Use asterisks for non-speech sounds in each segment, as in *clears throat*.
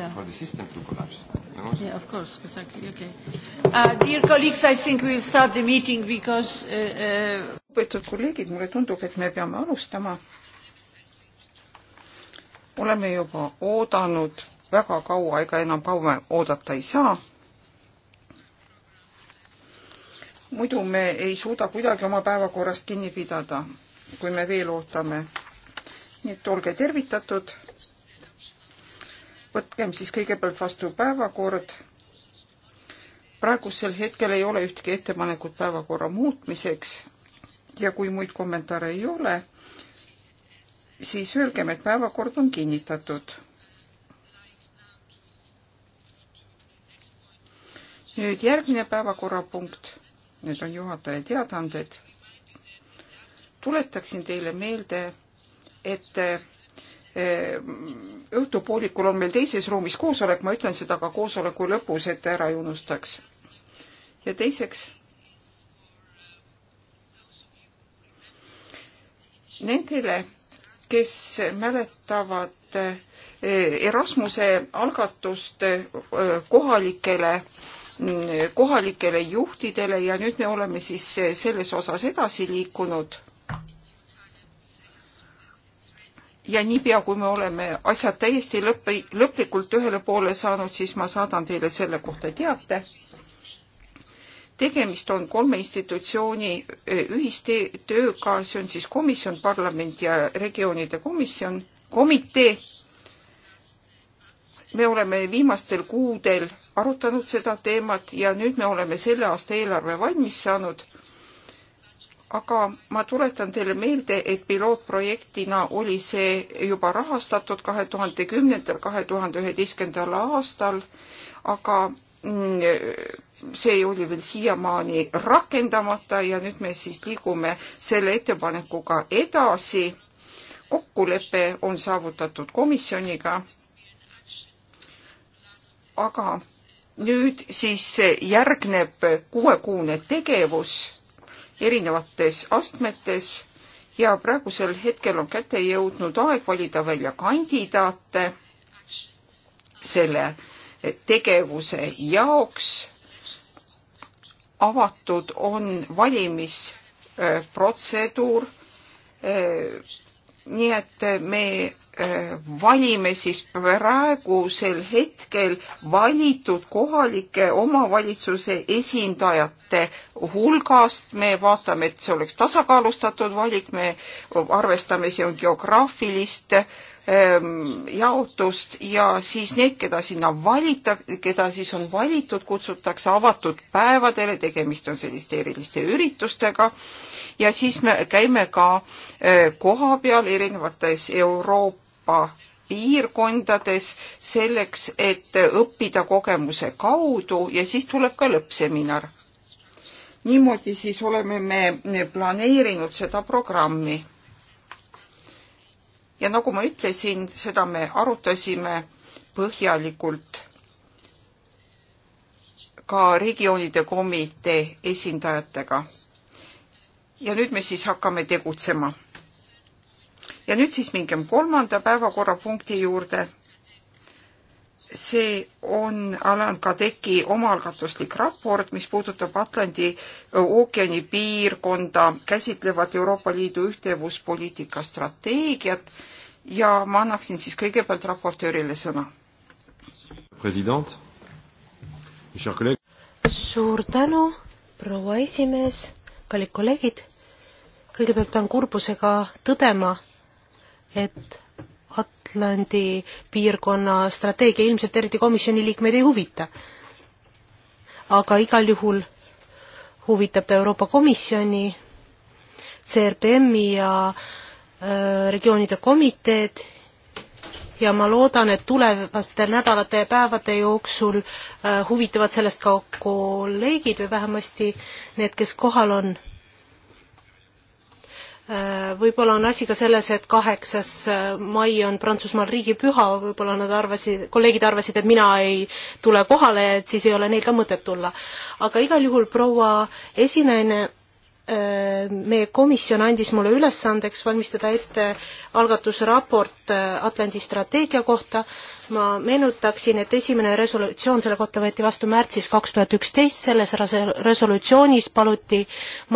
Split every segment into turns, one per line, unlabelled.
yeah. for the system to collapse. No? Yeah,
of course, exactly. Okay. Uh,
dear colleagues, I think we'll start the meeting because uh, uh lugupeetud uh... kolleegid, mulle tundub, et me peame alustama. oleme juba oodanud väga kaua, ega enam kaua oodata ei saa. muidu me ei suuda kuidagi oma päevakorrast kinni pidada, kui me veel ootame. nii et olge tervitatud võtkem siis kõigepealt vastu päevakord. praegusel hetkel ei ole ühtki ettepanekut päevakorra muutmiseks ja kui muid kommentaare ei ole, siis öelgem, et päevakord on kinnitatud. nüüd järgmine päevakorrapunkt, need on juhataja teadaanded. tuletaksin teile meelde, et Eh, õhtupoolikul on meil teises ruumis koosolek, ma ütlen seda ka koosoleku lõpus, et ära ei unustaks. ja teiseks, nendele, kes mäletavad eh, Erasmuse algatust eh, kohalikele kohalikele juhtidele ja nüüd me oleme siis selles osas edasi liikunud ja niipea, kui me oleme asjad täiesti lõpi, lõplikult ühele poole saanud, siis ma saadan teile selle kohta teate. tegemist on kolme institutsiooni e, ühistööga, see on siis komisjon, parlament ja regioonide komisjon, komitee. me oleme viimastel kuudel arutanud seda teemat ja nüüd me oleme selle aasta eelarve valmis saanud aga ma tuletan teile meelde, et pilootprojektina oli see juba rahastatud kahe tuhande kümnendal, kahe tuhande üheteistkümnendal aastal, aga mm, see oli veel siiamaani rakendamata ja nüüd me siis liigume selle ettepanekuga edasi. kokkulepe on saavutatud komisjoniga. aga nüüd siis järgneb kuuekuune tegevus erinevates astmetes ja praegusel hetkel on kätte jõudnud aeg valida välja kandidaate selle tegevuse jaoks. avatud on valimisprotseduur nii et me äh, valime siis praegusel hetkel valitud kohalike omavalitsuse esindajate hulgast, me vaatame, et see oleks tasakaalustatud valik, me arvestame, see on geograafilist äh, Ähm, jaotust ja siis need, keda sinna valita, keda siis on valitud, kutsutakse avatud päevadele, tegemist on selliste eriliste üritustega ja siis me käime ka äh, koha peal erinevates Euroopa piirkondades selleks, et äh, õppida kogemuse kaudu ja siis tuleb ka lõppseminar. niimoodi siis oleme me planeerinud seda programmi ja nagu ma ütlesin, seda me arutasime põhjalikult ka regioonide komitee esindajatega. ja nüüd me siis hakkame tegutsema. ja nüüd siis mingem kolmanda päevakorrapunkti juurde see on Alan Kadeki omaalgatuslik raport, mis puudutab Atlandi ookeani piirkonda käsitlevat Euroopa Liidu ühtevuspoliitika strateegiat ja ma annaksin siis kõigepealt raportöörile sõna.
president, suur tänu, proua esimees, kallid kolleegid, kõigepealt pean kurbusega tõdema, et Atlandi piirkonna strateegia ilmselt eriti komisjoni liikmeid ei huvita. aga igal juhul huvitab ta Euroopa Komisjoni, CRPM-i ja öö, äh, regioonide komiteed ja ma loodan, et tulevaste nädalate ja päevade jooksul äh, huvituvad sellest ka kolleegid või vähemasti need, kes kohal on Äh, võib-olla on asi ka selles, et kaheksas äh, mai on Prantsusmaal riigipüha, võib-olla nad arvasid, kolleegid arvasid, et mina ei tule kohale, et siis ei ole neil ka mõtet tulla. aga igal juhul proua esinaine, äh, meie komisjon andis mulle ülesandeks valmistada ette algatusraport Atlandi strateegia kohta, ma meenutaksin, et esimene resolutsioon selle kohta võeti vastu märtsis kaks tuhat üksteist, selles resolutsioonis paluti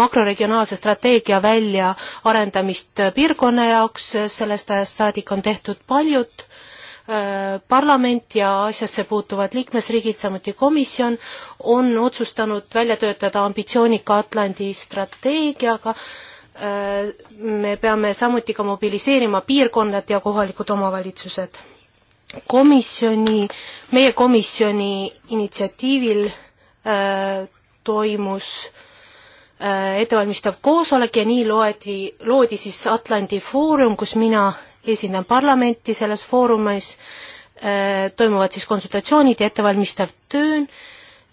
makroregionaalse strateegia väljaarendamist piirkonna jaoks, sellest ajast saadik on tehtud paljud äh, parlament ja asjasse puutuvad liikmesriigid, samuti komisjon, on otsustanud välja töötada ambitsioonika Atlandi strateegiaga, äh, me peame samuti ka mobiliseerima piirkonnad ja kohalikud omavalitsused komisjoni, meie komisjoni initsiatiivil äh, toimus äh, ettevalmistav koosolek ja nii loedi, loodi siis Atlandi Foorum, kus mina esindan parlamenti selles foorumis äh,, toimuvad siis konsultatsioonid ja ettevalmistav töö äh,,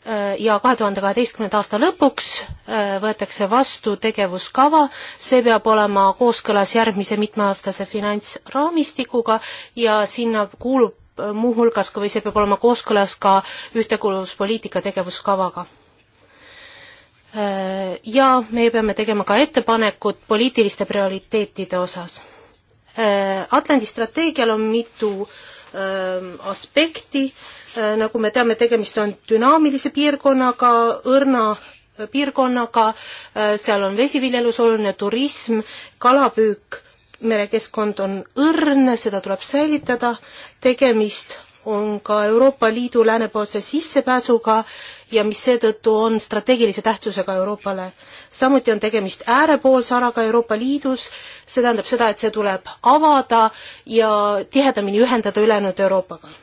Äh, ja kahe tuhande kaheteistkümnenda aasta lõpuks äh, võetakse vastu tegevuskava, see peab olema kooskõlas järgmise mitmeaastase finantsraamistikuga ja sinna kuulub äh, muuhulgas ka või see peab olema kooskõlas ka ühtekuuluvuspoliitika tegevuskavaga. Ja me peame tegema ka ettepanekud poliitiliste prioriteetide osas. Atlandi strateegial on mitu aspekti, Äh, nagu me teame, tegemist on dünaamilise piirkonnaga, õrna äh, piirkonnaga, äh, seal on vesiviljelus oluline, turism, kalapüük, merekeskkond on õrn, seda tuleb säilitada, tegemist on ka Euroopa Liidu läänepoolse sissepääsuga ja mis seetõttu on strateegilise tähtsusega Euroopale. samuti on tegemist äärepoolse alaga Euroopa Liidus, see tähendab seda, et see tuleb avada ja tihedamini ühendada ülejäänud Euroopaga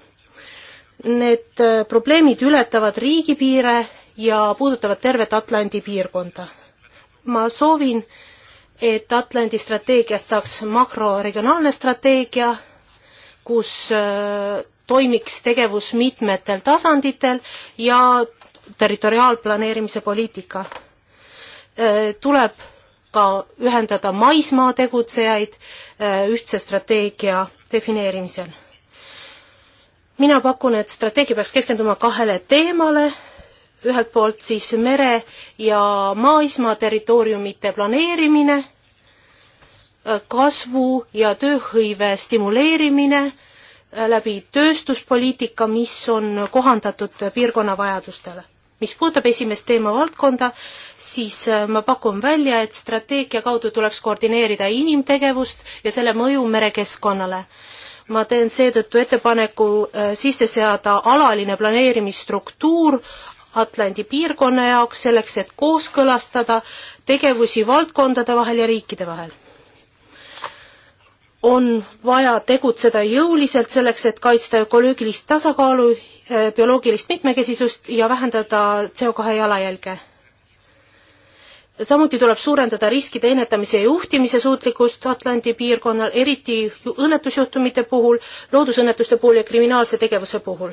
Need äh, probleemid ületavad riigipiire ja puudutavad tervet Atlandi piirkonda. ma soovin, et Atlandi strateegiast saaks makroregionaalne strateegia, kus äh, toimiks tegevus mitmetel tasanditel ja territoriaalplaneerimise poliitika. Äh, tuleb ka ühendada maismaa tegutsejaid ühtse strateegia defineerimisel mina pakun, et strateegia peaks keskenduma kahele teemale, ühelt poolt siis mere- ja maismaa territooriumite planeerimine, kasvu ja tööhõive stimuleerimine läbi tööstuspoliitika, mis on kohandatud piirkonna vajadustele. mis puudutab esimest teemavaldkonda, siis äh, ma pakun välja, et strateegia kaudu tuleks koordineerida inimtegevust ja selle mõju merekeskkonnale ma teen seetõttu ettepaneku äh, sisse seada alaline planeerimisstruktuur Atlandi piirkonna jaoks, selleks et kooskõlastada tegevusi valdkondade vahel ja riikide vahel. on vaja tegutseda jõuliselt selleks, et kaitsta ökoloogilist tasakaalu, äh, bioloogilist mitmekesisust ja vähendada CO2 jalajälge samuti tuleb suurendada riskide ennetamise ja juhtimise suutlikkust Atlandi piirkonnal, eriti õnnetusjuhtumite puhul, loodusõnnetuste puhul ja kriminaalse tegevuse puhul.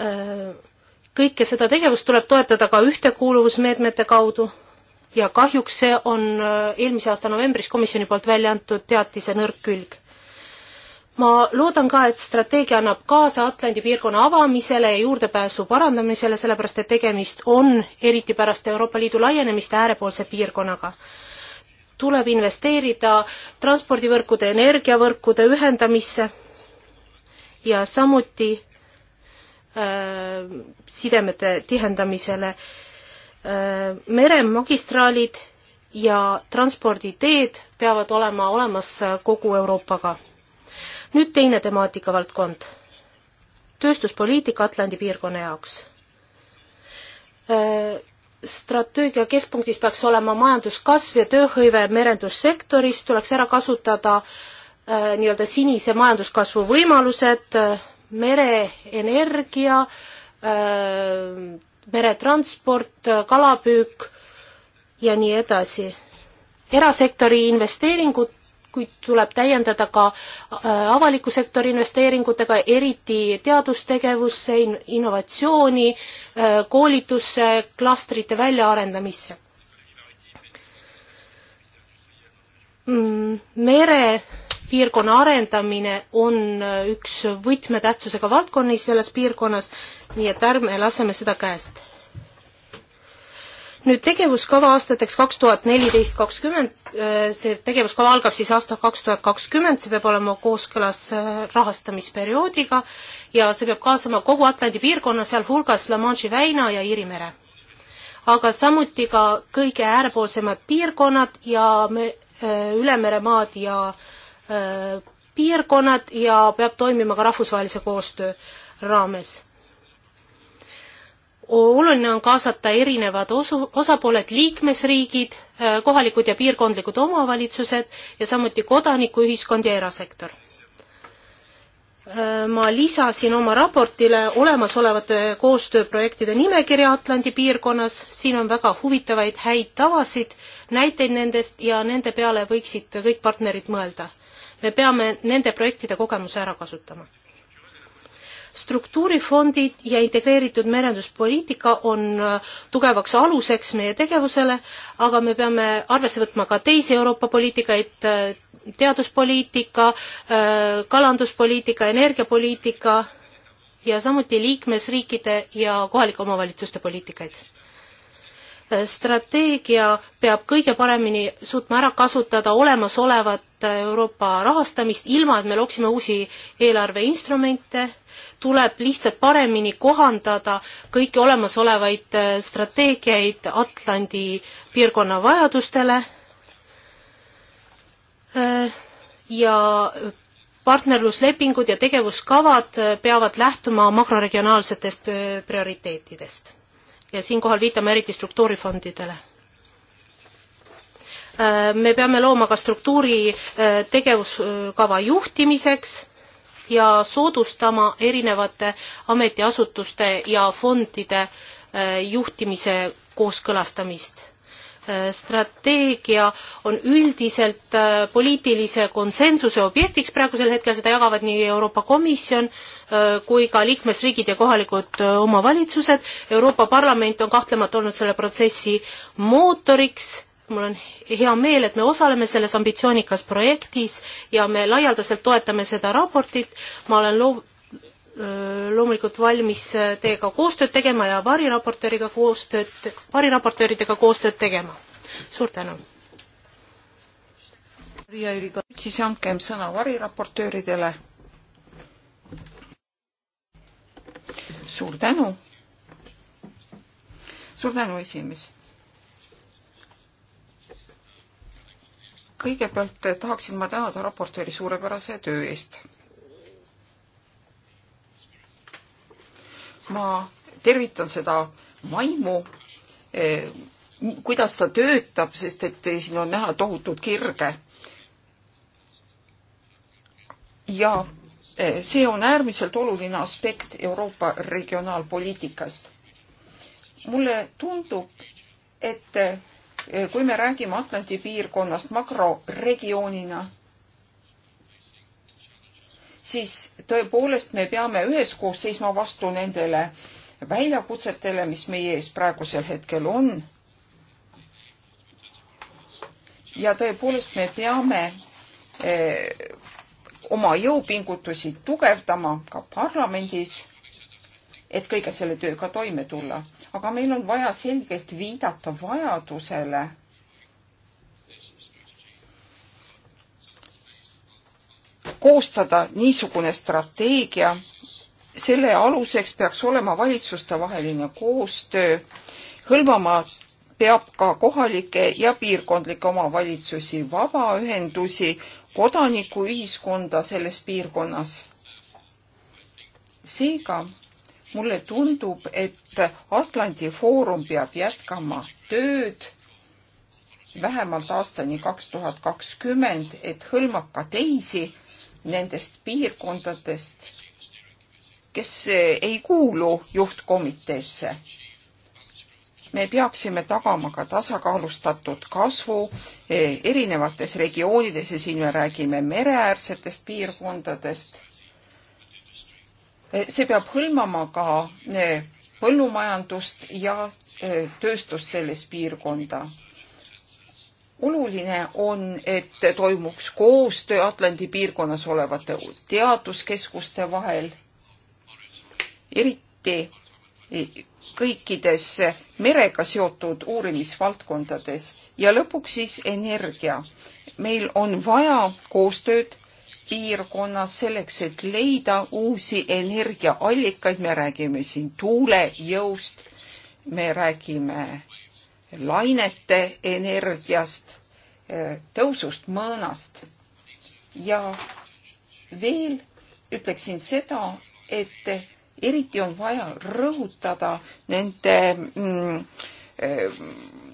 Äh, kõike seda tegevust tuleb toetada ka ühtekuuluvusmeetmete kaudu ja kahjuks see on äh, eelmise aasta novembris komisjoni poolt välja antud teatise nõrk külg ma loodan ka, et strateegia annab kaasa Atlandi piirkonna avamisele ja juurdepääsu parandamisele, sellepärast et tegemist on, eriti pärast Euroopa Liidu laienemist, äärepoolse piirkonnaga. tuleb investeerida transpordivõrkude, energiavõrkude ühendamisse ja samuti äh, sidemete tihendamisele äh,. meremagistraalid ja transporditeed peavad olema olemas kogu Euroopaga nüüd teine temaatikavaldkond, tööstuspoliitika Atlandi piirkonna jaoks. Äh, strateegia keskpunktis peaks olema majanduskasv ja tööhõive merendussektoris, tuleks ära kasutada äh, nii-öelda sinise majanduskasvu võimalused, äh, mereenergia, meretransport, kalapüük ja nii edasi. erasektori investeeringud kuid tuleb täiendada ka äh, avaliku sektori investeeringutega, eriti teadustegevusse, innovatsiooni, äh, koolitusse, klastrite väljaarendamisse mm, merepiirkonna arendamine on äh, üks võtmetähtsusega valdkondi selles piirkonnas, nii et ärme laseme seda käest nüüd tegevuskava aastateks kaks tuhat neliteist, kakskümmend, äh, see tegevuskava algab siis aastal kaks tuhat kakskümmend, see peab olema kooskõlas äh, rahastamisperioodiga ja see peab kaasama kogu Atlandi piirkonna, sealhulgas La Manche'i väina ja Iiri mere. aga samuti ka kõige äärepoolsemad piirkonnad ja me, äh, ülemeremaad ja öö, piirkonnad ja peab toimima ka rahvusvahelise koostöö raames oluline on kaasata erinevad osu-, osapooled, liikmesriigid, äh, kohalikud ja piirkondlikud omavalitsused ja samuti kodanikuühiskond ja erasektor. Äh, ma lisasin oma raportile olemasolevate koostööprojektide nimekirja Atlandi piirkonnas, siin on väga huvitavaid häid tavasid, näiteid nendest ja nende peale võiksid kõik partnerid mõelda. me peame nende projektide kogemuse ära kasutama struktuurifondid ja integreeritud merenduspoliitika on äh, tugevaks aluseks meie tegevusele, aga me peame arvesse võtma ka teisi Euroopa poliitikaid, äh, teaduspoliitika, äh, kalanduspoliitika, energiapoliitika ja samuti liikmesriikide ja kohalike omavalitsuste poliitikaid strateegia peab kõige paremini suutma ära kasutada olemasolevat Euroopa rahastamist, ilma et me looksime uusi eelarveinstrumente, tuleb lihtsalt paremini kohandada kõiki olemasolevaid äh, strateegiaid Atlandi piirkonna vajadustele äh, ja partnerluslepingud ja tegevuskavad äh, peavad lähtuma makroregionaalsetest prioriteetidest ja siinkohal viitame eriti struktuurifondidele. Äh, me peame looma ka struktuuri äh, tegevuskava juhtimiseks ja soodustama erinevate ametiasutuste ja fondide äh, juhtimise kooskõlastamist Äh, strateegia on üldiselt äh, poliitilise konsensuse objektiks praegusel hetkel, seda jagavad nii Euroopa Komisjon äh, kui ka liikmesriigid ja kohalikud omavalitsused. Euroopa Parlament on kahtlemata olnud selle protsessi mootoriks mul on hea meel, et me osaleme selles ambitsioonikas projektis ja me laialdaselt toetame seda raportit. ma olen loo-, loomulikult valmis äh, teiega koostööd tegema ja variraportööriga koostööd, variraportööridega koostööd tegema. suur tänu!
siis andkem sõna variraportööridele. suur tänu! suur tänu, esimees! kõigepealt eh, tahaksin ma tänada raportööri suurepärase töö eest ma tervitan seda vaimu, eh, kuidas ta töötab, sest et siin on näha tohutut kirge. ja eh, see on äärmiselt oluline aspekt Euroopa regionaalpoliitikast. mulle tundub, et eh, kui me räägime Atlandi piirkonnast makroregioonina, siis tõepoolest me peame üheskoos seisma vastu nendele väljakutsetele, mis meie ees praegusel hetkel on. ja tõepoolest me peame eh, oma jõupingutusi tugevdama ka parlamendis, et kõige selle tööga toime tulla. aga meil on vaja selgelt viidata vajadusele koostada niisugune strateegia, selle aluseks peaks olema valitsustevaheline koostöö, hõlmama peab ka kohalikke ja piirkondlikke omavalitsusi, vabaühendusi, kodanikuühiskonda selles piirkonnas. seega mulle tundub, et Atlandi Foorum peab jätkama tööd vähemalt aastani kaks tuhat kakskümmend, et hõlmab ka teisi nendest piirkondadest, kes ei kuulu juhtkomiteesse. me peaksime tagama ka tasakaalustatud kasvu erinevates regioonides ja siin me räägime mereäärsetest piirkondadest. see peab hõlmama ka põllumajandust ja tööstust selles piirkonda oluline on, et toimuks koostöö Atlandi piirkonnas olevate teaduskeskuste vahel, eriti kõikides merega seotud uurimisvaldkondades ja lõpuks siis energia. meil on vaja koostööd piirkonnas selleks, et leida uusi energiaallikaid, me räägime siin tuulejõust, me räägime lainete energiast, eh, tõusust mõõnast. ja veel ütleksin seda, et eriti on vaja rõhutada nende mm, eh,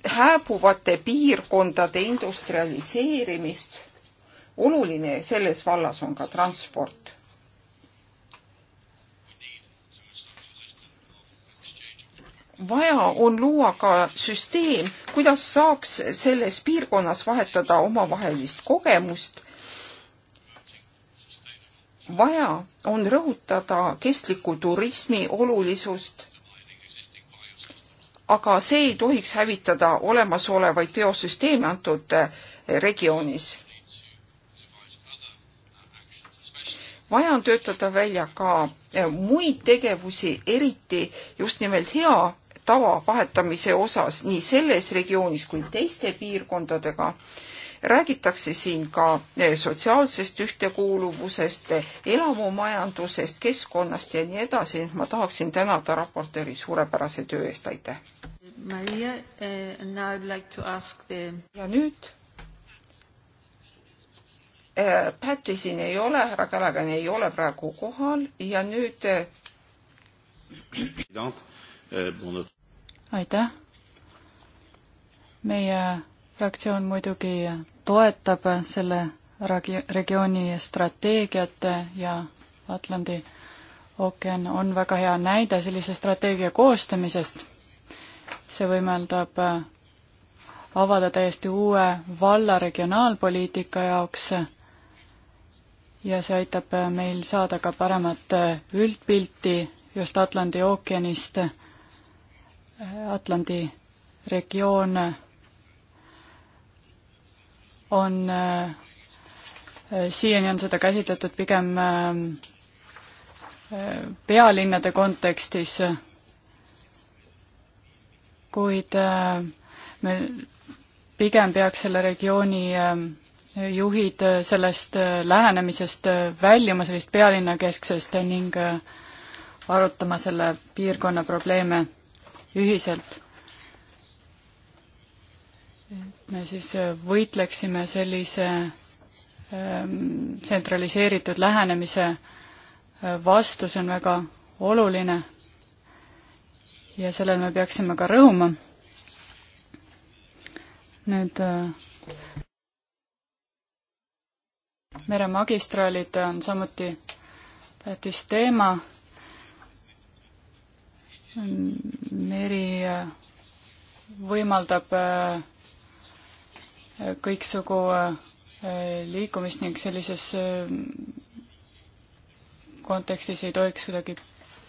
hääbuvate piirkondade industrialiseerimist. oluline selles vallas on ka transport vaja on luua ka süsteem, kuidas saaks selles piirkonnas vahetada omavahelist kogemust. vaja on rõhutada kestliku turismi olulisust. aga see ei tohiks hävitada olemasolevaid biosüsteeme antud eh, regioonis. vaja on töötada välja ka eh, muid tegevusi, eriti just nimelt hea tava vahetamise osas nii selles regioonis kui teiste piirkondadega. räägitakse siin ka eh, sotsiaalsest ühtekuuluvusest, elamumajandusest, keskkonnast ja nii edasi. ma tahaksin tänada raportööri suurepärase töö eest, aitäh!
Maria uh,, now I would like to ask the ja nüüd uh,?
Eh, Pätri siin ei ole, härra Kälagani ei ole praegu kohal ja nüüd uh,
aitäh! meie fraktsioon muidugi toetab selle regi-, regiooni strateegiat ja Atlandi ookean on väga hea näide sellise strateegia koostamisest. see võimaldab avada täiesti uue valla regionaalpoliitika jaoks ja see aitab meil saada ka paremat üldpilti just Atlandi ookeanist Atlandi regioon on, siiani on seda käsitletud pigem pealinnade kontekstis, kuid me pigem peaks selle regiooni juhid sellest lähenemisest väljuma, sellist pealinnakesksest ning arutama selle piirkonna probleeme ühiselt. et me siis äh, võitleksime sellise ähm, tsentraliseeritud lähenemise äh, vastu, see on väga oluline ja sellel me peaksime ka rõhuma. nüüd äh, meremagistraalid on samuti tähtis teema meri äh, võimaldab äh, kõiksugu äh, liikumist ning sellises kontekstis ei tohiks kuidagi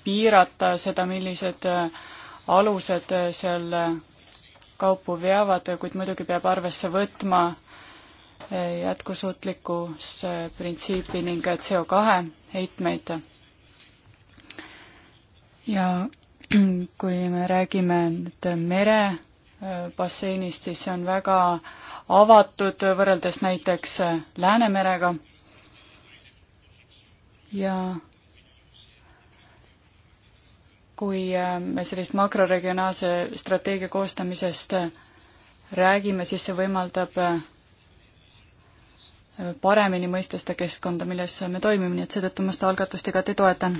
piirata seda, millised alused seal kaupu veavad, kuid muidugi peab arvesse võtma jätkusuutlikkuse printsiipi ning CO2 heitmeid. ja *clears throat* kui me räägime nüüd merebasseinist, siis see on väga avatud võrreldes näiteks Läänemerega ja kui me sellist makroregionaalse strateegia koostamisest räägime, siis see võimaldab paremini mõista seda keskkonda, milles me toimime, nii et seetõttu ma seda algatust igati toetan.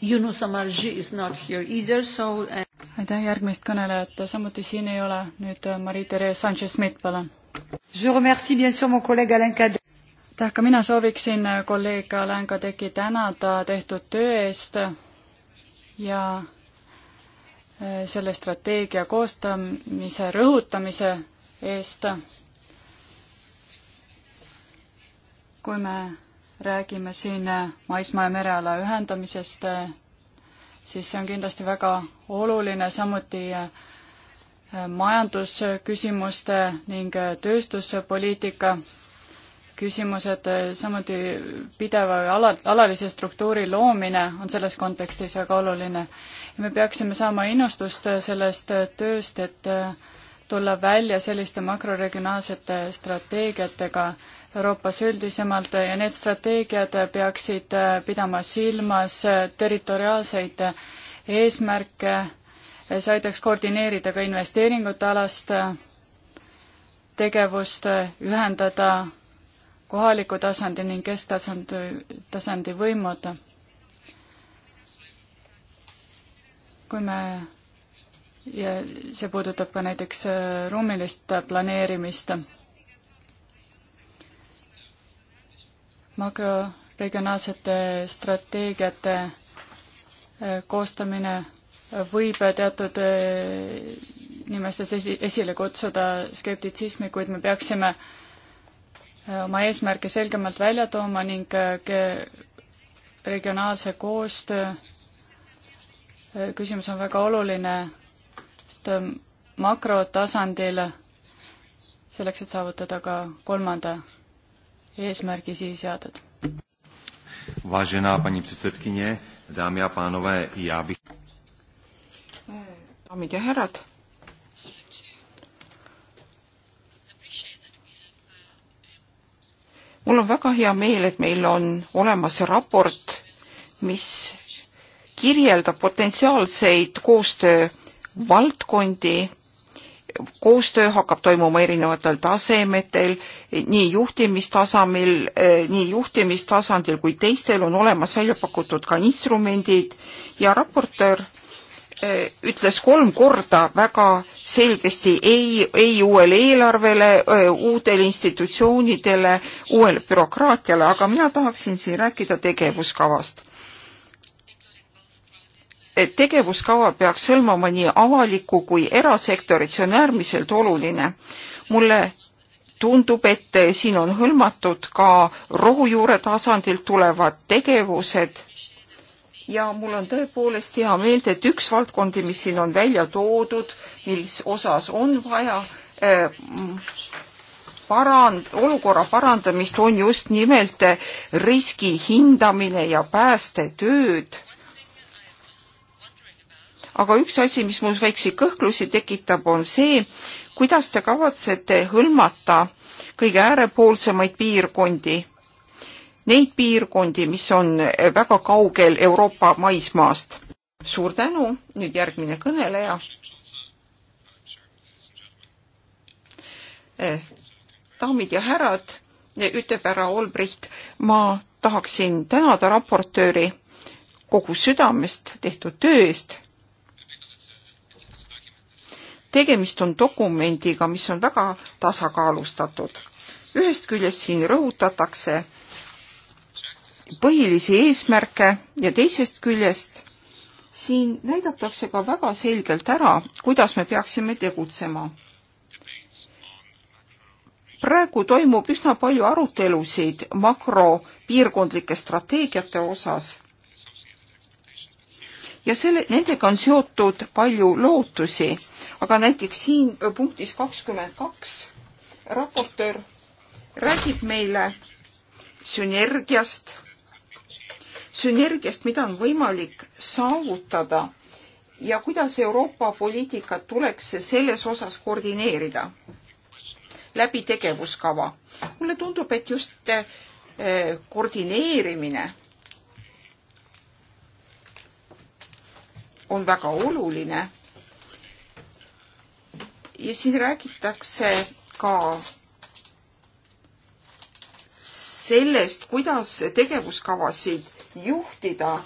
Yunus Amarji is not here either, so uh, aitäh järgmist kõnelejat, samuti siin ei ole, nüüd äh, Marie-Therese Sanchez-Smith, palun.
aitäh,
ka mina sooviksin äh, kolleeg Alain Kadeki tänada tehtud töö eest ja äh, selle strateegia koostamise rõhutamise eest. kui me räägime siin maismaa ja mereala ühendamisest, siis see on kindlasti väga oluline, samuti äh, majandusküsimuste ning äh, tööstuspoliitika küsimused, äh, samuti pideva või ala, alalise struktuuri loomine on selles kontekstis väga oluline. me peaksime saama innustust sellest tööst, et tulla välja selliste makroregionaalsete strateegiatega, Euroopas üldisemalt ja need strateegiad peaksid pidama silmas territoriaalseid eesmärke, see aitaks koordineerida ka investeeringute alast tegevust, ühendada kohaliku tasandi ning kesktasand, tasandi võimud. kui me ja see puudutab ka näiteks ruumilist planeerimist makroregionaalsete strateegiate eh, koostamine võib teatud eh, inimestes esi, esile kutsuda skeptitsismi, kuid me peaksime eh, oma eesmärke selgemalt välja tooma ning regionaalse koostöö küsimus on väga oluline, sest makrotasandil selleks, et saavutada ka kolmanda eesmärgi siia seadnud.
Vážená paní předsedkyně, dámy a pánové, já bych...
Daamid ja härrad.
Mul on väga hea meel, et meil on olemas raport, mis kirjeldab potentsiaalseid koostöövaldkondi, koostöö hakkab toimuma erinevatel tasemetel, nii juhtimistasemel, eh, nii juhtimistasandil kui teistel on olemas välja pakutud ka instrumendid ja raportöör eh, ütles kolm korda väga selgesti ei, ei uuele eelarvele, eh, uutele institutsioonidele, uuele bürokraatiale, aga mina tahaksin siin rääkida tegevuskavast tegevuskava peaks hõlmama nii avalikku kui erasektorit, see on äärmiselt oluline. mulle tundub, et siin on hõlmatud ka rohujuure tasandilt tulevad tegevused ja mul on tõepoolest hea meelde, et üks valdkondi, mis siin on välja toodud, mis osas on vaja äh, parand-, olukorra parandamist, on just nimelt riski hindamine ja päästetööd aga üks asi, mis mul väikseid kõhklusi tekitab, on see, kuidas te kavatsete hõlmata kõige äärepoolsemaid piirkondi, neid piirkondi, mis on väga kaugel Euroopa maismaast. suur tänu, nüüd järgmine kõneleja eh,. daamid ja härrad, eh, ütleb härra Olbricht, ma tahaksin tänada raportööri kogu südamest tehtud töö eest tegemist on dokumendiga, mis on väga tasakaalustatud. ühest küljest siin rõhutatakse põhilisi eesmärke ja teisest küljest siin näidatakse ka väga selgelt ära, kuidas me peaksime tegutsema. praegu toimub üsna palju arutelusid makropiirkondlike strateegiate osas ja selle, nendega on seotud palju lootusi. aga näiteks siin punktis kakskümmend kaks raportöör räägib meile sünergiast, sünergiast, mida on võimalik saavutada ja kuidas Euroopa poliitikat tuleks selles osas koordineerida läbi tegevuskava. mulle tundub, et just eh, koordineerimine on väga oluline. ja siin räägitakse ka sellest, kuidas tegevuskavasid juhtida,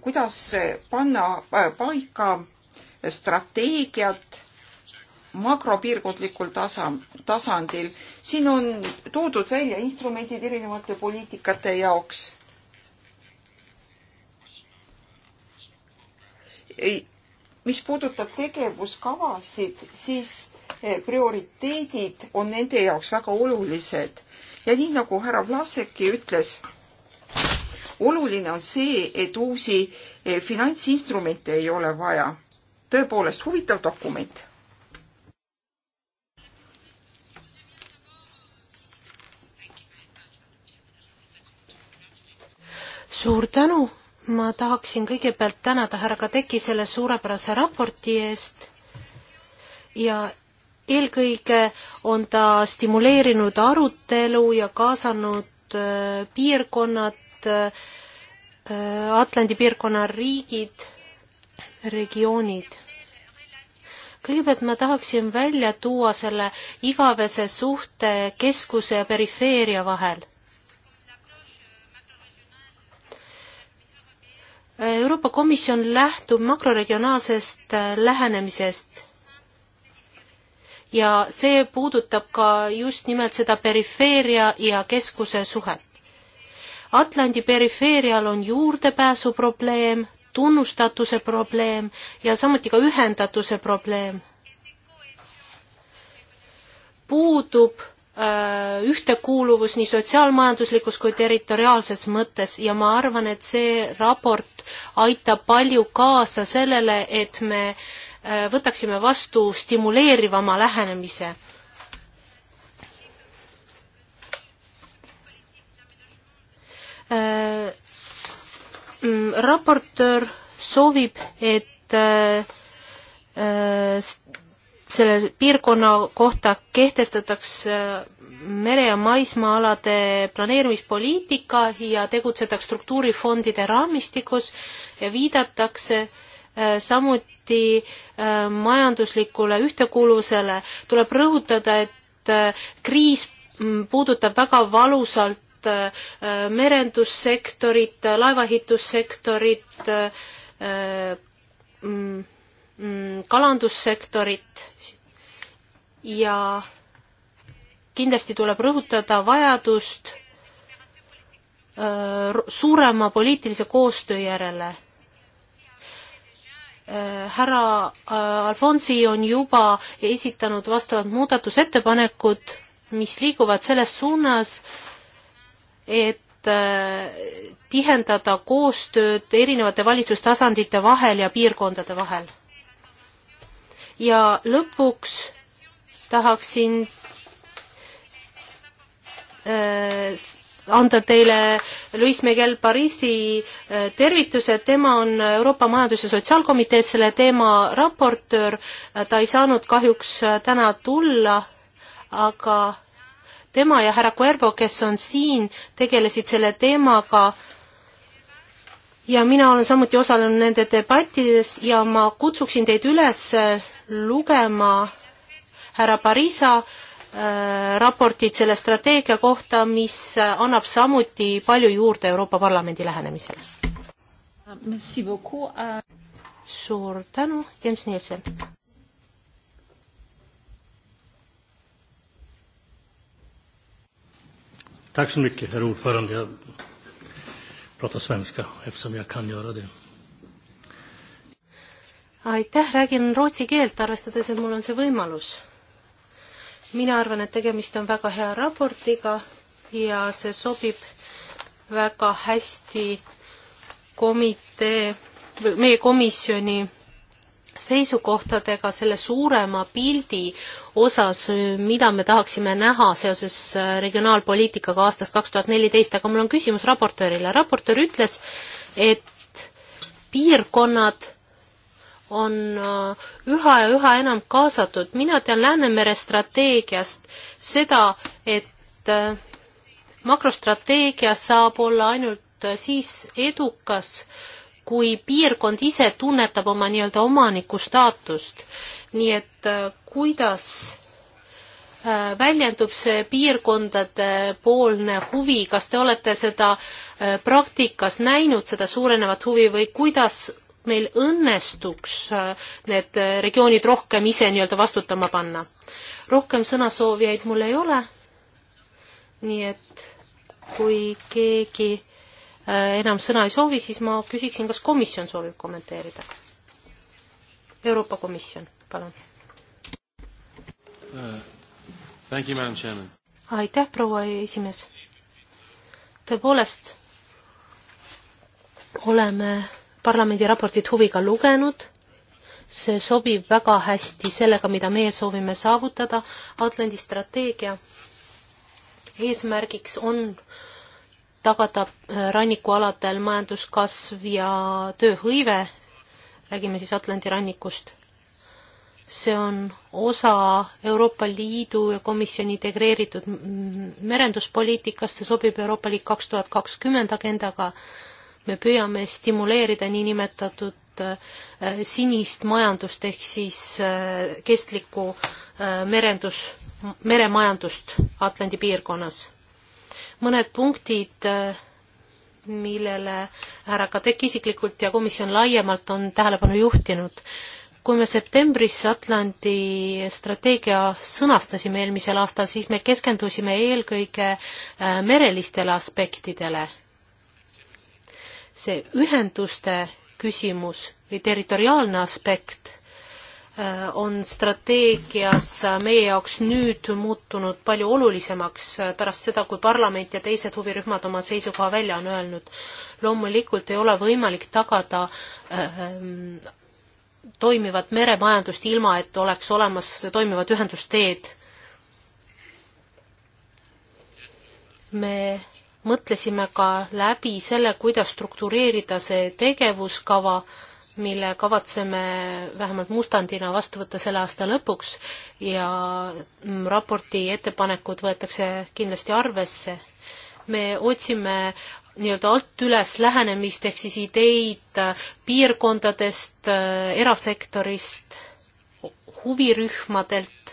kuidas panna äh, paika strateegiat makropiirkondlikul tasa, tasandil. siin on toodud välja instrumendid erinevate poliitikate jaoks. mis puudutab tegevuskavasid, siis eh, prioriteedid on nende jaoks väga olulised ja nii nagu härra Vlaseki ütles, oluline on see, et uusi eh, finantsinstrumente ei ole vaja. tõepoolest huvitav dokument.
suur tänu ma tahaksin kõigepealt tänada härra Kadeki selle suurepärase raporti eest ja eelkõige on ta stimuleerinud arutelu ja kaasanud äh, piirkonnad äh,, Atlandi piirkonna riigid, regioonid. kõigepealt ma tahaksin välja tuua selle igavese suhte keskuse ja perifeeria vahel Euroopa Komisjon lähtub makroregionaalsest äh, lähenemisest ja see puudutab ka just nimelt seda perifeeria ja keskuse suhet. Atlandi perifeerial on juurdepääsu probleem, tunnustatuse probleem ja samuti ka ühendatuse probleem. puudub Äh, ühtekuuluvus nii sotsiaalmajanduslikus kui territoriaalses mõttes ja ma arvan, et see raport aitab palju kaasa sellele, et me äh, võtaksime vastu stimuleerivama lähenemise. Äh, mm, raportöör soovib, et selle piirkonna kohta kehtestatakse mere- ja maismaa-alade planeerimispoliitika ja tegutsetakse struktuurifondide raamistikus ja viidatakse äh, samuti äh, majanduslikule ühtekuuluvusele. tuleb rõhutada, et äh, kriis mm, puudutab väga valusalt merendussektorit, laevaehitussektorit, mm, Mm, kalandussektorit ja kindlasti tuleb rõhutada vajadust äh, suurema poliitilise koostöö järele. Äh, härra äh, Alfonsi on juba esitanud vastavad muudatusettepanekud, mis liiguvad selles suunas, et tihendada koostööd erinevate valitsustasandite vahel ja piirkondade vahel ja lõpuks tahaksin äh, anda teile Luis Miguel Parisi äh, tervituse, tema on Euroopa Majandus- ja Sotsiaalkomitees selle teema raportöör, äh, ta ei saanud kahjuks äh, täna tulla, aga tema ja härra Cuervo, kes on siin, tegelesid selle teemaga ja mina olen samuti osalenud nende debattides ja ma kutsuksin teid üles lugema härra Parisa äh, raportit selle strateegia kohta, mis äh, annab samuti palju juurde Euroopa Parlamendi lähenemisele. Äh. suur tänu, Jens Nielsen. Tack så mycket, herr ordförande. Jag pratar svenska eftersom jag kan göra det aitäh, räägin rootsi keelt, arvestades, et mul on see võimalus. mina arvan, et tegemist on väga hea raportiga ja see sobib väga hästi komitee või meie komisjoni seisukohtadega selle suurema pildi osas, mida me tahaksime näha seoses äh, regionaalpoliitikaga aastast kaks tuhat neliteist, aga mul on küsimus raportöörile. raportöör ütles, et piirkonnad on äh, üha ja üha enam kaasatud. mina tean Läänemere strateegiast seda, et äh, makrostrateegia saab olla ainult äh, siis edukas, kui piirkond ise tunnetab oma nii-öelda omaniku staatust. nii et kuidas väljendub see piirkondade poolne huvi, kas te olete seda praktikas näinud, seda suurenevat huvi või kuidas meil õnnestuks äh, need äh, regioonid rohkem ise nii-öelda vastutama panna. rohkem sõnasoovijaid mul ei ole, nii et kui keegi äh, enam sõna ei soovi, siis ma küsiksin, kas komisjon soovib kommenteerida? Euroopa Komisjon, palun
uh,.
aitäh, proua esimees. tõepoolest oleme parlamendi raportit huviga lugenud, see sobib väga hästi sellega, mida meie soovime saavutada. Atlandi strateegia eesmärgiks on tagada äh, rannikualadel majanduskasv ja tööhõive, räägime siis Atlandi rannikust. see on osa Euroopa Liidu ja komisjoni integreeritud merenduspoliitikast, see sobib Euroopa Liit kaks tuhat kakskümmend agendaga me püüame stimuleerida niinimetatud äh, sinist majandust ehk siis äh, kestlikku äh, merendus, meremajandust Atlandi piirkonnas. mõned punktid, millele härra Kadek isiklikult ja komisjon laiemalt on tähelepanu juhtinud. kui me septembris Atlandi strateegia sõnastasime eelmisel aastal, siis me keskendusime eelkõige merelistele aspektidele see ühenduste küsimus või territoriaalne aspekt äh, on strateegias meie jaoks nüüd muutunud palju olulisemaks äh, pärast seda, kui parlament ja teised huvirühmad oma seisukoha välja on öelnud. loomulikult ei ole võimalik tagada äh, ähm, toimivat meremajandust ilma, et oleks olemas toimivad ühendusteed. me mõtlesime ka läbi selle, kuidas struktureerida see tegevuskava, mille kavatseme vähemalt mustandina vastu võtta selle aasta lõpuks ja mm, raporti ettepanekud võetakse kindlasti arvesse. me otsime nii-öelda alt üles lähenemist ehk siis ideid piirkondadest, erasektorist, huvirühmadelt,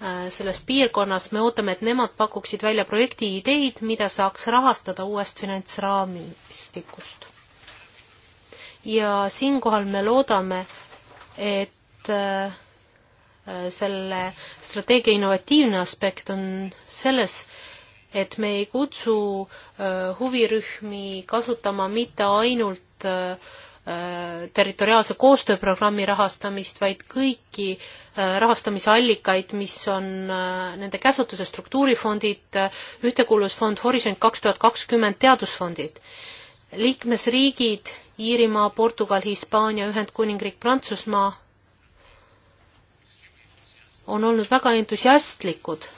Äh, selles piirkonnas, me ootame, et nemad pakuksid välja projektiideid, mida saaks rahastada uuest finantsraamistikust. ja siinkohal me loodame, et äh, selle strateegia innovatiivne aspekt on selles, et me ei kutsu äh, huvirühmi kasutama mitte ainult äh, Äh, territoriaalse koostööprogrammi rahastamist, vaid kõiki äh, rahastamisallikaid, mis on äh, nende käsutuses, struktuurifondid, Ühtekuuluvusfond, Horisont kaks tuhat kakskümmend, teadusfondid. liikmesriigid Iirimaa, Portugal, Hispaania, Ühendkuningriik, Prantsusmaa on olnud väga entusiastlikud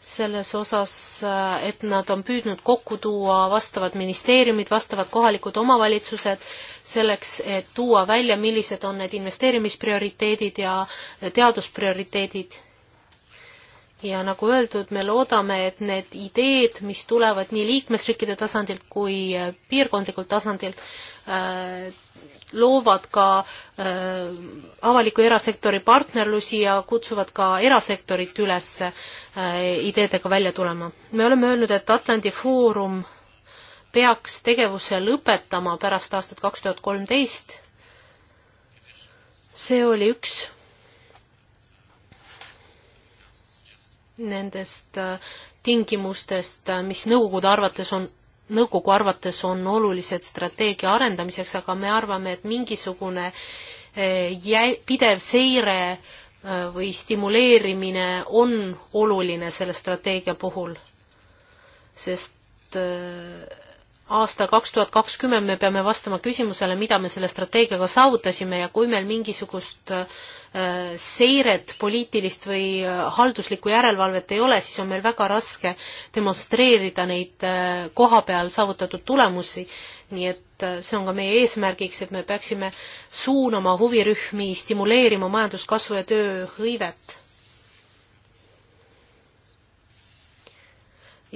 selles osas, äh, et nad on püüdnud kokku tuua vastavad ministeeriumid, vastavad kohalikud omavalitsused, selleks et tuua välja, millised on need investeerimisprioriteedid ja teadusprioriteedid. ja nagu öeldud, me loodame, et need ideed, mis tulevad nii liikmesriikide tasandilt kui äh, piirkondlikult tasandilt, äh, loovad ka äh, avaliku erasektori partnerlusi ja kutsuvad ka erasektorit üles äh, ideedega välja tulema. me oleme öelnud, et Atlandi Foorum peaks tegevuse lõpetama pärast aastat kaks tuhat kolmteist. see oli üks nendest äh, tingimustest, äh, mis nõukogude arvates on nõukogu arvates on olulised strateegia arendamiseks, aga me arvame, et mingisugune eh, jä-, pidev seire eh, või stimuleerimine on oluline selle strateegia puhul, sest eh, aasta kaks tuhat kakskümmend me peame vastama küsimusele, mida me selle strateegiaga saavutasime ja kui meil mingisugust äh, seiret, poliitilist või äh, halduslikku järelevalvet ei ole, siis on meil väga raske demonstreerida neid äh, koha peal saavutatud tulemusi, nii et äh, see on ka meie eesmärgiks, et me peaksime suunama huvirühmi, stimuleerima majanduskasvu ja tööhõivet.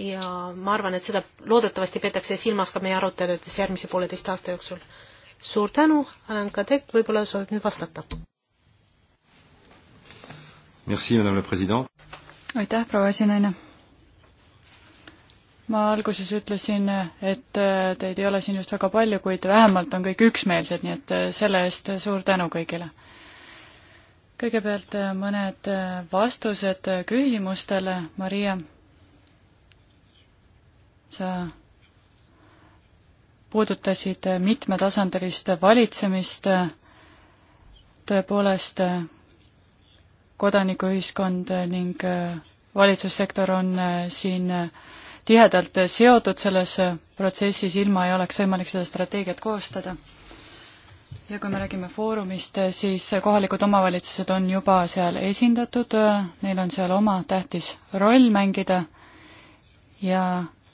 ja ma arvan, et seda loodetavasti peetakse silmas ka meie aruteludes järgmise pooleteist aasta jooksul. suur tänu, Alan Kadek võib-olla soovib nüüd vastata
aitäh, proua esinaine! ma alguses ütlesin, et äh, teid ei ole siin just väga palju, kuid vähemalt on kõik üksmeelsed, nii et äh, selle eest suur tänu kõigile. kõigepealt äh, mõned vastused küsimustele, Maria. sa puudutasid mitmetasandilist valitsemist, tõepoolest kodanikuühiskond ning äh, valitsussektor on äh, siin äh, tihedalt seotud selles protsessis, ilma ei oleks võimalik seda strateegiat koostada. ja kui me räägime Foorumist, siis kohalikud omavalitsused on juba seal esindatud, neil on seal oma tähtis roll mängida ja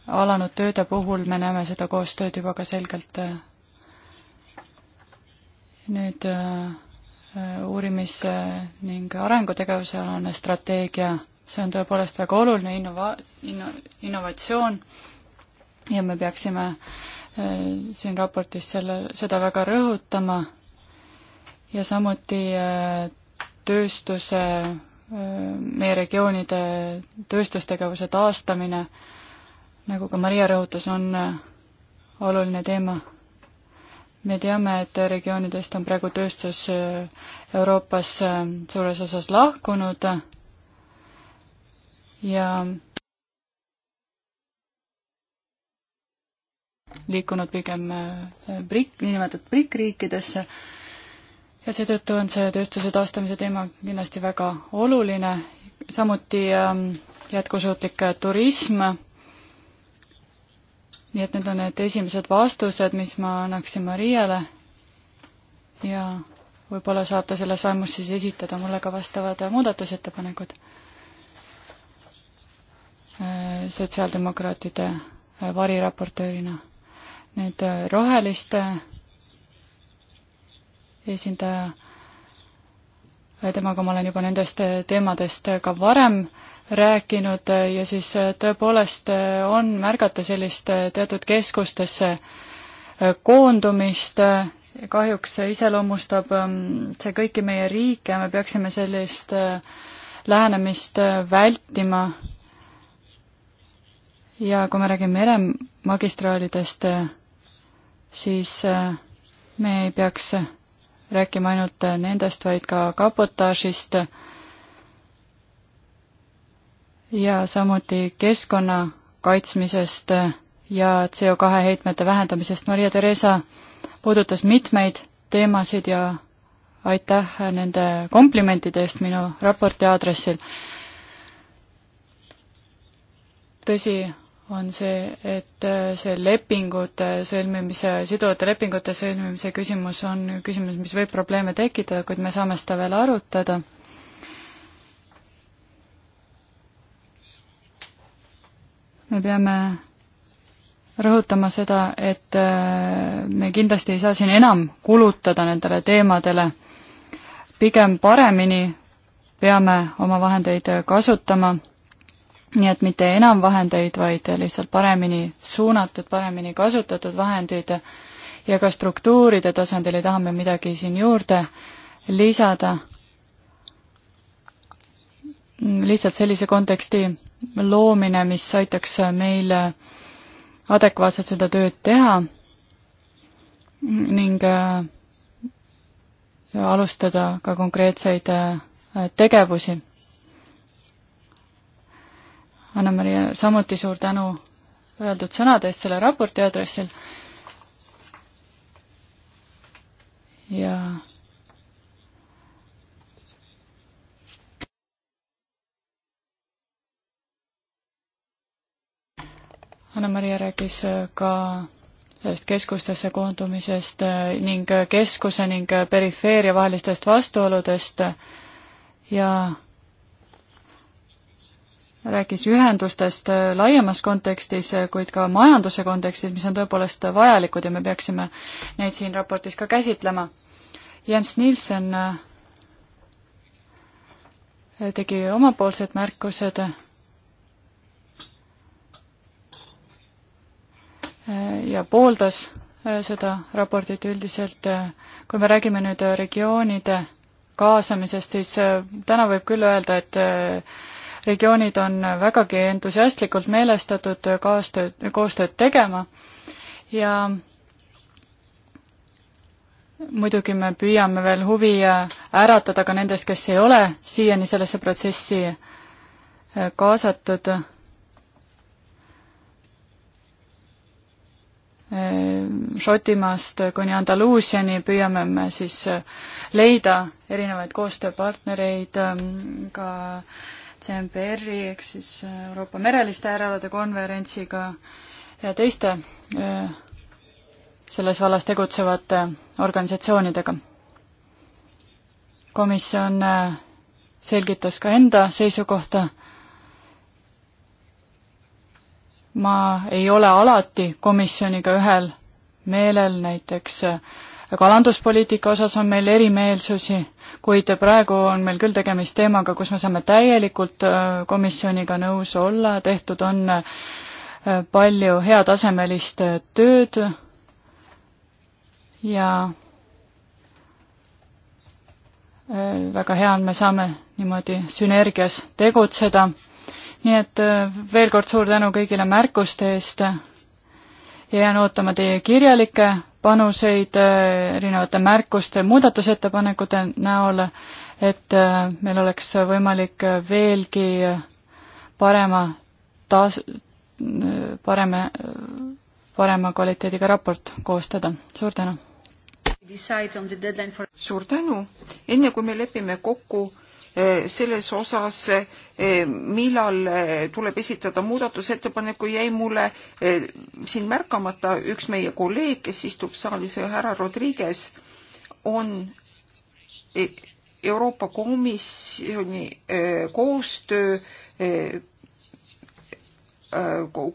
alanud tööde puhul me näeme seda koostööd juba ka selgelt nüüd äh, Äh, uurimis- ning arengutegevuse alane strateegia, see on tõepoolest väga oluline innova-, inno-, innovatsioon ja me peaksime äh, siin raportis selle, seda väga rõhutama ja samuti äh, tööstuse, meie regioonide tööstustegevuse taastamine, nagu ka Maria rõhutas, on oluline teema me teame, et regioonidest on praegu tööstus äh, Euroopas äh, suures osas lahkunud ja liikunud pigem äh, BRIC, niinimetatud BRIC riikidesse ja seetõttu on see tööstuse taastamise teema kindlasti väga oluline, samuti ähm, jätkusuutlik turism nii et need on need esimesed vastused, mis ma annaksin Mariale ja võib-olla saab ta selles vaimus siis esitada mulle ka vastavad muudatusettepanekud. Äh, sotsiaaldemokraatide äh, variraportöörina. nüüd äh, roheliste esindaja, temaga ma olen juba nendest teemadest ka varem rääkinud ja siis äh, tõepoolest äh, on märgata sellist äh, teatud keskustesse koondumist, kahjuks iseloomustab ähm, see kõiki meie riike ja me peaksime sellist lähenemist vältima. ja kui me räägime meremagistraalidest, siis me ei peaks rääkima ainult nendest, vaid ka kabotaažist äh, ja samuti keskkonna kaitsmisest ja CO2 heitmete vähendamisest. Maria Theresa puudutas mitmeid teemasid ja aitäh nende komplimentide eest minu raporti aadressil. tõsi on see, et see lepingute sõlmimise, siduvate lepingute sõlmimise küsimus on küsimus, mis võib probleeme tekitada, kuid me saame seda veel arutada me peame rõhutama seda, et äh, me kindlasti ei saa siin enam kulutada nendele teemadele, pigem paremini peame oma vahendeid kasutama, nii et mitte enam vahendeid, vaid lihtsalt paremini suunatud, paremini kasutatud vahendeid ja ka struktuuride tasandil ei taha me midagi siin juurde lisada. lihtsalt sellise konteksti loomine, mis aitaks meil adekvaatselt seda tööd teha ning äh, alustada ka konkreetseid äh, tegevusi. Anna-Maria, samuti suur tänu öeldud sõnade eest selle raporti aadressil ja Anna-Maria rääkis äh, ka sellest keskustesse koondumisest äh, ning äh, keskuse ning perifeeria vahelistest vastuoludest ja rääkis ühendustest laiemas kontekstis, kuid ka majanduse kontekstis, mis on tõepoolest vajalikud ja me peaksime neid siin raportis ka käsitlema. Jens Nielsen tegi omapoolsed märkused ja pooldas äh, seda raportit üldiselt. kui me räägime nüüd äh, regioonide kaasamisest, siis äh, täna võib küll öelda, et regioonid on vägagi entusiastlikult meelestatud kaastööd, koostööd tegema ja muidugi me püüame veel huvi äratada ka nendest, kes ei ole siiani sellesse protsessi kaasatud Šotimaast kuni Andaluusiani püüame me siis äh, leida erinevaid koostööpartnereid ähm, ka CMPR-i ehk siis äh, Euroopa mereliste äärealade konverentsiga ja teiste äh, selles vallas tegutsevate organisatsioonidega. komisjon selgitas ka enda seisukohta ma ei ole alati komisjoniga ühel meelel, näiteks kalanduspoliitika äh, osas on meil erimeelsusi, kuid praegu on meil küll tegemist teemaga, kus me saame täielikult äh, komisjoniga nõus olla, tehtud on äh, palju heatasemelist tööd ja väga hea on, me saame niimoodi sünergias tegutseda nii et eh, veel kord suur tänu kõigile märkuste eest ja jään ootama teie kirjalikke panuseid eh, erinevate märkuste, muudatusettepanekute näol, et eh, meil oleks võimalik veelgi parema taas, parema, parema kvaliteediga raport koostada. suur tänu!
suur tänu! enne kui me lepime kokku selles osas, millal tuleb esitada muudatusettepaneku, jäi mulle siin märkamata üks meie kolleeg, kes istub saalis, härra Rodriguez, on Euroopa Komisjoni koostöö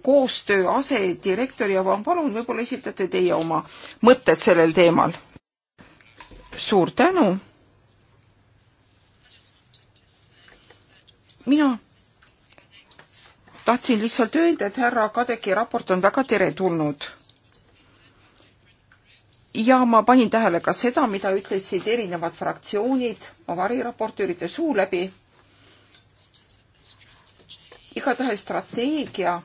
koostöö asedirektor ja ma palun, võib-olla esitate teie oma mõtted sellel teemal. suur tänu mina tahtsin lihtsalt öelda, et härra Kadeki raport on väga teretulnud. ja ma panin tähele ka seda, mida ütlesid erinevad fraktsioonid oma variraportööride suu läbi. igatahes strateegia,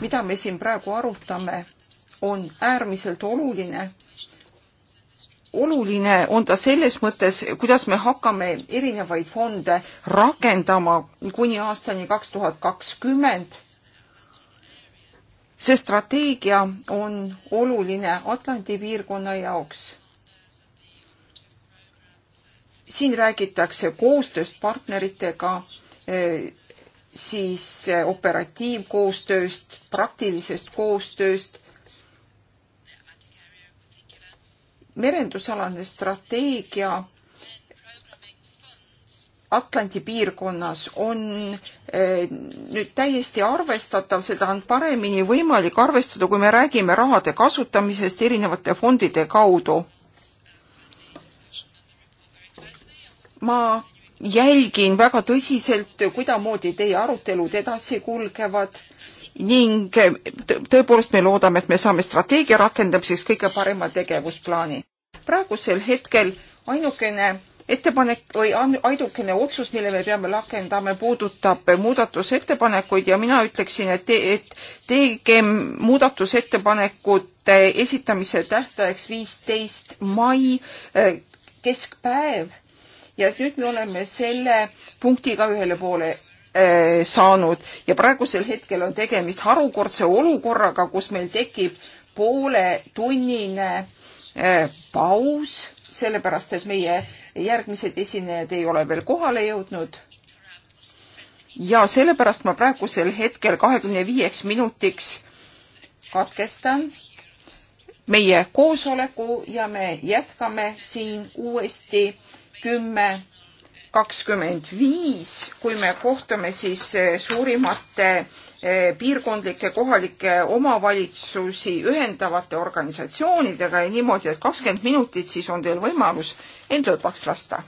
mida me siin praegu arutame, on äärmiselt oluline oluline on ta selles mõttes, kuidas me hakkame erinevaid fonde rakendama kuni aastani kaks tuhat kakskümmend. see strateegia on oluline Atlandi piirkonna jaoks. siin räägitakse koostööst partneritega, eh, siis eh, operatiivkoostööst, praktilisest koostööst merendusalane strateegia Atlandi piirkonnas on eh, nüüd täiesti arvestatav, seda on paremini võimalik arvestada, kui me räägime rahade kasutamisest erinevate fondide kaudu. ma jälgin väga tõsiselt, kuidamoodi teie arutelud edasi kulgevad ning tõepoolest me loodame, et me saame strateegia rakendamiseks kõige parema tegevusplaani. praegusel hetkel ainukene ettepanek või ainukene otsus, mille me peame rakendama, puudutab muudatusettepanekuid ja mina ütleksin, et, te, et tegem muudatusettepanekute esitamise tähtajaks viisteist mai äh, keskpäev ja nüüd me oleme selle punktiga ühele poole Äh, saanud ja praegusel hetkel on tegemist harukordse olukorraga, kus meil tekib pooletunnine äh, paus, sellepärast et meie järgmised esinejad ei ole veel kohale jõudnud ja sellepärast ma praegusel hetkel kahekümne viieks minutiks katkestan meie koosoleku ja me jätkame siin uuesti kümme kakskümmend viis, kui me kohtume siis eh, suurimate eh, piirkondlike kohalike omavalitsusi ühendavate organisatsioonidega ja niimoodi, et kakskümmend minutit, siis on teil võimalus end lõdvaks lasta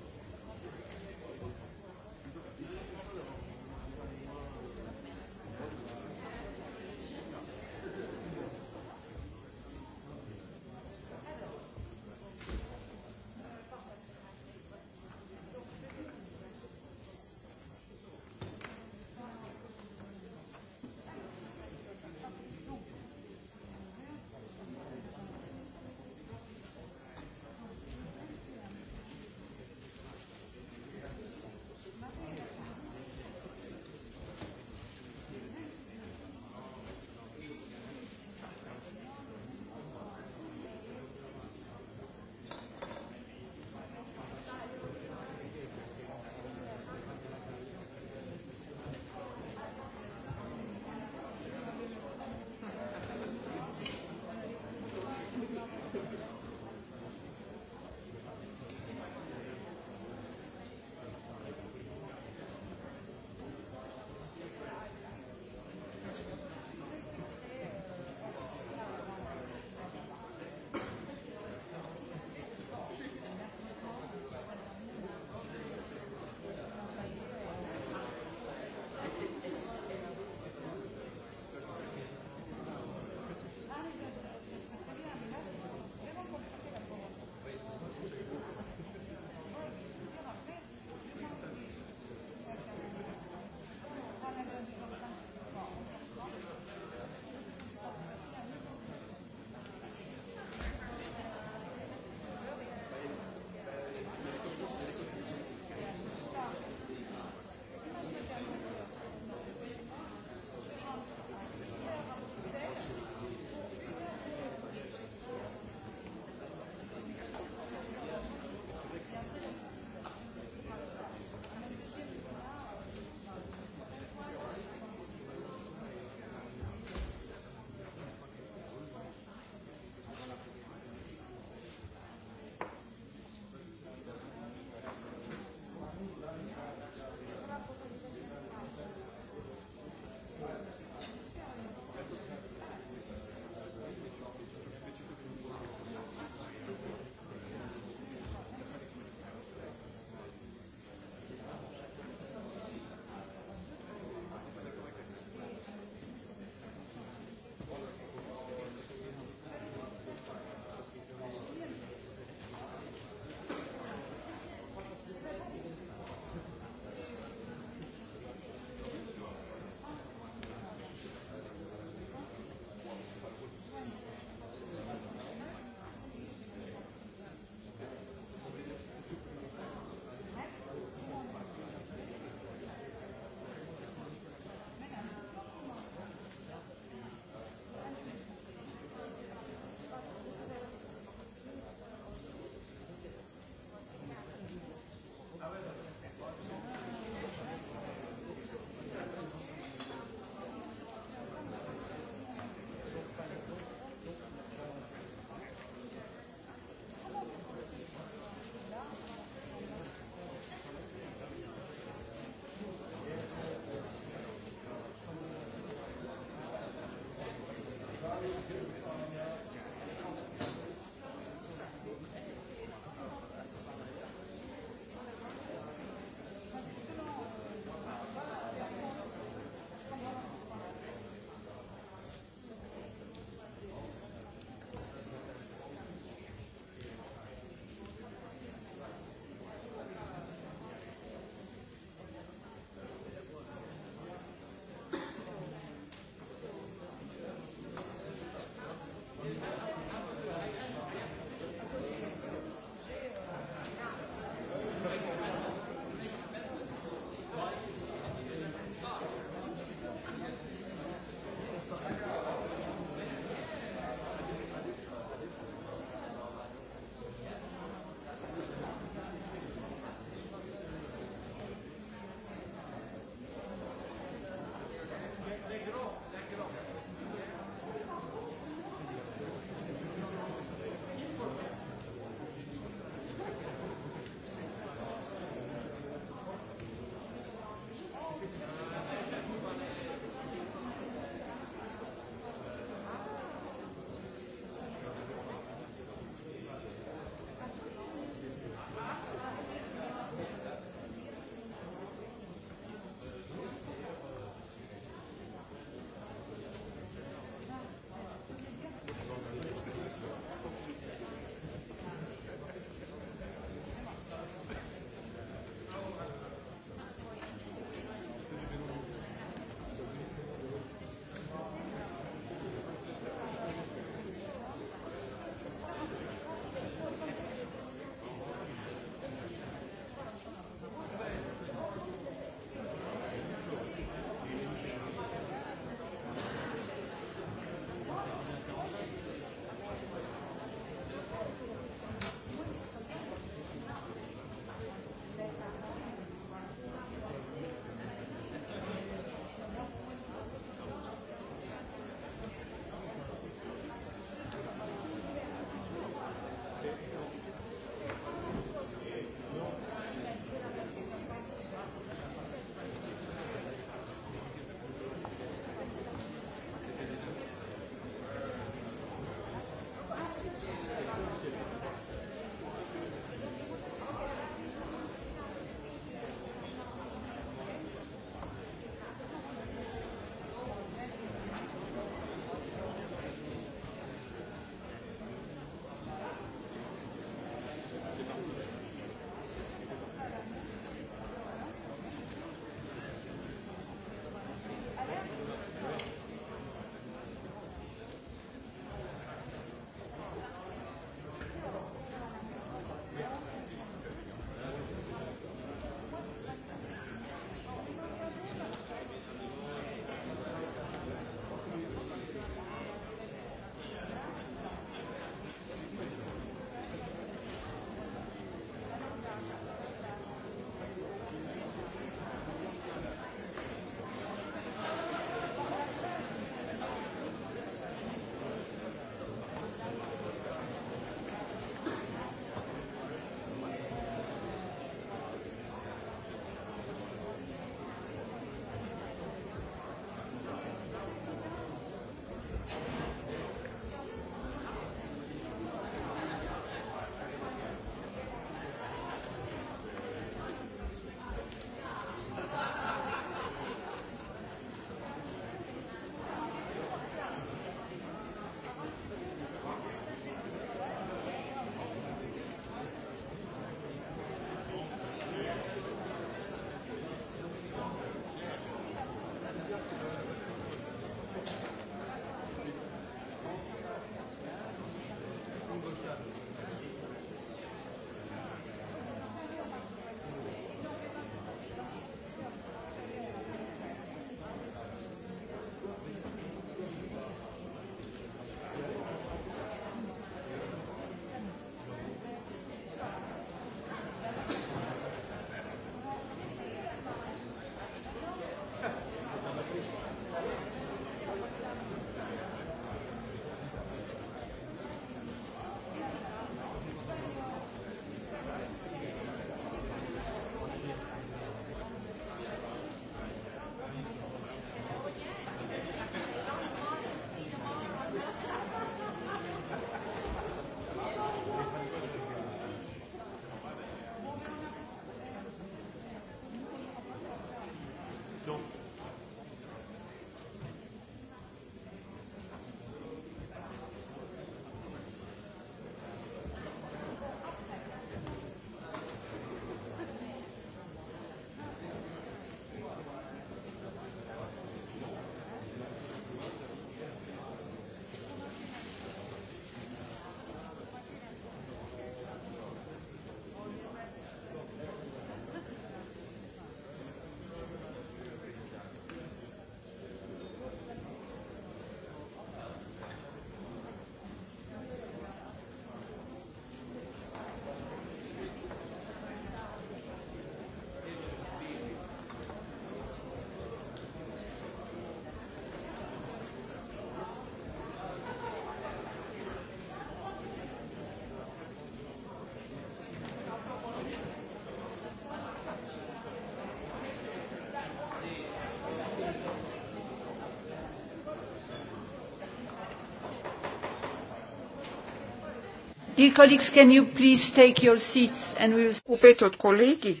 lugupeetud kolleegid,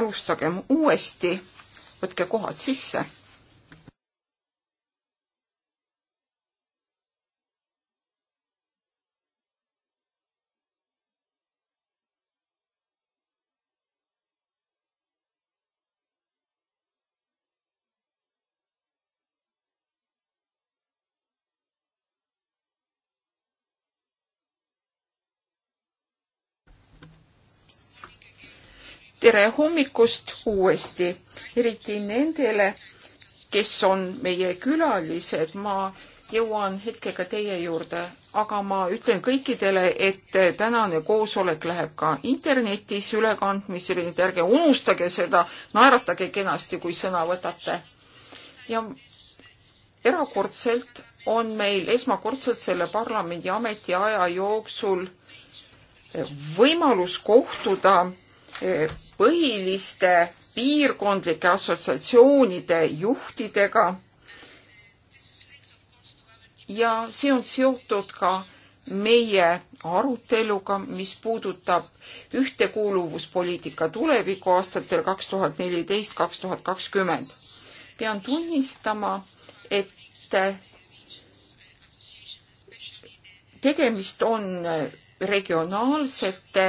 alustagem uuesti,
võtke kohad sisse
tere hommikust uuesti, eriti nendele, kes on meie külalised, ma jõuan hetkega teie juurde, aga ma ütlen kõikidele, et tänane koosolek läheb ka internetis ülekandmisele, nii et ärge unustage seda, naeratage kenasti, kui sõna võtate. ja erakordselt on meil esmakordselt selle parlamendi ametiaja jooksul võimalus kohtuda eh, põhiliste piirkondlike assotsiatsioonide juhtidega. ja see on seotud ka meie aruteluga, mis puudutab ühtekuuluvuspoliitika tulevikku aastatel kaks tuhat neliteist, kaks tuhat kakskümmend. pean tunnistama, et tegemist on regionaalsete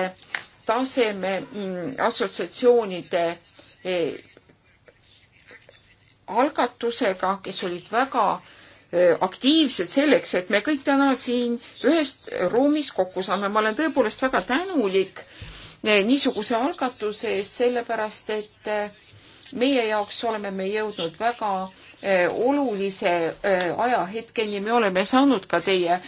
taseme mm, assotsiatsioonide e, algatusega, kes olid väga e, aktiivselt selleks, et me kõik täna siin ühes ruumis kokku saame. ma olen tõepoolest väga tänulik e, niisuguse algatuse eest, sellepärast et meie jaoks oleme me jõudnud väga olulise ajahetkeni, me oleme saanud ka teie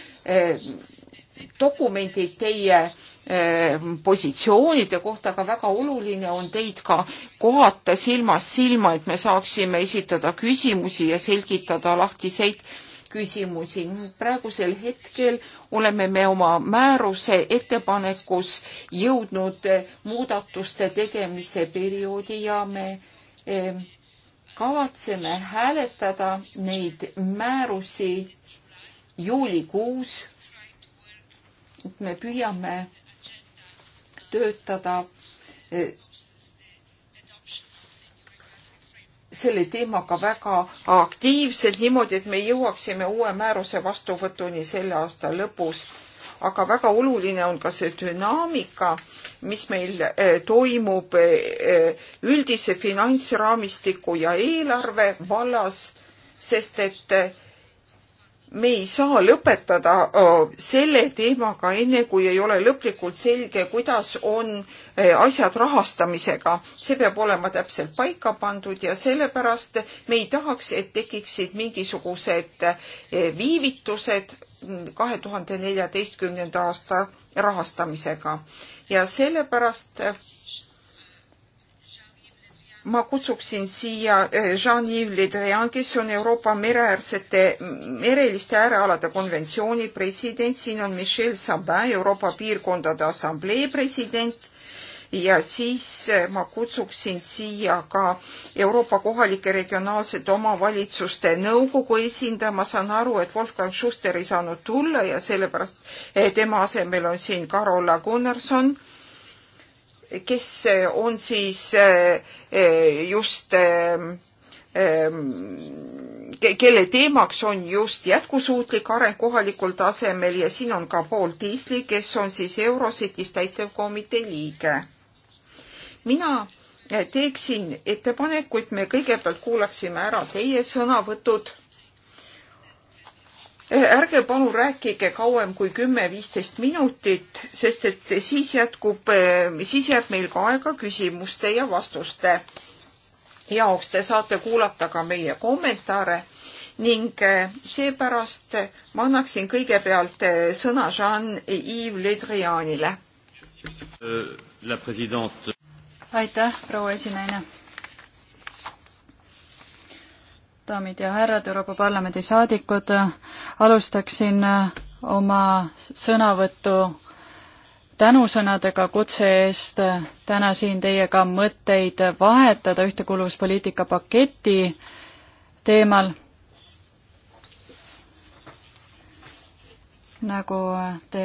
dokumendid, teie Eh, positsioonide kohta, aga väga oluline on teid ka kohata silmast silma, et me saaksime esitada küsimusi ja selgitada lahtiseid küsimusi. praegusel hetkel oleme me oma määruse ettepanekus jõudnud muudatuste tegemise perioodi ja me eh, kavatseme hääletada neid määrusi juulikuus. me püüame töötada e, selle teemaga väga aktiivselt, niimoodi, et me jõuaksime uue määruse vastuvõtuni selle aasta lõpus. aga väga oluline on ka see dünaamika, mis meil e, toimub e, üldise finantsraamistiku ja eelarve vallas, sest et me ei saa lõpetada selle teemaga enne, kui ei ole lõplikult selge, kuidas on asjad rahastamisega. see peab olema täpselt paika pandud ja sellepärast me ei tahaks, et tekiksid mingisugused viivitused kahe tuhande neljateistkümnenda aasta rahastamisega ja sellepärast ma kutsuksin siia eh, Jean-Yves Le Drian, kes on Euroopa mereäärsete, mereliste äärealade konventsiooni president, siin on Michel Sabin, Euroopa Piirkondade Assamblee president ja siis eh, ma kutsuksin siia ka Euroopa kohalike regionaalsete omavalitsuste nõukogu esindaja, ma saan aru, et Wolfgang Schuster ei saanud tulla ja sellepärast eh, tema asemel on siin Karola Gunnarsson kes on siis eh, eh, just eh, kelle teemaks on just jätkusuutlik areng kohalikul tasemel ja siin on ka Paul Tiisli, kes on siis Eurocities täitevkomitee liige. mina teeksin ettepaneku, et me kõigepealt kuulaksime ära teie sõnavõtud Eh, ärge palun rääkige kauem kui kümme-viisteist minutit, sest et siis jätkub, eh, siis jääb meil ka aega küsimuste ja vastuste jaoks. Te saate kuulata ka meie kommentaare ning eh, seepärast ma annaksin kõigepealt sõna Jean-Yves Le Drianile. Euh,
aitäh, proua esinaine daamid ja härrad, Euroopa Parlamendi saadikud, alustaksin äh, oma sõnavõttu tänusõnadega kutse eest äh, täna siin teiega mõtteid vahetada ühtekuuluvuspoliitika paketi teemal. nagu te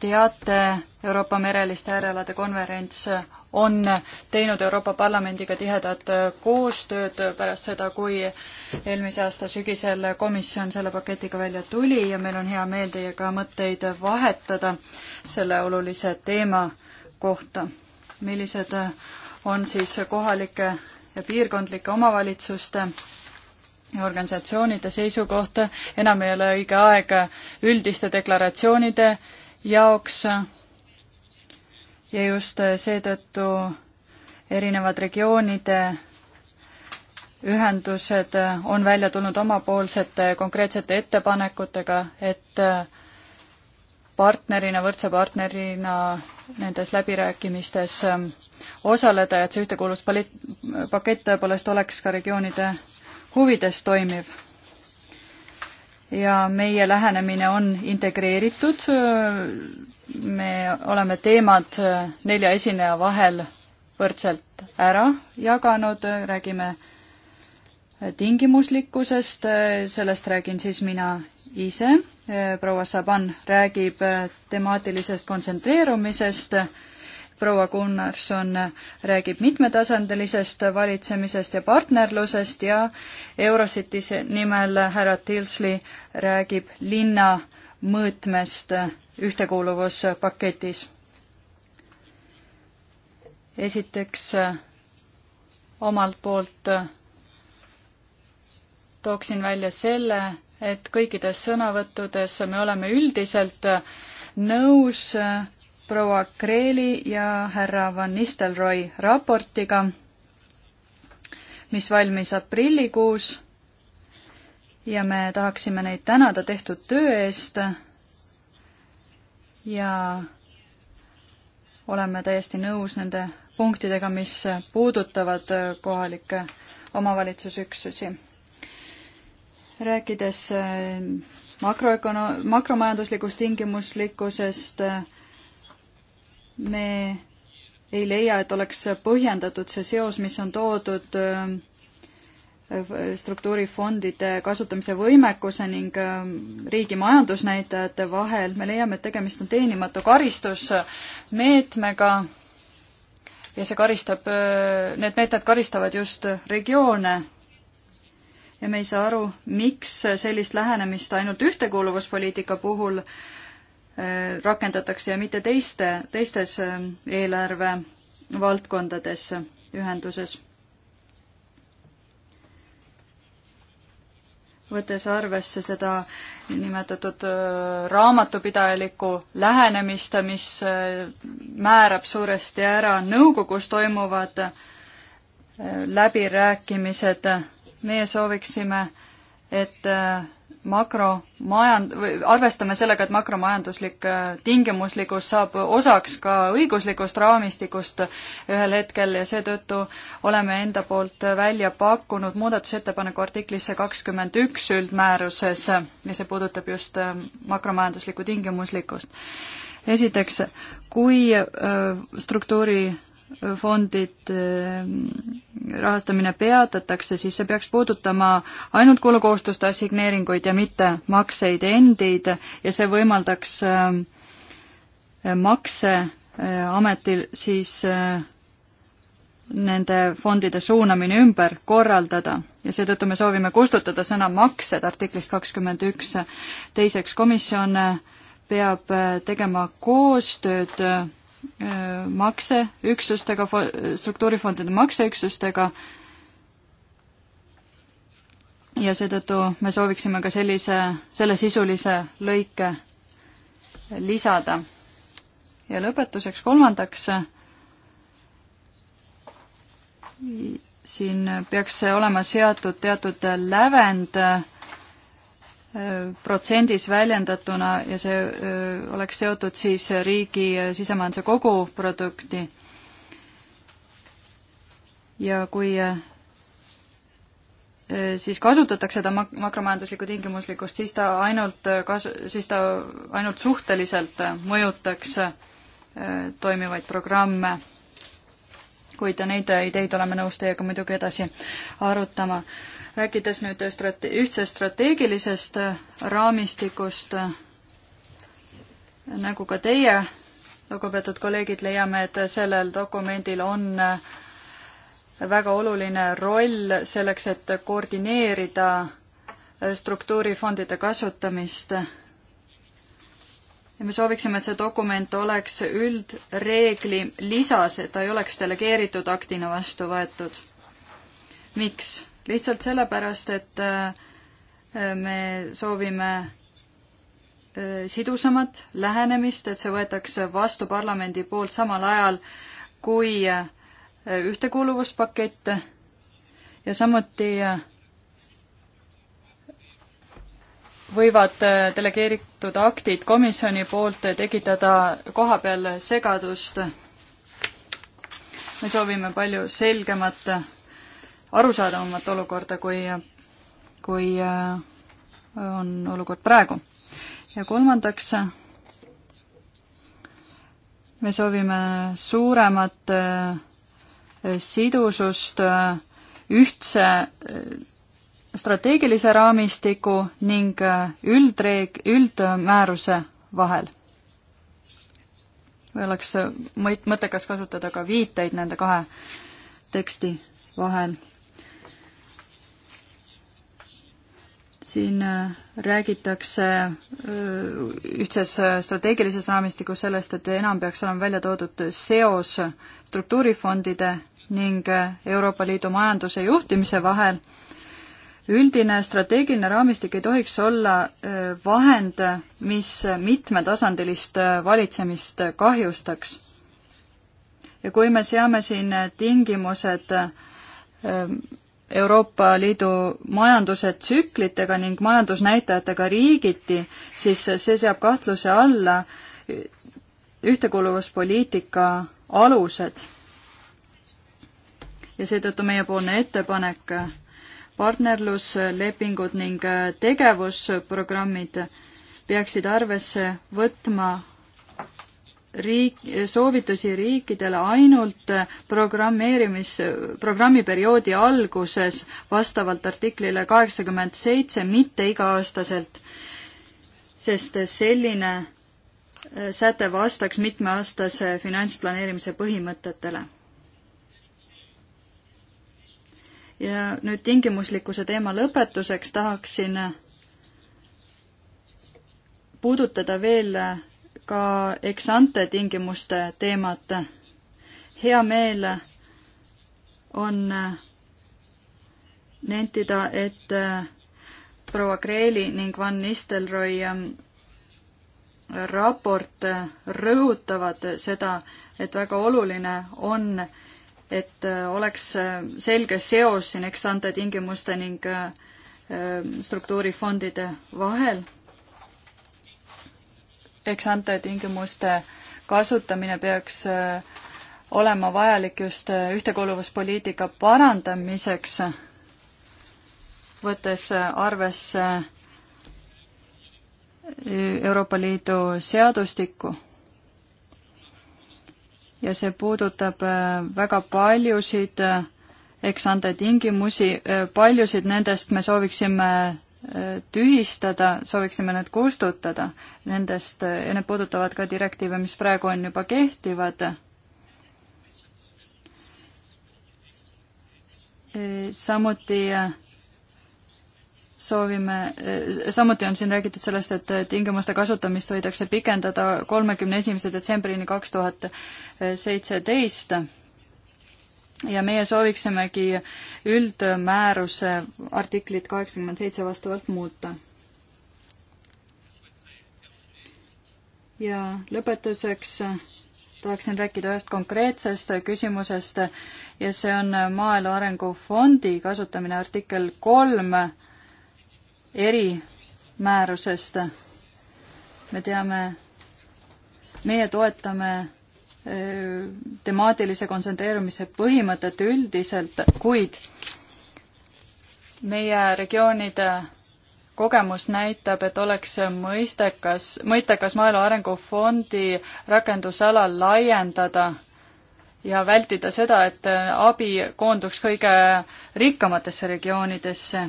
teate, Euroopa mereliste äärealade konverents on teinud Euroopa Parlamendiga tihedat koostööd pärast seda, kui eelmise aasta sügisel komisjon selle paketiga välja tuli ja meil on hea meel teiega mõtteid vahetada selle olulise teema kohta. millised on siis kohalike ja piirkondlike omavalitsuste organisatsioonide seisukoht, enam ei ole õige aeg üldiste deklaratsioonide jaoks ja just äh, seetõttu erinevad regioonide ühendused äh, on välja tulnud omapoolsete äh, konkreetsete ettepanekutega, et partnerina, võrdse partnerina nendes läbirääkimistes ähm, osaleda ja et see ühtekuuluvuspakett tõepoolest oleks ka regioonide huvides toimiv ja meie lähenemine on integreeritud. me oleme teemad nelja esineja vahel võrdselt ära jaganud, räägime tingimuslikkusest, sellest räägin siis mina ise. proua Saban räägib temaatilisest kontsentreerumisest proua Gunnarsson räägib mitmetasandilisest valitsemisest ja partnerlusest ja Eurocities nimel härra Tilsli räägib linna mõõtmest ühtekuuluvuspaketis. esiteks omalt poolt tooksin välja selle, et kõikides sõnavõttudes me oleme üldiselt nõus äh, proua Kreeli ja härra Van Nistelrooy raportiga, mis valmis aprillikuus ja me tahaksime neid tänada tehtud töö eest ja oleme täiesti nõus nende punktidega, mis puudutavad kohalikke omavalitsusüksusi. rääkides makroökono-, makromajanduslikust tingimuslikkusest äh,, me ei leia, et oleks põhjendatud see seos, mis on toodud äh, struktuurifondide kasutamise võimekuse ning äh, riigi majandusnäitajate vahel, me leiame, et tegemist on teenimatu karistusmeetmega ja see karistab, äh, need meetmed karistavad just regioone. ja me ei saa aru, miks sellist lähenemist ainult ühtekuuluvuspoliitika puhul äh, Äh, rakendatakse ja mitte teiste, teistes ähm, eelarvevaldkondades äh, ühenduses. võttes arvesse seda nimetatud äh, raamatupidajalikku lähenemist, mis määrab suuresti ära nõukogus toimuvad läbirääkimised, meie sooviksime, et makromajand-, või arvestame sellega, et makromajanduslik äh, tingimuslikkus saab osaks ka õiguslikust raamistikust ühel hetkel ja seetõttu oleme enda poolt välja pakkunud muudatusettepaneku artiklisse kakskümmend üks üldmääruses ja see puudutab just äh, makromajanduslikku tingimuslikkust. esiteks, kui äh, struktuuri fondid äh, rahastamine peatatakse, siis see peaks puudutama ainult kulukohustuste assigneeringuid ja mitte makseid endid ja see võimaldaks äh, makseametil äh, siis nende fondide suunamine ümber korraldada ja seetõttu me soovime kustutada sõna maksed artiklist kakskümmend üks. teiseks, komisjon peab tegema koostööd Äh, makseüksustega, struktuurifondide makseüksustega ja seetõttu me sooviksime ka sellise, sellesisulise lõike lisada. ja lõpetuseks kolmandaks, siin peaks olema seatud teatud lävend protsendis väljendatuna ja see oleks seotud siis riigi sisemajanduse koguprodukti. ja kui siis kasutatakse seda mak-, makromajanduslikku tingimuslikkust, siis ta ainult kas-, siis ta ainult suhteliselt mõjutaks toimivaid programme. kuid neid ideid oleme nõus teiega muidugi edasi arutama rääkides nüüd strate-, ühtsest strateegilisest äh, raamistikust, äh, nagu ka teie, lugupeetud kolleegid, leiame, et sellel dokumendil on äh, väga oluline roll selleks, et koordineerida struktuurifondide kasutamist. ja me sooviksime, et see dokument oleks üldreegli lisas, et ta ei oleks delegeeritud aktina vastu võetud. miks? lihtsalt sellepärast, et äh, me soovime äh, sidusamat lähenemist, et see võetakse vastu parlamendi poolt samal ajal kui äh, ühtekuuluvuspakett ja samuti võivad delegeeritud aktid komisjoni poolt tekitada koha peal segadust. me soovime palju selgemat arusaadavamat olukorda, kui, kui äh, on olukord praegu. ja kolmandaks, me soovime suuremat äh, sidusust äh, ühtse strateegilise raamistiku ning üldreeg-, üldmääruse vahel. või oleks mõt-, mõttekas kasutada ka viiteid nende kahe teksti vahel. siin äh, räägitakse äh, ühtses äh, strateegilises raamistikus sellest, et enam peaks olema välja toodud seos struktuurifondide ning Euroopa Liidu majanduse juhtimise vahel. üldine strateegiline raamistik ei tohiks olla vahend, mis mitmetasandilist valitsemist kahjustaks. ja kui me seame siin tingimused Euroopa Liidu majanduse tsüklitega ning majandusnäitajatega riigiti, siis see seab kahtluse alla ühtekuuluvuspoliitika alused. ja seetõttu meiepoolne ettepanek, partnerluslepingud ning tegevusprogrammid peaksid arvesse võtma riik, soovitusi riikidele ainult programmeerimis, programmiperioodi alguses vastavalt artiklile kaheksakümmend seitse, mitte iga-aastaselt, sest selline äh, säte vastaks mitmeaastase finantsplaneerimise põhimõtetele. ja nüüd tingimuslikkuse teema lõpetuseks tahaksin puudutada veel ka eksante tingimuste teemat. hea meel on nentida, et äh, proua Kreeli ning Van Nistelrooy ähm, raport äh, rõhutavad seda, et väga oluline on, et äh, oleks selge seos siin eksante tingimuste ning struktuurifondide vahel eksante tingimuste kasutamine peaks äh, olema vajalik just äh, ühtekuuluvuspoliitika parandamiseks, võttes äh, arvesse Euroopa Liidu seadustikku. ja see puudutab väga paljusid eksante tingimusi, paljusid nendest me sooviksime tühistada, sooviksime need kustutada nendest ja need puudutavad ka direktiive, mis praegu on juba kehtivad. samuti soovime, samuti on siin räägitud sellest, et tingimuste kasutamist võidakse pikendada kolmekümne esimese detsembrini kaks tuhat seitseteist ja meie sooviksimegi üldmääruse artiklit kaheksakümmend seitse vastavalt muuta. ja lõpetuseks tahaksin rääkida ühest konkreetsest küsimusest ja see on Maaelu Arengu Fondi kasutamine artikkel kolm erimäärusest. me teame, meie toetame temaatilise kontsentreerumise põhimõtet üldiselt, kuid meie regioonide kogemus näitab, et oleks mõistekas, mõttekas Maaelu Arengufondi rakendusala laiendada ja vältida seda, et abi koonduks kõige rikkamatesse regioonidesse.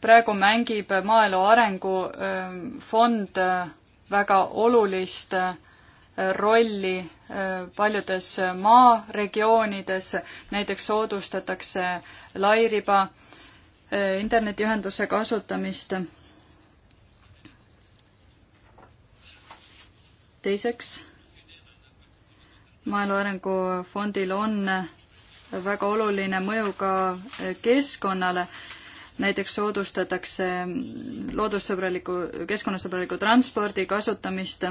praegu mängib Maaelu Arengufond väga olulist äh, rolli äh, paljudes äh, maaregioonides, näiteks soodustatakse lairiba äh, internetiühenduse kasutamist. teiseks, Maaelu Arengu Fondil on väga oluline mõju ka keskkonnale näiteks soodustatakse mm, loodussõbraliku, keskkonnasõbraliku transpordi kasutamist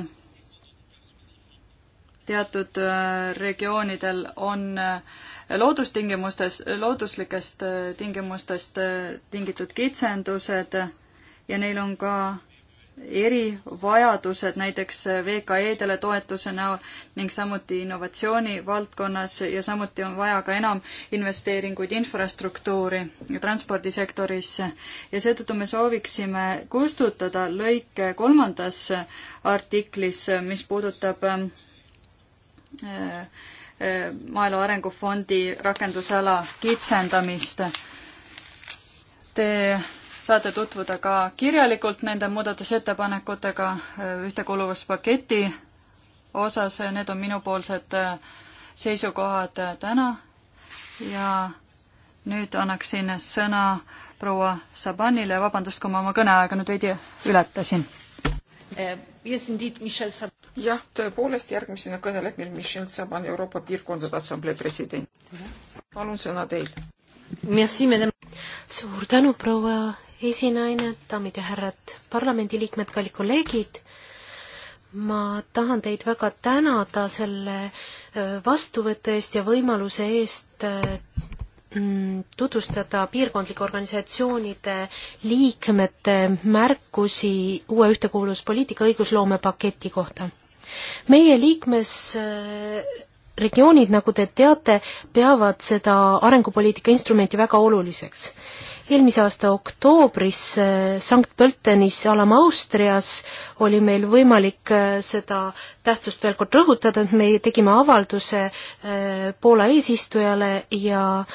teatud äh, regioonidel on äh, loodustingimustes, looduslikest äh, tingimustest tingitud kitsendused ja neil on ka erivajadused näiteks VKE-dele toetuse näol ning samuti innovatsiooni valdkonnas ja samuti on vaja ka enam investeeringuid infrastruktuuri ja transpordisektorisse. ja seetõttu me sooviksime kustutada lõike kolmandas artiklis, mis puudutab ähm, Äh, äh, Maaelu Arengufondi rakendusala kitsendamist. Te saate tutvuda ka kirjalikult nende muudatusettepanekutega äh, ühtekuuluvuspaketi osas, need on minupoolsed seisukohad täna ja nüüd annaksin sõna proua Sabanile, vabandust, kui ma oma kõneaega nüüd veidi ületasin
jah, tõepoolest järgmisena kõneleb meil Michel Saban, Euroopa Piirkondade Assamblee president. palun, sõna teil.
suur tänu, proua esinaine, daamid ja härrad parlamendiliikmed, kallid kolleegid. ma tahan teid väga tänada selle äh, vastuvõtu eest ja võimaluse eest äh, mm, tutvustada piirkondlike organisatsioonide liikmete märkusi uue ühtekuuluvuspoliitika õigusloome paketi kohta meie liikmesregioonid, äh, nagu te teate, peavad seda arengupoliitika instrumenti väga oluliseks. eelmise aasta oktoobris äh, Sankt-Pöltenis alama Austrias oli meil võimalik äh, seda tähtsust veel kord rõhutada, et me tegime avalduse Poola eesistujale ja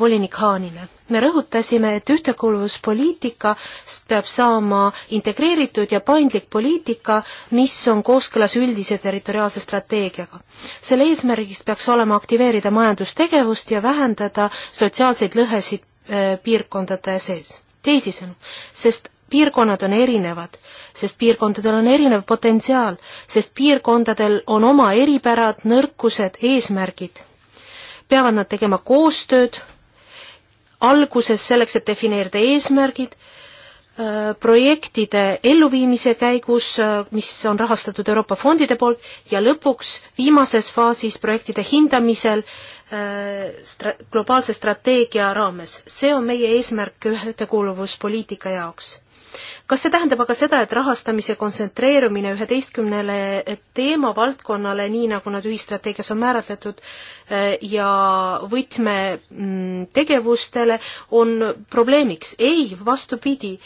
volinik Haanile me rõhutasime, et ühtekuuluvuspoliitikast peab saama integreeritud ja paindlik poliitika, mis on kooskõlas üldise territoriaalse strateegiaga. selle eesmärgiks peaks olema aktiveerida majandustegevust ja vähendada sotsiaalseid lõhesid äh, piirkondade sees. teisisõnu, sest piirkonnad on erinevad, sest piirkondadel on erinev potentsiaal, sest piirkondadel on oma eripärad, nõrkused, eesmärgid. peavad nad tegema koostööd alguses selleks, et defineerida eesmärgid, äh, projektide elluviimise käigus, äh, mis on rahastatud Euroopa fondide poolt ja lõpuks viimases faasis projektide hindamisel äh, stra-, globaalse strateegia raames. see on meie eesmärk ühtekuuluvuspoliitika jaoks kas see tähendab aga seda, et rahastamise kontsentreerumine üheteistkümnele teemavaldkonnale, nii nagu nad ühistrateegias on määratletud, eh, ja võtmetegevustele mm, on probleemiks? ei, vastupidi, eh,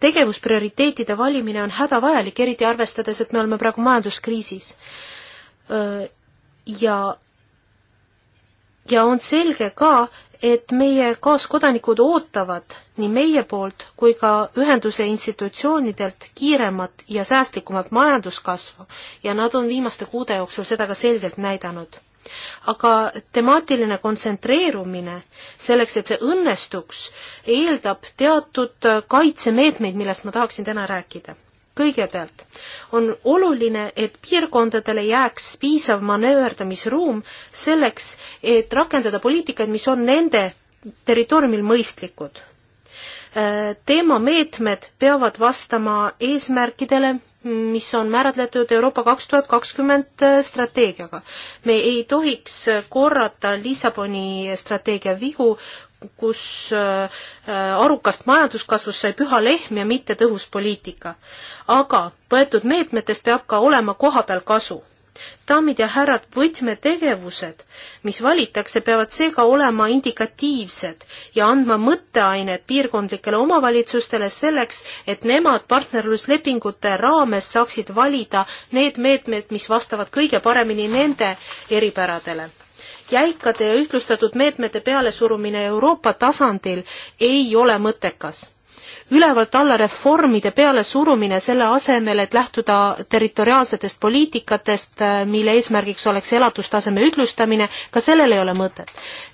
tegevusprioriteetide valimine on hädavajalik, eriti arvestades, et me oleme praegu majanduskriisis. Eh, ja ja on selge ka, et meie kaaskodanikud ootavad nii meie poolt kui ka ühenduse institutsioonidelt kiiremat ja säästlikumat majanduskasvu ja nad on viimaste kuude jooksul seda ka selgelt näidanud. aga temaatiline kontsentreerumine selleks, et see õnnestuks, eeldab teatud kaitsemeetmeid, millest ma tahaksin täna rääkida kõigepealt on oluline, et piirkondadele jääks piisav manööverdamisruum selleks, et rakendada poliitikaid, mis on nende territooriumil mõistlikud. Äh, teema meetmed peavad vastama eesmärkidele, mis on määratletud Euroopa kaks tuhat kakskümmend äh, strateegiaga. me ei tohiks korrata Lissaboni strateegia vigu, kus äh, äh, arukast majanduskasvust sai püha lehm ja mitte tõhus poliitika. aga võetud meetmetest peab ka olema kohapeal kasu. daamid ja härrad, võtmetegevused, mis valitakse, peavad seega olema indikatiivsed ja andma mõtteainet piirkondlikele omavalitsustele selleks, et nemad partnerluslepingute raames saaksid valida need meetmed, mis vastavad kõige paremini nende eripäradele jäikade ja ühtlustatud meetmete pealesurumine Euroopa tasandil ei ole mõttekas ülevalt alla reformide pealesurumine selle asemel, et lähtuda territoriaalsetest poliitikatest, äh, mille eesmärgiks oleks elatustaseme ühtlustamine, ka sellel ei ole mõtet.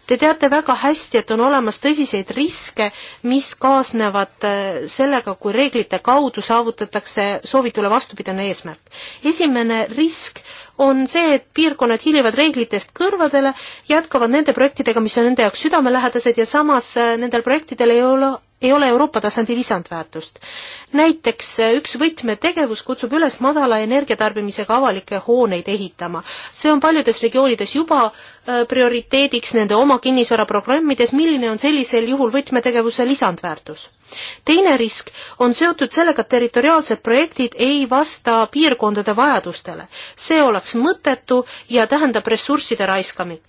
Te teate väga hästi, et on olemas tõsiseid riske, mis kaasnevad äh, sellega, kui reeglite kaudu saavutatakse soovitule vastupidane eesmärk. esimene risk on see, et piirkonnad hiilivad reeglitest kõrvadele, jätkavad nende projektidega, mis on nende jaoks südamelähedased ja samas äh, nendel projektidel ei ole ei ole Euroopa tasandi lisandväärtust. näiteks eh, üks võtmetegevus kutsub üles madala energiatarbimisega avalikke hooneid ehitama. see on paljudes regioonides juba eh, prioriteediks nende oma kinnisvaraprogrammides, milline on sellisel juhul võtmetegevuse lisandväärtus. teine risk on seotud sellega, et territoriaalsed projektid ei vasta piirkondade vajadustele. see oleks mõttetu ja tähendab ressursside raiskamist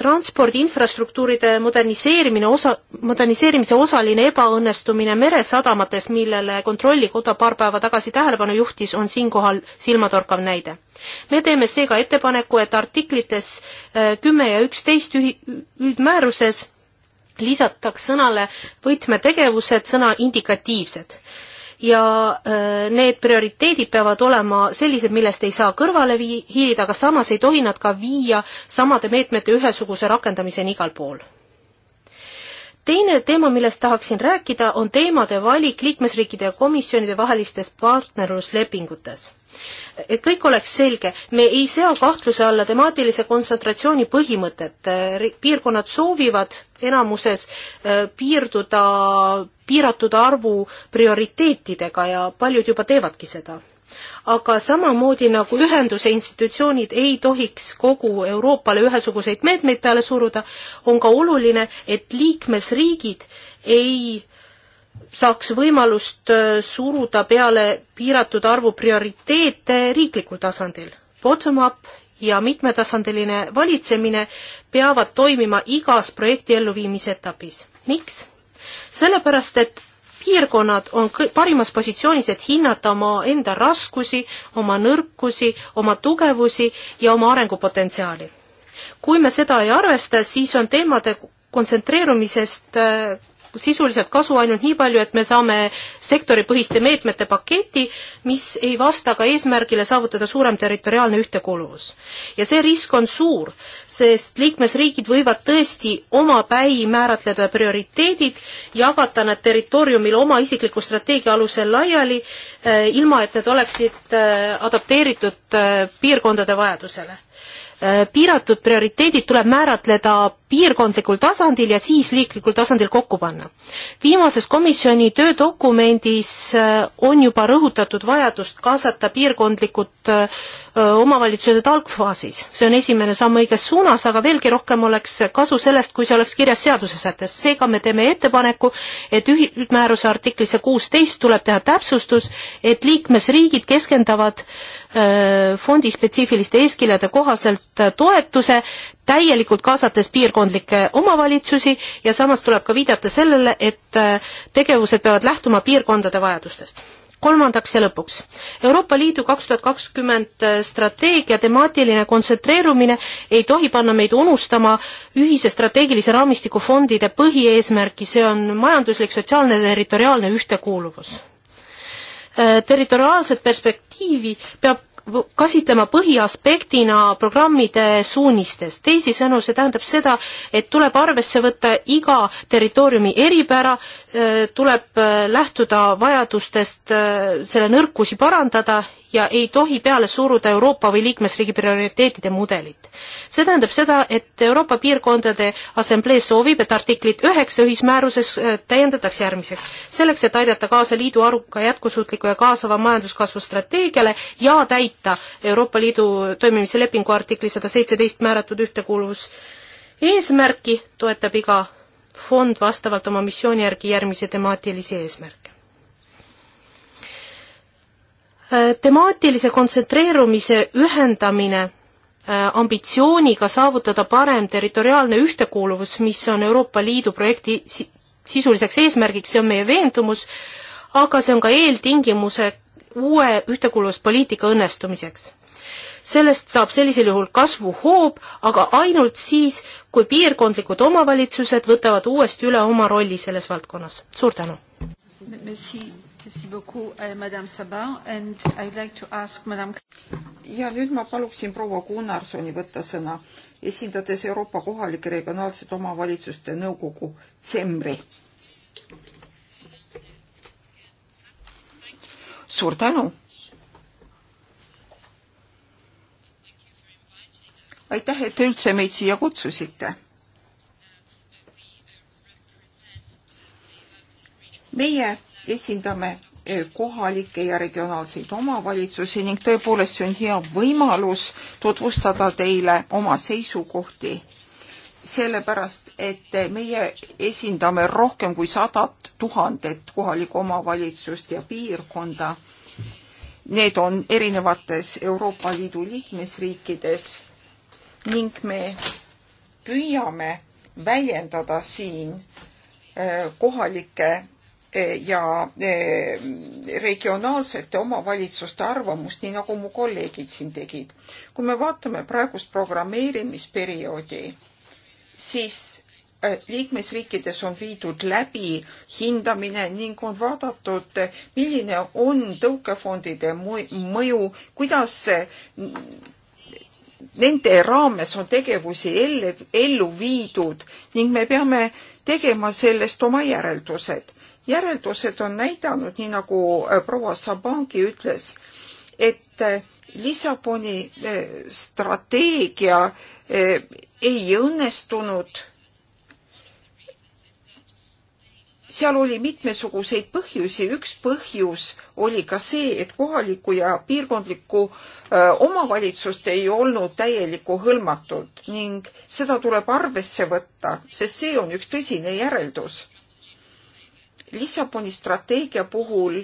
transpordi infrastruktuuride moderniseerimine osa, moderniseerimise osaline ebaõnnestumine meresadamates, millele Kontrollikoda paar päeva tagasi tähelepanu juhtis, on siinkohal silmatorkav näide. me teeme seega ettepaneku, et artiklites äh, kümme ja üksteist üldmääruses lisataks sõnale võtmetegevused sõna indikatiivsed ja äh, need prioriteedid peavad olema sellised, millest ei saa kõrvale vii-, hiilida, aga samas ei tohi nad ka viia samade meetmete ühesuguse rakendamiseni igal pool teine teema, millest tahaksin rääkida, on teemade valik liikmesriikide ja komisjonide vahelistes partnerluslepingutes et kõik oleks selge, me ei sea kahtluse alla temaatilise kontsentratsiooni põhimõtet, äh, piirkonnad soovivad enamuses äh, piirduda piiratud arvu prioriteetidega ja paljud juba teevadki seda aga samamoodi nagu ühenduse institutsioonid ei tohiks kogu Euroopale ühesuguseid meetmeid peale suruda, on ka oluline, et liikmesriigid ei saaks võimalust äh, suruda peale piiratud arvu prioriteete riiklikul tasandil. Bottom-up ja mitmetasandiline valitsemine peavad toimima igas projekti elluviimise etapis. miks? sellepärast, et piirkonnad on parimas positsioonis, et hinnata omaenda raskusi, oma nõrkusi, oma tugevusi ja oma arengupotentsiaali. kui me seda ei arvesta, siis on teemade kontsentreerumisest äh, sisuliselt kasu ainult nii palju, et me saame sektoripõhiste meetmete paketi, mis ei vasta ka eesmärgile saavutada suurem territoriaalne ühtekuuluvus. ja see risk on suur, sest liikmesriigid võivad tõesti omapäi määratleda prioriteedid, jagada nad territooriumil oma isikliku strateegia alusel laiali, eh, ilma et need oleksid eh, adapteeritud eh, piirkondade vajadusele Äh, piiratud prioriteedid tuleb määratleda piirkondlikul tasandil ja siis riiklikul tasandil kokku panna. viimases komisjoni töödokumendis äh, on juba rõhutatud vajadust kaasata piirkondlikud äh, omavalitsused algfaasis. see on esimene samm õiges suunas, aga veelgi rohkem oleks kasu sellest, kui see oleks kirjas seadusesättes. seega me teeme ettepaneku, et üldmääruse artiklisse kuusteist tuleb teha täpsustus, et liikmesriigid keskenduvad fondi spetsiifiliste eeskirjade kohaselt toetuse täielikult kaasates piirkondlikke omavalitsusi ja samas tuleb ka viidata sellele, et tegevused peavad lähtuma piirkondade vajadustest kolmandaks ja lõpuks, Euroopa Liidu kaks tuhat kakskümmend äh, strateegia temaatiline kontsentreerumine ei tohi panna meid unustama ühise strateegilise raamistiku fondide põhieesmärki, see on majanduslik, sotsiaalne, territoriaalne ühtekuuluvus äh, territoriaalset perspektiivi peab käsitlema põhiaspektina programmide suunistes. teisisõnu, see tähendab seda, et tuleb arvesse võtta iga territooriumi eripära, äh, tuleb äh, lähtuda vajadustest äh, selle nõrkusi parandada ja ei tohi peale suruda Euroopa või liikmesriigi prioriteetide mudelit. see tähendab seda, et Euroopa Piirkondade Assamblee soovib, et artiklit üheksa ühismääruses äh, täiendatakse järgmiseks. selleks, et aidata kaasa liidu aruka, jätkusuutliku ja kaasava majanduskasvu strateegiale ja täita Euroopa Liidu toimimise lepingu artikli sada seitseteist määratud ühtekuuluvus eesmärki, toetab iga fond vastavalt oma missiooni järgi järgmisi temaatilisi eesmärke Äh, temaatilise kontsentreerumise ühendamine äh, ambitsiooniga saavutada parem territoriaalne ühtekuuluvus, mis on Euroopa Liidu projekti sisuliseks eesmärgiks, see on meie veendumus, aga see on ka eeltingimuse uue ühtekuuluvuspoliitika õnnestumiseks. sellest saab sellisel juhul kasvuhoob, aga ainult siis, kui piirkondlikud omavalitsused võtavad uuesti üle oma rolli selles valdkonnas. suur tänu!
Euh, ja nüüd ma paluksin proua Gunnarsoni võtta sõna, esindades Euroopa kohalike regionaalsete omavalitsuste nõukogu Tsemri. suur tänu. aitäh, et te üldse meid siia kutsusite meie esindame eh, kohalikke ja regionaalseid omavalitsusi ning tõepoolest see on hea võimalus tutvustada teile oma seisukohti, sellepärast et meie esindame rohkem kui sadat tuhandet kohalikku omavalitsust ja piirkonda. Need on erinevates Euroopa Liidu liikmesriikides ning me püüame väljendada siin eh, kohalike Eh, ja eh, regionaalsete omavalitsuste arvamust, nii nagu mu kolleegid siin tegid. kui me vaatame praegust programmeerimisperioodi, siis eh, liikmesriikides on viidud läbi hindamine ning on vaadatud, milline on tõukefondide mõju, kuidas nende raames on tegevusi ellu viidud ning me peame tegema sellest oma järeldused järeldused on näidanud, nii nagu äh, proua Sabangi ütles, et äh, Lissaboni äh, strateegia ei õnnestunud. seal oli mitmesuguseid põhjusi, üks põhjus oli ka see, et kohaliku ja piirkondliku omavalitsust ei olnud täielikku hõlmatud ning seda tuleb arvesse võtta, sest see on üks tõsine järeldus Lissaboni strateegia puhul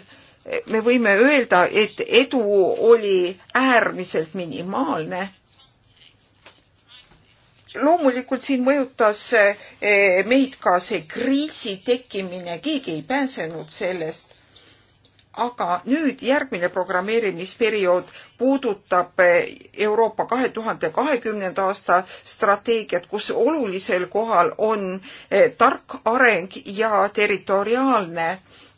eh, me võime öelda, et edu oli äärmiselt minimaalne. loomulikult siin mõjutas eh, meid ka see kriisi tekkimine, keegi ei pääsenud sellest aga nüüd järgmine programmeerimisperiood puudutab eh, Euroopa kahe tuhande kahekümnenda aasta strateegiat, kus olulisel kohal on eh, tark areng ja territoriaalne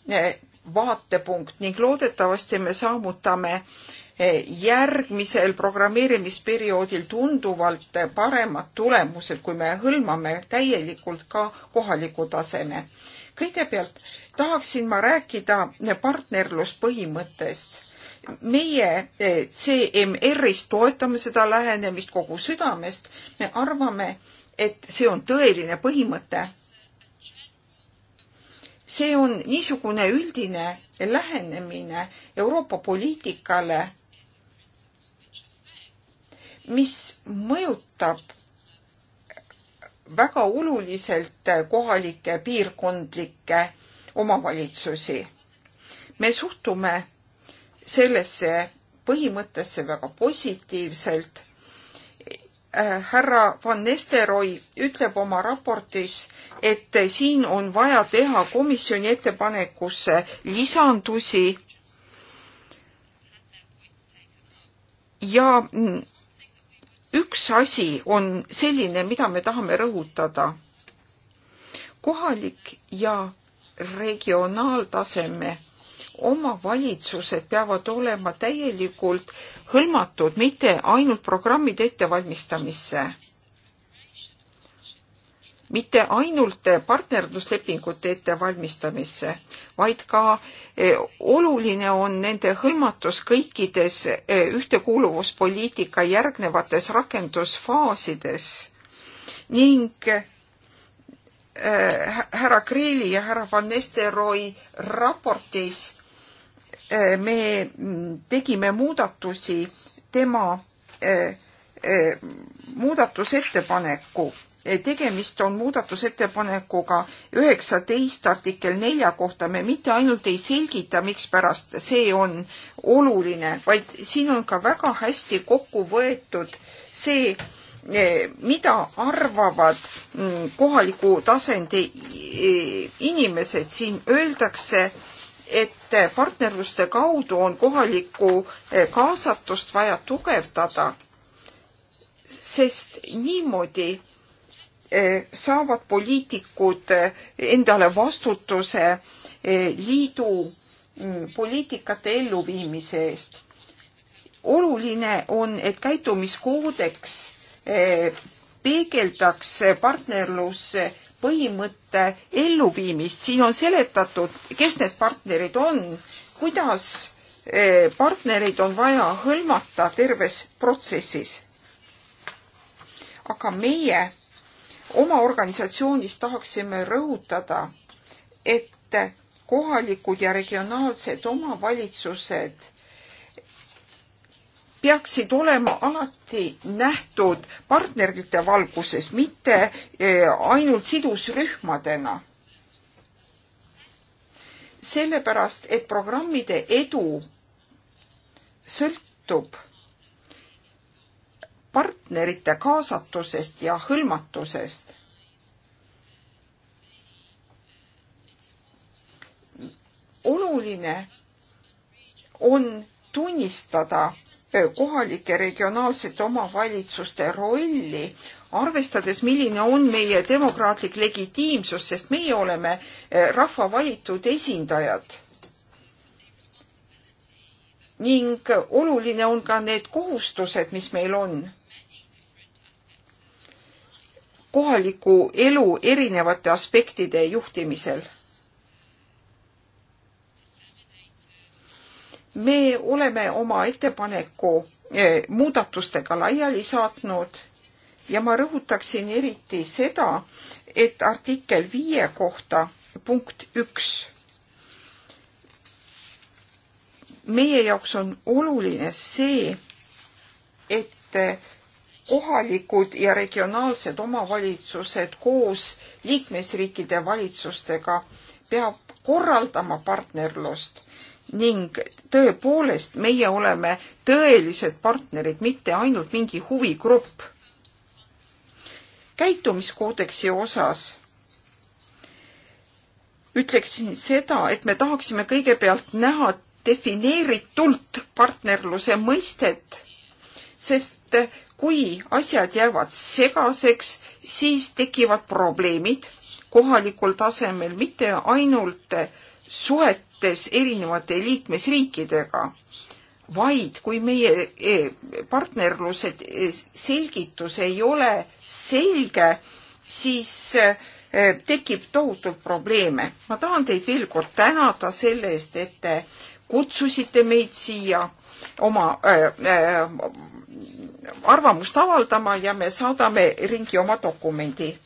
eh, vaatepunkt ning loodetavasti me saavutame järgmisel programmeerimisperioodil tunduvalt paremad tulemused, kui me hõlmame täielikult ka kohaliku taseme. kõigepealt tahaksin ma rääkida partnerluspõhimõttest. meie eh, CMR-is toetame seda lähenemist kogu südamest. me arvame, et see on tõeline põhimõte. see on niisugune üldine lähenemine Euroopa poliitikale, mis mõjutab väga oluliselt kohalikke piirkondlikke omavalitsusi. me suhtume sellesse põhimõttesse väga positiivselt. Äh, härra Van Nesteroi ütleb oma raportis, et siin on vaja teha komisjoni ettepanekusse lisandusi ja mm, üks asi on selline, mida me tahame rõhutada. kohalik ja regionaaltaseme omavalitsused peavad olema täielikult hõlmatud, mitte ainult programmide ettevalmistamisse, mitte ainult partnerluslepingute ettevalmistamisse, vaid ka eh, oluline on nende hõlmatus kõikides eh, ühtekuuluvuspoliitika järgnevates rakendusfaasides ning Äh, härra Kreeli ja härra Van Nesteroi raportis äh, me tegime muudatusi tema äh, muudatusettepaneku tegemist on muudatusettepanekuga üheksateist artikkel nelja kohta. me mitte ainult ei selgita, mikspärast see on oluline, vaid siin on ka väga hästi kokku võetud see, Eh, mida arvavad mm, kohaliku tasandi eh, inimesed, siin öeldakse, et partnerluste kaudu on kohalikku eh, kaasatust vaja tugevdada, sest niimoodi saavad poliitikud endale vastutuse liidu mm, poliitikate elluviimise eest. oluline on, et käitumiskoodeks peegeldaks partnerluse põhimõtte elluviimist, siin on seletatud, kes need partnerid on, kuidas eh, partnereid on vaja hõlmata terves protsessis. aga meie oma organisatsioonis tahaksime rõhutada, et kohalikud ja regionaalsed omavalitsused peaksid olema alati nähtud partnerite valguses, mitte eh, ainult sidusrühmadena. sellepärast, et programmide edu sõltub partnerite kaasatusest ja hõlmatusest. oluline on tunnistada kohalike regionaalsete omavalitsuste rolli, arvestades, milline on meie demokraatlik legitiimsus, sest meie oleme rahva valitud esindajad. ning oluline on ka need kohustused, mis meil on kohaliku elu erinevate aspektide juhtimisel me oleme oma ettepaneku eh, muudatustega laiali saatnud ja ma rõhutaksin eriti seda, et artikkel viie kohta punkt üks. meie jaoks on oluline see, et kohalikud ja regionaalsed omavalitsused koos liikmesriikide valitsustega peab korraldama partnerlust ning tõepoolest meie oleme tõelised partnerid, mitte ainult mingi huvigrupp. käitumiskoodeksi osas ütleksin seda, et me tahaksime kõigepealt näha defineeritult partnerluse mõistet, sest kui asjad jäävad segaseks, siis tekivad probleemid kohalikul tasemel, mitte ainult suhet suhetes erinevate liikmesriikidega, vaid kui meie e, partnerluse e, selgitus ei ole selge, siis e, tekib tohutult probleeme. ma tahan teid veel kord tänada selle eest, et te kutsusite meid siia oma äh, arvamust avaldama ja me saadame ringi oma dokumendi.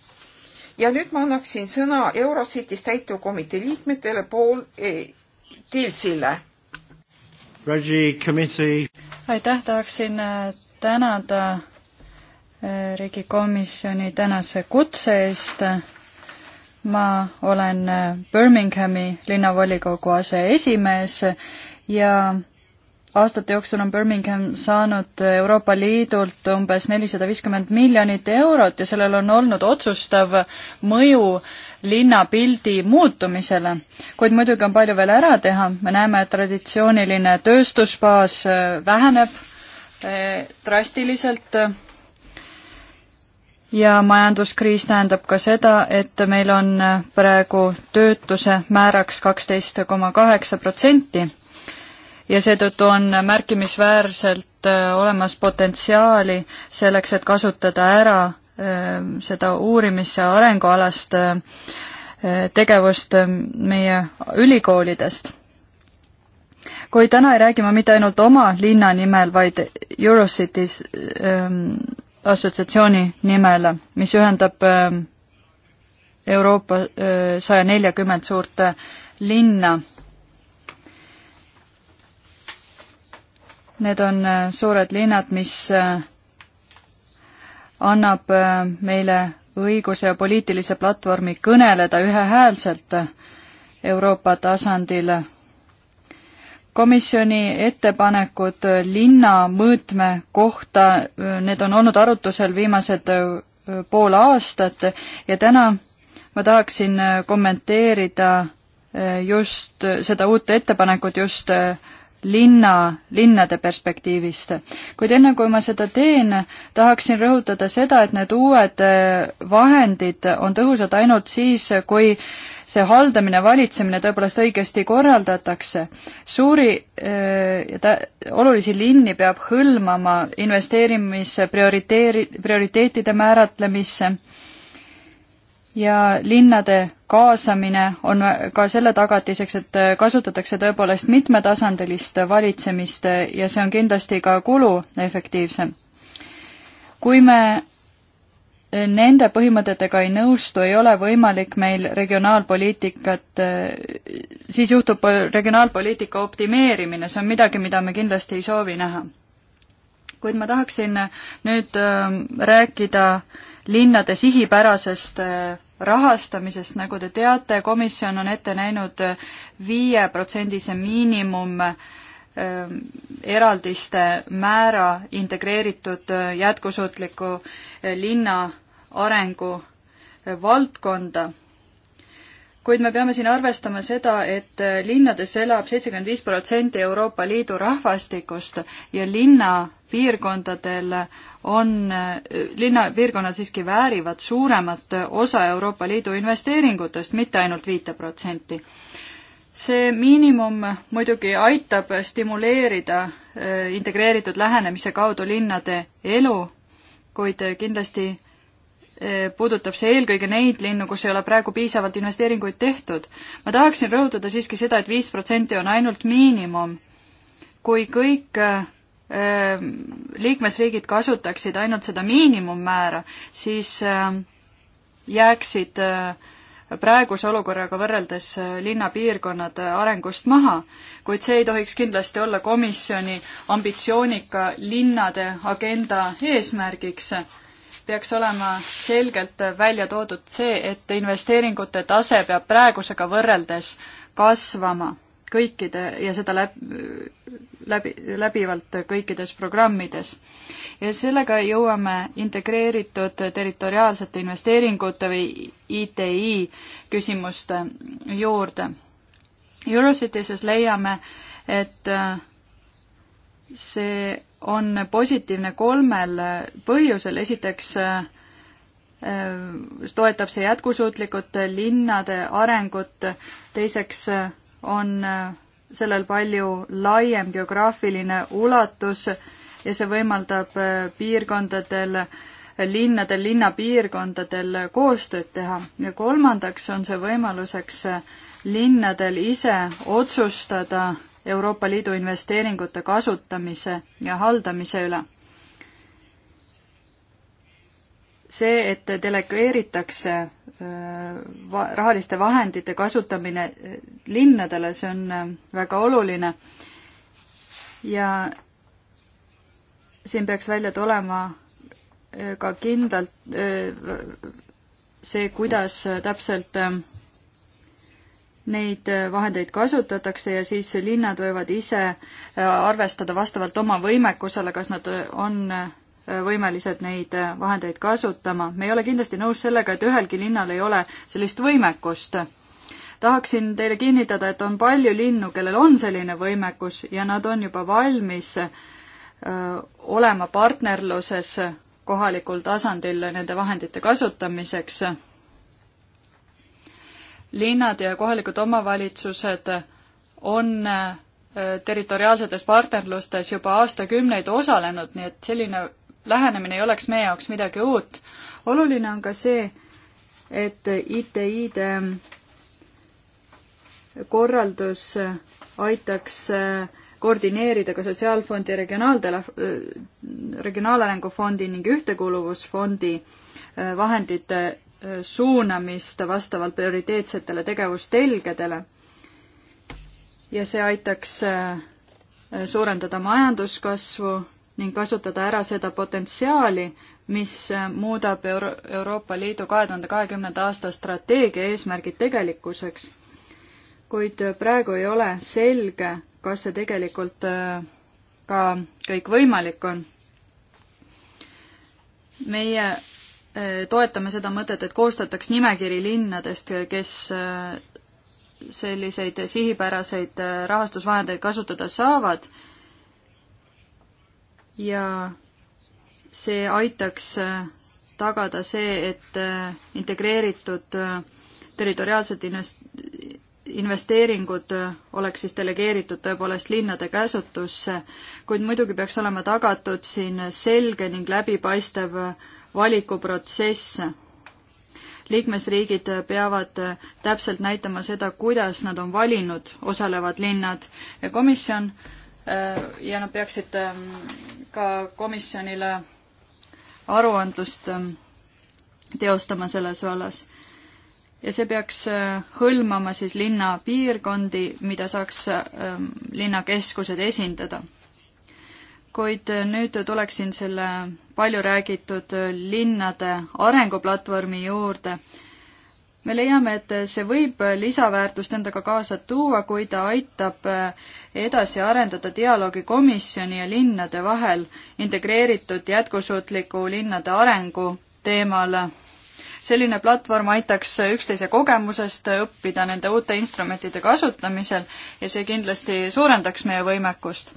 ja nüüd ma annaksin sõna Eurocitis täitevkomitee liikmetele pool eh, Tilsile.
aitäh, tahaksin äh, tänada äh, riigikomisjoni tänase kutse eest. ma olen äh, Birminghami linnavolikogu aseesimees ja aastate jooksul on Birmingham saanud Euroopa Liidult umbes nelisada viiskümmend miljonit eurot ja sellel on olnud otsustav mõju linnapildi muutumisele. kuid muidugi on palju veel ära teha, me näeme, et traditsiooniline tööstusbaas äh, väheneb äh, drastiliselt ja majanduskriis tähendab ka seda, et meil on äh, praegu töötuse määraks kaksteist koma kaheksa protsenti ja seetõttu on märkimisväärselt olemas potentsiaali selleks, et kasutada ära Ehm, seda uurimis- ja arengualast ehm, tegevust ehm, meie ülikoolidest. kuid täna ei räägi ma mitte ainult oma linna nimel, vaid Eurocities assotsiatsiooni nimel, mis ühendab Euroopa saja neljakümmend suurt linna. Need on suured linnad, mis annab äh, meile õiguse ja poliitilise platvormi kõneleda ühehäälselt Euroopa tasandil. komisjoni ettepanekud linna mõõtme kohta, äh, need on olnud arutusel viimased äh, pool aastat ja täna ma tahaksin kommenteerida just seda uut ettepanekut just linna, linnade perspektiivist. kuid enne, kui ma seda teen, tahaksin rõhutada seda, et need uued eh, vahendid on tõhusad ainult siis, kui see haldamine, valitsemine tõepoolest õigesti korraldatakse. suuri eh, ja äh, olulisi linni peab hõlmama investeerimise prioriteeri-, prioriteetide määratlemisse ja linnade kaasamine on ka selle tagatiseks, et kasutatakse tõepoolest mitmetasandilist valitsemist ja see on kindlasti ka kuluefektiivsem. kui me nende põhimõtetega ei nõustu, ei ole võimalik meil regionaalpoliitikat, siis juhtub regionaalpoliitika optimeerimine, see on midagi, mida me kindlasti ei soovi näha. kuid ma tahaksin nüüd ähm, rääkida linnade sihipärasest äh, rahastamisest, nagu te teate, komisjon on ette näinud viieprotsendise miinimum ähm, eraldiste määra integreeritud äh, jätkusuutliku äh, linna arengu äh, valdkonda. kuid me peame siin arvestama seda, et linnades elab seitsekümmend viis protsenti Euroopa Liidu rahvastikust ja linna piirkondadel on, linnapiirkonnad siiski väärivad suuremat osa Euroopa Liidu investeeringutest, mitte ainult viite protsenti. see miinimum muidugi aitab stimuleerida äh, integreeritud lähenemise kaudu linnade elu, kuid kindlasti äh, puudutab see eelkõige neid linnu, kus ei ole praegu piisavalt investeeringuid tehtud. ma tahaksin rõhutada siiski seda et, et viis protsenti on ainult miinimum. kui kõik äh, Äh, liikmesriigid kasutaksid ainult seda miinimummäära, siis äh, jääksid äh, praeguse olukorraga võrreldes linnapiirkonnad arengust maha, kuid see ei tohiks kindlasti olla komisjoni ambitsioonika linnade agenda eesmärgiks. peaks olema selgelt välja toodud see, et investeeringute tase peab praegusega võrreldes kasvama kõikide ja seda läb, läbi, läbivalt kõikides programmides. ja sellega jõuame integreeritud territoriaalsete investeeringute või ITI küsimuste juurde. Eurocitises leiame, et äh, see on positiivne kolmel põhjusel, esiteks äh, toetab see jätkusuutlikult linnade arengut, teiseks äh, on äh, sellel palju laiem geograafiline ulatus ja see võimaldab äh, piirkondadel, linnadel, linnapiirkondadel koostööd teha. ja kolmandaks on see võimaluseks äh, linnadel ise otsustada Euroopa Liidu investeeringute kasutamise ja haldamise üle see, et delegeeritakse va-, rahaliste vahendite kasutamine linnadele, see on väga oluline ja siin peaks välja tulema ka kindlalt see, kuidas täpselt neid vahendeid kasutatakse ja siis linnad võivad ise arvestada vastavalt oma võimekusele, kas nad on Äh, võimelised neid äh, vahendeid kasutama. me ei ole kindlasti nõus sellega, et ühelgi linnal ei ole sellist võimekust. tahaksin teile kinnitada, et on palju linnu, kellel on selline võimekus ja nad on juba valmis äh, olema partnerluses kohalikul tasandil nende vahendite kasutamiseks. linnad ja kohalikud omavalitsused on territoriaalsetes partnerlustes juba aastakümneid osalenud, nii et selline lähenemine ei oleks meie jaoks midagi uut. oluline on ka see, et ITI-de ähm, korraldus äh, aitaks äh, koordineerida ka Sotsiaalfondi regionaaltele-, äh, Regionaalarengu Fondi ning Ühtekuuluvusfondi vahendite suunamist vastavalt prioriteetsetele tegevustelgedele. ja see aitaks suurendada majanduskasvu ning kasutada ära seda potentsiaali, mis muudab Euro Euroopa Liidu kahe tuhande kahekümnenda aasta strateegia eesmärgid tegelikkuseks. kuid praegu ei ole selge, kas see tegelikult äh, ka kõik võimalik on. meie äh, toetame seda mõtet, et koostataks nimekiri linnadest, kes äh, selliseid sihipäraseid rahastusvahendeid kasutada saavad ja see aitaks äh, tagada see, et äh, integreeritud äh, territoriaalsed invest-, investeeringud oleks siis delegeeritud tõepoolest linnade käsutusse, kuid muidugi peaks olema tagatud siin selge ning läbipaistev valikuprotsess. liikmesriigid peavad täpselt näitama seda, kuidas nad on valinud osalevad linnad ja komisjon äh, Äh, ja nad peaksid ähm, ka komisjonile aruandlust ähm, teostama selles vallas. ja see peaks äh, hõlmama siis linnapiirkondi, mida saaks ähm, linnakeskused esindada. kuid äh, nüüd tuleksin selle palju räägitud linnade arenguplatvormi juurde me leiame, et see võib lisaväärtust endaga kaasa tuua, kui ta aitab edasi arendada dialoogi komisjoni ja linnade vahel integreeritud jätkusuutliku linnade arengu teemal. selline platvorm aitaks üksteise kogemusest õppida nende uute instrumentide kasutamisel ja see kindlasti suurendaks meie võimekust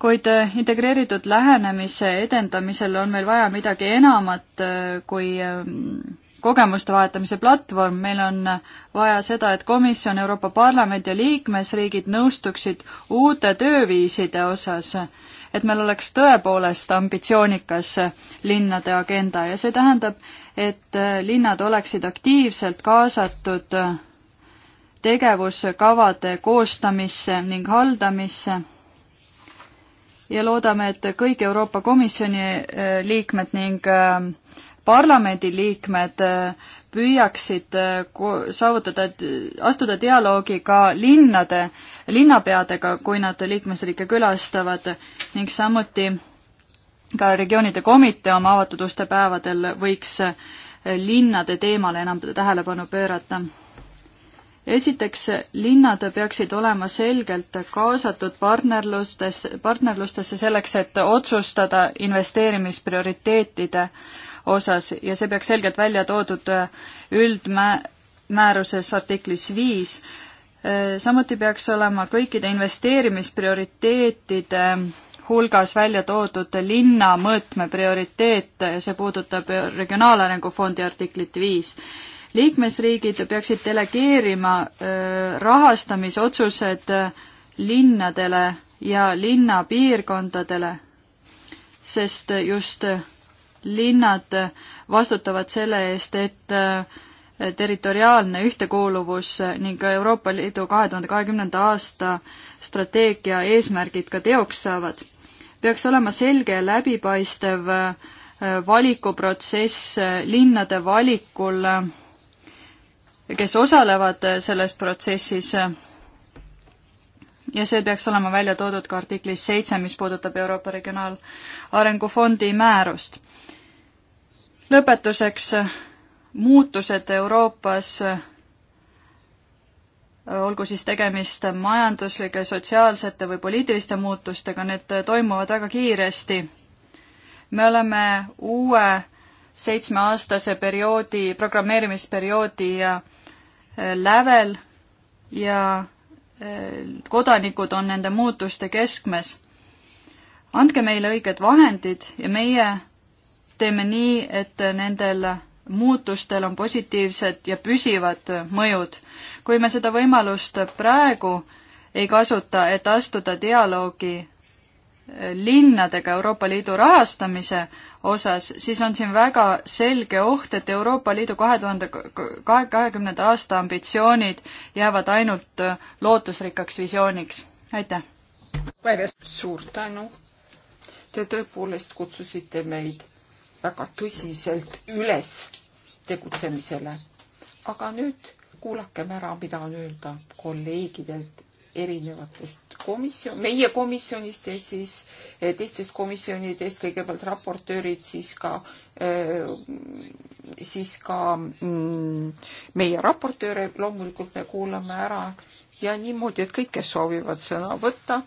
kuid integreeritud lähenemise edendamisel on meil vaja midagi enamat kui ähm, kogemuste vahetamise platvorm, meil on vaja seda, et komisjon, Euroopa Parlament ja liikmesriigid nõustuksid uute tööviiside osas, et meil oleks tõepoolest ambitsioonikas linnade agenda ja see tähendab, et linnad oleksid aktiivselt kaasatud tegevuskavade koostamisse ning haldamisse ja loodame, et kõik Euroopa Komisjoni eh, liikmed ning eh, parlamendiliikmed äh, püüaksid äh, saavutada, astuda dialoogi ka linnade, linnapeadega, kui nad liikmesriike külastavad ning samuti ka regioonide komitee oma avatud uste päevadel võiks äh, linnade teemale enam tähelepanu pöörata. esiteks, linnad peaksid olema selgelt kaasatud partnerlustes, partnerlustesse selleks, et otsustada investeerimisprioriteetide äh, osas ja see peaks selgelt välja toodud äh, üldmääruses artiklis viis. Äh, samuti peaks olema kõikide investeerimisprioriteetide äh, hulgas välja toodud linna mõõtme prioriteet, see puudutab Regionaalarengu fondi artiklit viis liikmesriigid peaksid delegeerima rahastamisotsused linnadele ja linnapiirkondadele, sest just linnad vastutavad selle eest, et äh, territoriaalne ühtekuuluvus ning Euroopa Liidu kahe tuhande kahekümnenda aasta strateegia eesmärgid ka teoks saavad. peaks olema selge ja läbipaistev äh, valikuprotsess äh, linnade valikul, kes osalevad selles protsessis ja see peaks olema välja toodud ka artiklis seitse, mis puudutab Euroopa Regionaalarengu Fondi määrust lõpetuseks muutused Euroopas, olgu siis tegemist majanduslike, sotsiaalsete või poliitiliste muutustega, need toimuvad väga kiiresti. me oleme uue seitsmeaastase perioodi, programmeerimisperioodi eh, lävel ja eh, kodanikud on nende muutuste keskmes. andke meile õiged vahendid ja meie teeme nii, et nendel muutustel on positiivsed ja püsivad mõjud. kui me seda võimalust praegu ei kasuta, et astuda dialoogi eh, linnadega Euroopa Liidu rahastamise osas, siis on siin väga selge oht, et Euroopa Liidu kahe tuhande kahekümnenda aasta ambitsioonid jäävad ainult eh, lootusrikkaks visiooniks. aitäh!
suur tänu! Te tõepoolest kutsusite meid väga tõsiselt üles tegutsemisele. aga nüüd kuulakem ära, mida on öelda kolleegidelt erinevatest komisjon, meie komisjonist ja siis eh, teistest komisjonidest, kõigepealt raportöörid, siis ka, eh, siis ka mm, meie raportööre loomulikult me kuulame ära ja niimoodi, et kõik, kes soovivad sõna võtta,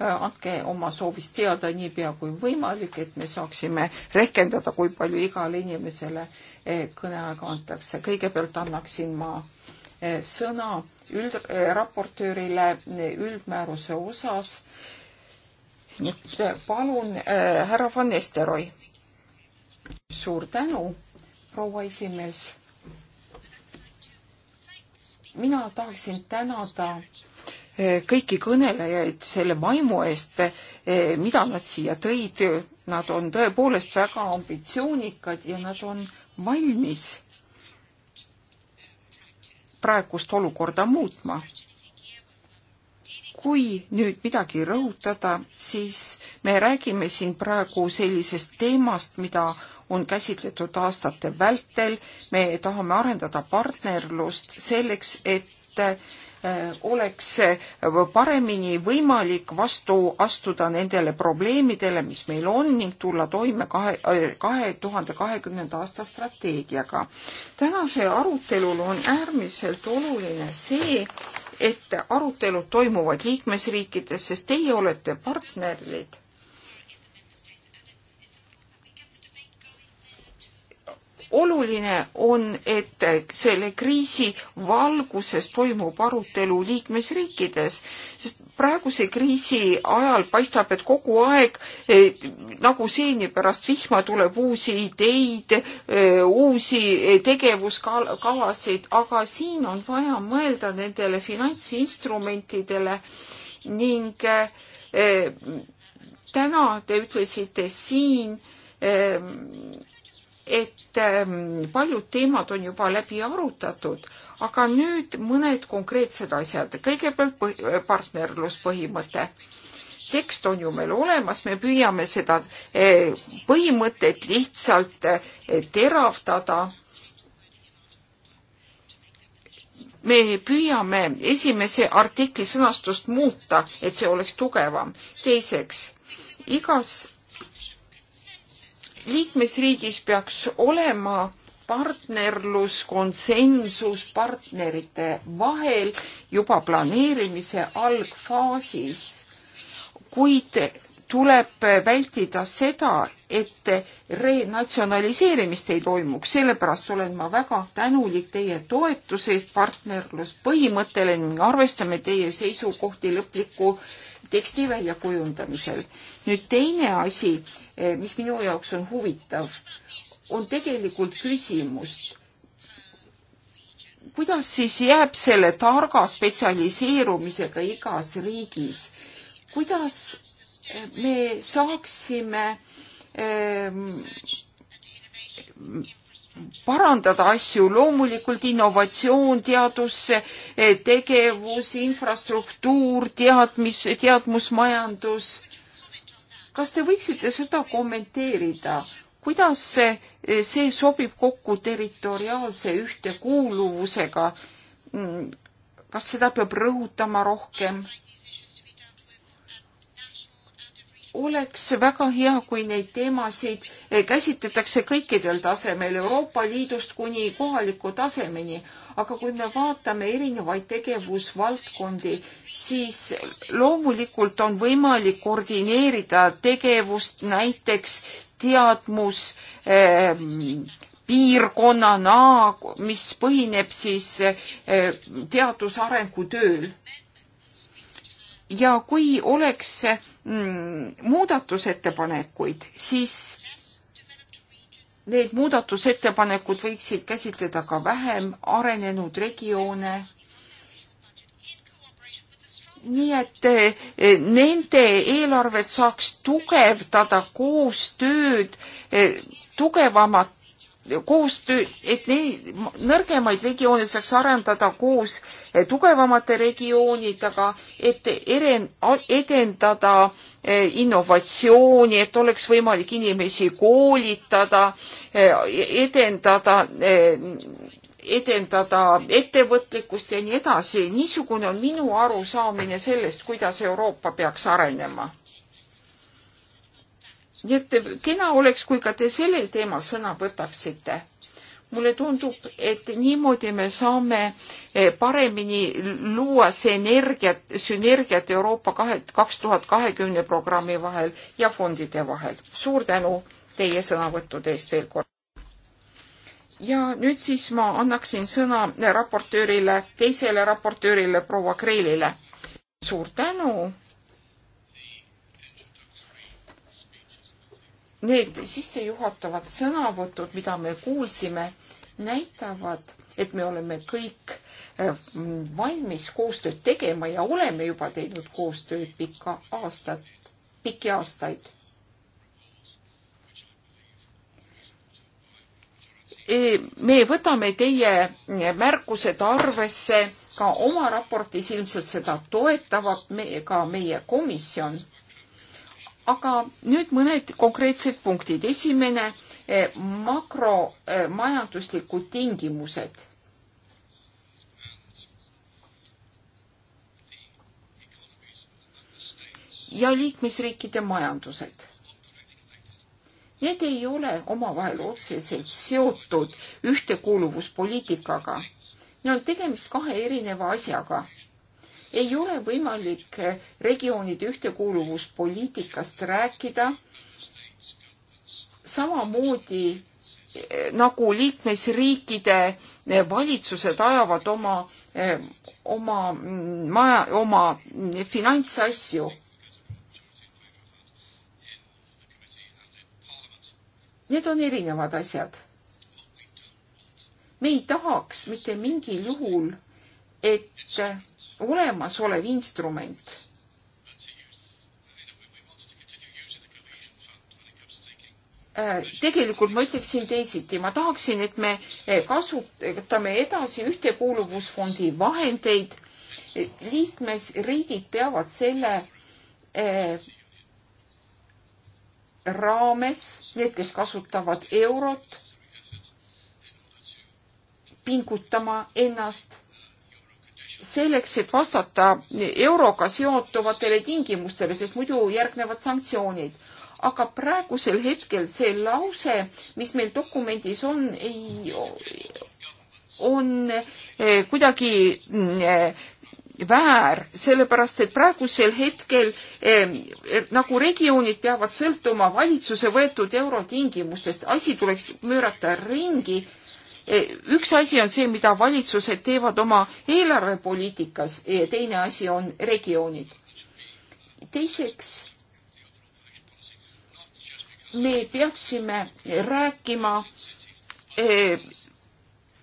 Äh, andke oma soovist teada niipea kui võimalik, et me saaksime rehkendada, kui palju igale inimesele äh, kõneaega antakse. kõigepealt annaksin ma äh, sõna üld, raportöörile üldmääruse osas. nüüd palun härra Van Nesteroi. suur tänu, proua esimees. mina tahaksin tänada kõiki kõnelejaid selle vaimu eest, eh, mida nad siia tõid. Nad on tõepoolest väga ambitsioonikad ja nad on valmis praegust olukorda muutma. kui nüüd midagi rõhutada, siis me räägime siin praegu sellisest teemast, mida on käsitletud aastate vältel, me tahame arendada partnerlust selleks, et oleks paremini võimalik vastu astuda nendele probleemidele, mis meil on ning tulla toime kahe, kahe tuhande kahekümnenda aasta strateegiaga. tänase arutelul on äärmiselt oluline see, et arutelud toimuvad liikmesriikides, sest teie olete partnerid oluline on, et selle kriisi valguses toimub arutelu liikmesriikides, sest praeguse kriisi ajal paistab, et kogu aeg eh, nagu seeni pärast vihma tuleb uusi ideid, eh, uusi eh, tegevuskavasid, aga siin on vaja mõelda nendele finantsinstrumentidele ning täna te ütlesite siin et ähm, paljud teemad on juba läbi arutatud, aga nüüd mõned konkreetsed asjad. kõigepealt äh, partnerluspõhimõte. tekst on ju meil olemas, me püüame seda äh, põhimõtet lihtsalt äh, teravdada me püüame esimese artikli sõnastust muuta, et see oleks tugevam. teiseks, igas liikmesriigis peaks olema partnerlus, konsensus partnerite vahel juba planeerimise algfaasis, kuid tuleb vältida seda, et renatsionaliseerimist ei toimuks, sellepärast olen ma väga tänulik teie toetuse eest partnerluspõhimõttele ning arvestame teie seisukohti lõpliku teksti väljakujundamisel. nüüd teine asi, eh, mis minu jaoks on huvitav, on tegelikult küsimus, kuidas siis jääb selle targa spetsialiseerumisega igas riigis, kuidas eh, me saaksime ähm, parandada asju, loomulikult innovatsioon, teadusse, eh, tegevus, infrastruktuur, teadmis, teadmusmajandus. kas te võiksite seda kommenteerida, kuidas see, eh, see sobib kokku territoriaalse ühtekuuluvusega? Mm, kas seda peab rõhutama rohkem? oleks väga hea, kui neid teemasid eh, käsitletakse kõikidel tasemel, Euroopa Liidust kuni kohaliku tasemeni. aga kui me vaatame erinevaid tegevusvaldkondi, siis loomulikult on võimalik koordineerida tegevust näiteks teadmus eh, piirkonnana, mis põhineb siis eh, teadusarengu tööl. ja kui oleks Mm, muudatusettepanekuid, siis need muudatusettepanekud võiksid käsitleda ka vähem arenenud regioone. nii et eh, nende eelarved saaks tugevdada koostööd, eh, tugevamat koostöö, et neid nõrgemaid regioone saaks arendada koos eh, tugevamate regioonidega, et eren-, edendada eh, innovatsiooni, et oleks võimalik inimesi koolitada, eh, edendada, edendada ettevõtlikkust ja nii edasi. niisugune on minu arusaamine sellest, kuidas Euroopa peaks arenema nii et kena oleks, kui ka te sellel teemal sõna võtaksite. mulle tundub, et niimoodi me saame eh, paremini luua see energiat, sünergiat Euroopa kahe, kaks tuhat kahekümne programmi vahel ja fondide vahel. suur tänu teie sõnavõttude eest veel kord. ja nüüd siis ma annaksin sõna raportöörile, teisele raportöörile, proua Kreelile. suur tänu Need sissejuhatavad sõnavõtud, mida me kuulsime, näitavad, et me oleme kõik äh, valmis koostööd tegema ja oleme juba teinud koostööd pikka aastat, pikki aastaid. E, me võtame teie märkused arvesse ka oma raportis ilmselt seda toetavad me, ka meie komisjon aga nüüd mõned konkreetsed punktid. esimene, eh, makromajanduslikud eh, tingimused. ja liikmesriikide majandused. Need ei ole omavahel otseselt seotud ühtekuuluvuspoliitikaga. Need on tegemist kahe erineva asjaga ei ole võimalik regioonide ühtekuuluvuspoliitikast rääkida samamoodi eh, nagu liikmesriikide eh, valitsused ajavad oma, eh, oma mm, maja, oma mm, finantsasju. Need on erinevad asjad. me ei tahaks mitte mingil juhul, et olemasolev instrument tegelikult ma ütleksin teisiti, ma tahaksin, et me kasutame edasi ühtekuuluvusfondi vahendeid. liikmesriigid peavad selle eh, raames, need, kes kasutavad eurot, pingutama ennast selleks, et vastata euroga seotuvatele tingimustele, sest muidu järgnevad sanktsioonid. aga praegusel hetkel see lause, mis meil dokumendis on, ei, on eh, kuidagi mm, eh, väär, sellepärast et praegusel hetkel eh, nagu regioonid peavad sõltuma valitsuse võetud eurotingimustest, asi tuleks möörata ringi üks asi on see, mida valitsused teevad oma eelarvepoliitikas ja teine asi on regioonid. teiseks, me peaksime rääkima eh,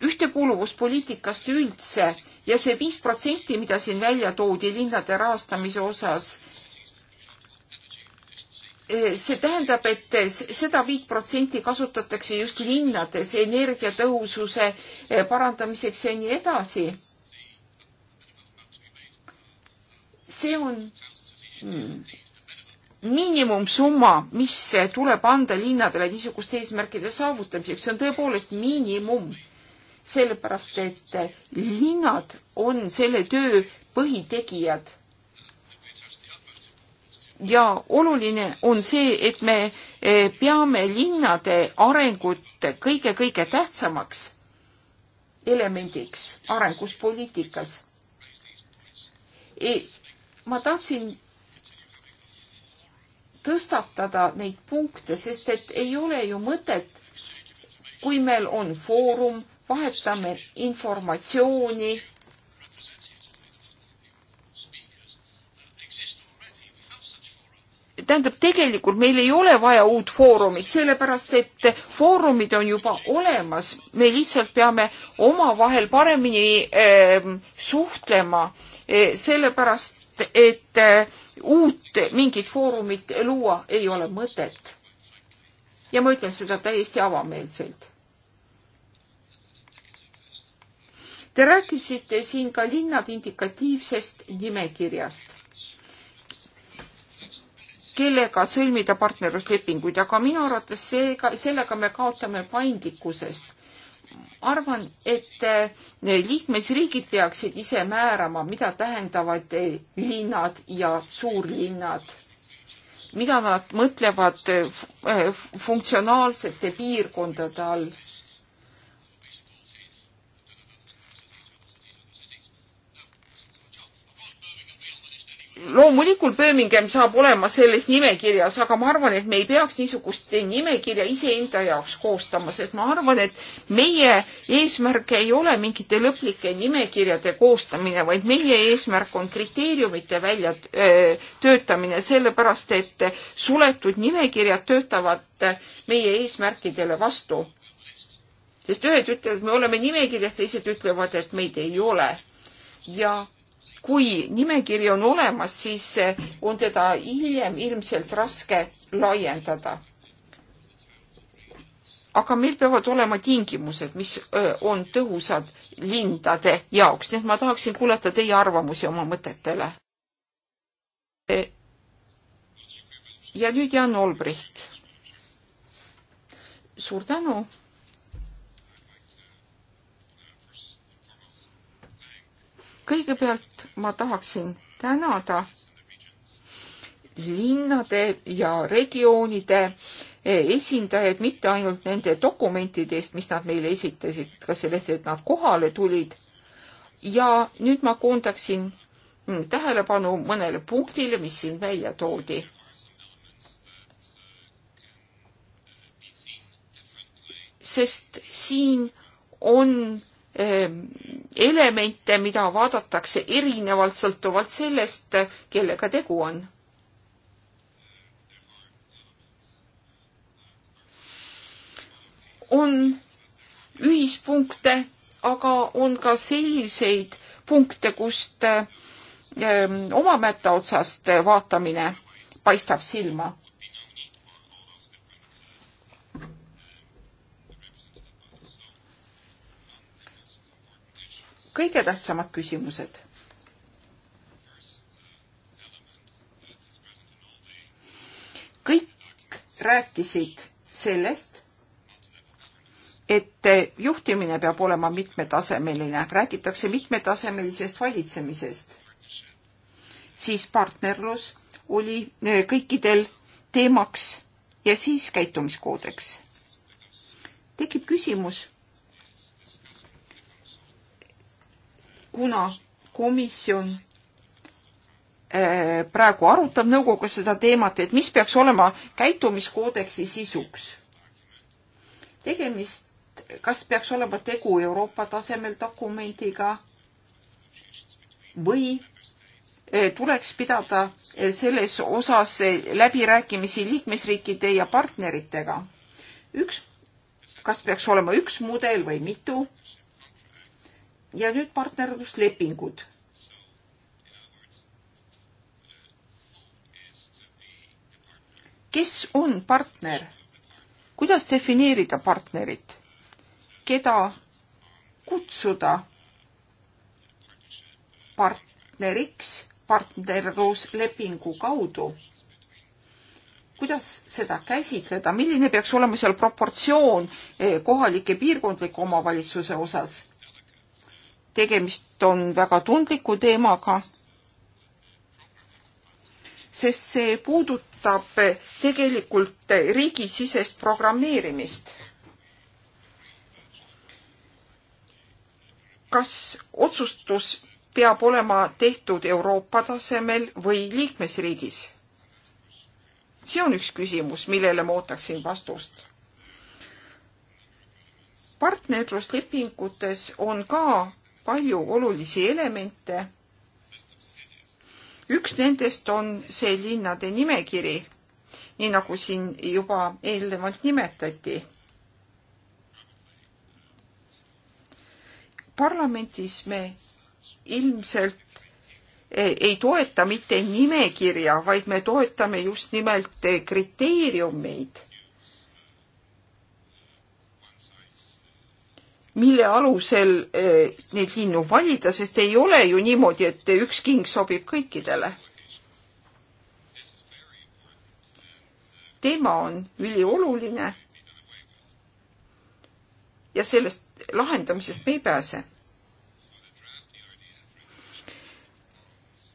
ühtekuuluvuspoliitikast üldse ja see viis protsenti, mida siin välja toodi linnade rahastamise osas see tähendab, et seda viit protsenti kasutatakse just linnades energiatõhususe eh, parandamiseks ja nii edasi. see on hmm, miinimumsumma, mis tuleb anda linnadele niisuguste eesmärkide saavutamiseks, see on tõepoolest miinimum. sellepärast, et linnad on selle töö põhitegijad ja oluline on see, et me eh, peame linnade arengut kõige-kõige tähtsamaks elemendiks arengus poliitikas. Eh, ma tahtsin tõstatada neid punkte, sest et ei ole ju mõtet, kui meil on foorum, vahetame informatsiooni tähendab, tegelikult meil ei ole vaja uut foorumit, sellepärast et foorumid on juba olemas, me lihtsalt peame omavahel paremini äh, suhtlema äh,, sellepärast et äh, uut mingit foorumit luua ei ole mõtet. ja ma ütlen seda täiesti avameelselt. Te rääkisite siin ka linnade indikatiivsest nimekirjast kellega sõlmida partnerluslepinguid, aga minu arvates seega, sellega me kaotame paindlikkusest. arvan, et eh, liikmesriigid peaksid ise määrama, mida tähendavad eh, linnad ja suurlinnad, mida nad mõtlevad eh, funktsionaalsete piirkondade all loomulikult Birmingham saab olema selles nimekirjas, aga ma arvan, et me ei peaks niisugust nimekirja iseenda jaoks koostama, sest ma arvan, et meie eesmärk ei ole mingite lõplike nimekirjade koostamine, vaid meie eesmärk on kriteeriumite väljatöötamine, sellepärast et suletud nimekirjad töötavad meie eesmärkidele vastu. sest ühed ütlevad, me oleme nimekirjas, teised ütlevad, et meid ei ole. ja kui nimekiri on olemas, siis eh, on teda hiljem ilmselt raske laiendada. aga meil peavad olema tingimused, mis on tõhusad lindade jaoks, nii et ma tahaksin kuulata teie arvamusi oma mõtetele. E, ja nüüd Jan Olbricht. suur tänu kõigepealt ma tahaksin tänada linnade ja regioonide esindajaid mitte ainult nende dokumentide eest, mis nad meile esitasid, ka sellest, et nad kohale tulid. ja nüüd ma koondaksin tähelepanu mõnele punktile, mis siin välja toodi. sest siin on Ehm, elemente, mida vaadatakse erinevalt sõltuvalt sellest, kellega tegu on. on ühispunkte, aga on ka selliseid punkte, kust ehm, oma mätta otsast vaatamine paistab silma kõige tähtsamad küsimused. kõik rääkisid sellest, et juhtimine peab olema mitmetasemeline, räägitakse mitmetasemelisest valitsemisest, siis partnerlus oli eh, kõikidel teemaks ja siis käitumiskoodeks. tekib küsimus kuna komisjon äh, praegu arutab nõukogus seda teemat, et mis peaks olema käitumiskoodeksi sisuks. tegemist, kas peaks olema tegu Euroopa tasemel dokumendiga või äh, tuleks pidada äh, selles osas läbirääkimisi liikmesriikide ja partneritega. üks, kas peaks olema üks mudel või mitu, ja nüüd partnerluslepingud. kes on partner? kuidas defineerida partnerit? keda kutsuda partneriks partnerluslepingu kaudu? kuidas seda käsitleda, milline peaks olema seal proportsioon eh, kohalike piirkondliku omavalitsuse osas? tegemist on väga tundliku teemaga, sest see puudutab tegelikult riigisisest programmeerimist. kas otsustus peab olema tehtud Euroopa tasemel või liikmesriigis? see on üks küsimus, millele ma ootaksin vastust partnerluslepingutes on ka palju olulisi elemente. üks nendest on see linnade nimekiri, nii nagu siin juba eelnevalt nimetati. parlamendis me ilmselt ei toeta mitte nimekirja, vaid me toetame just nimelt kriteeriumeid mille alusel eh, neid linnu valida, sest ei ole ju niimoodi, et üks king sobib kõikidele. teema on ülioluline ja sellest lahendamisest me ei pääse.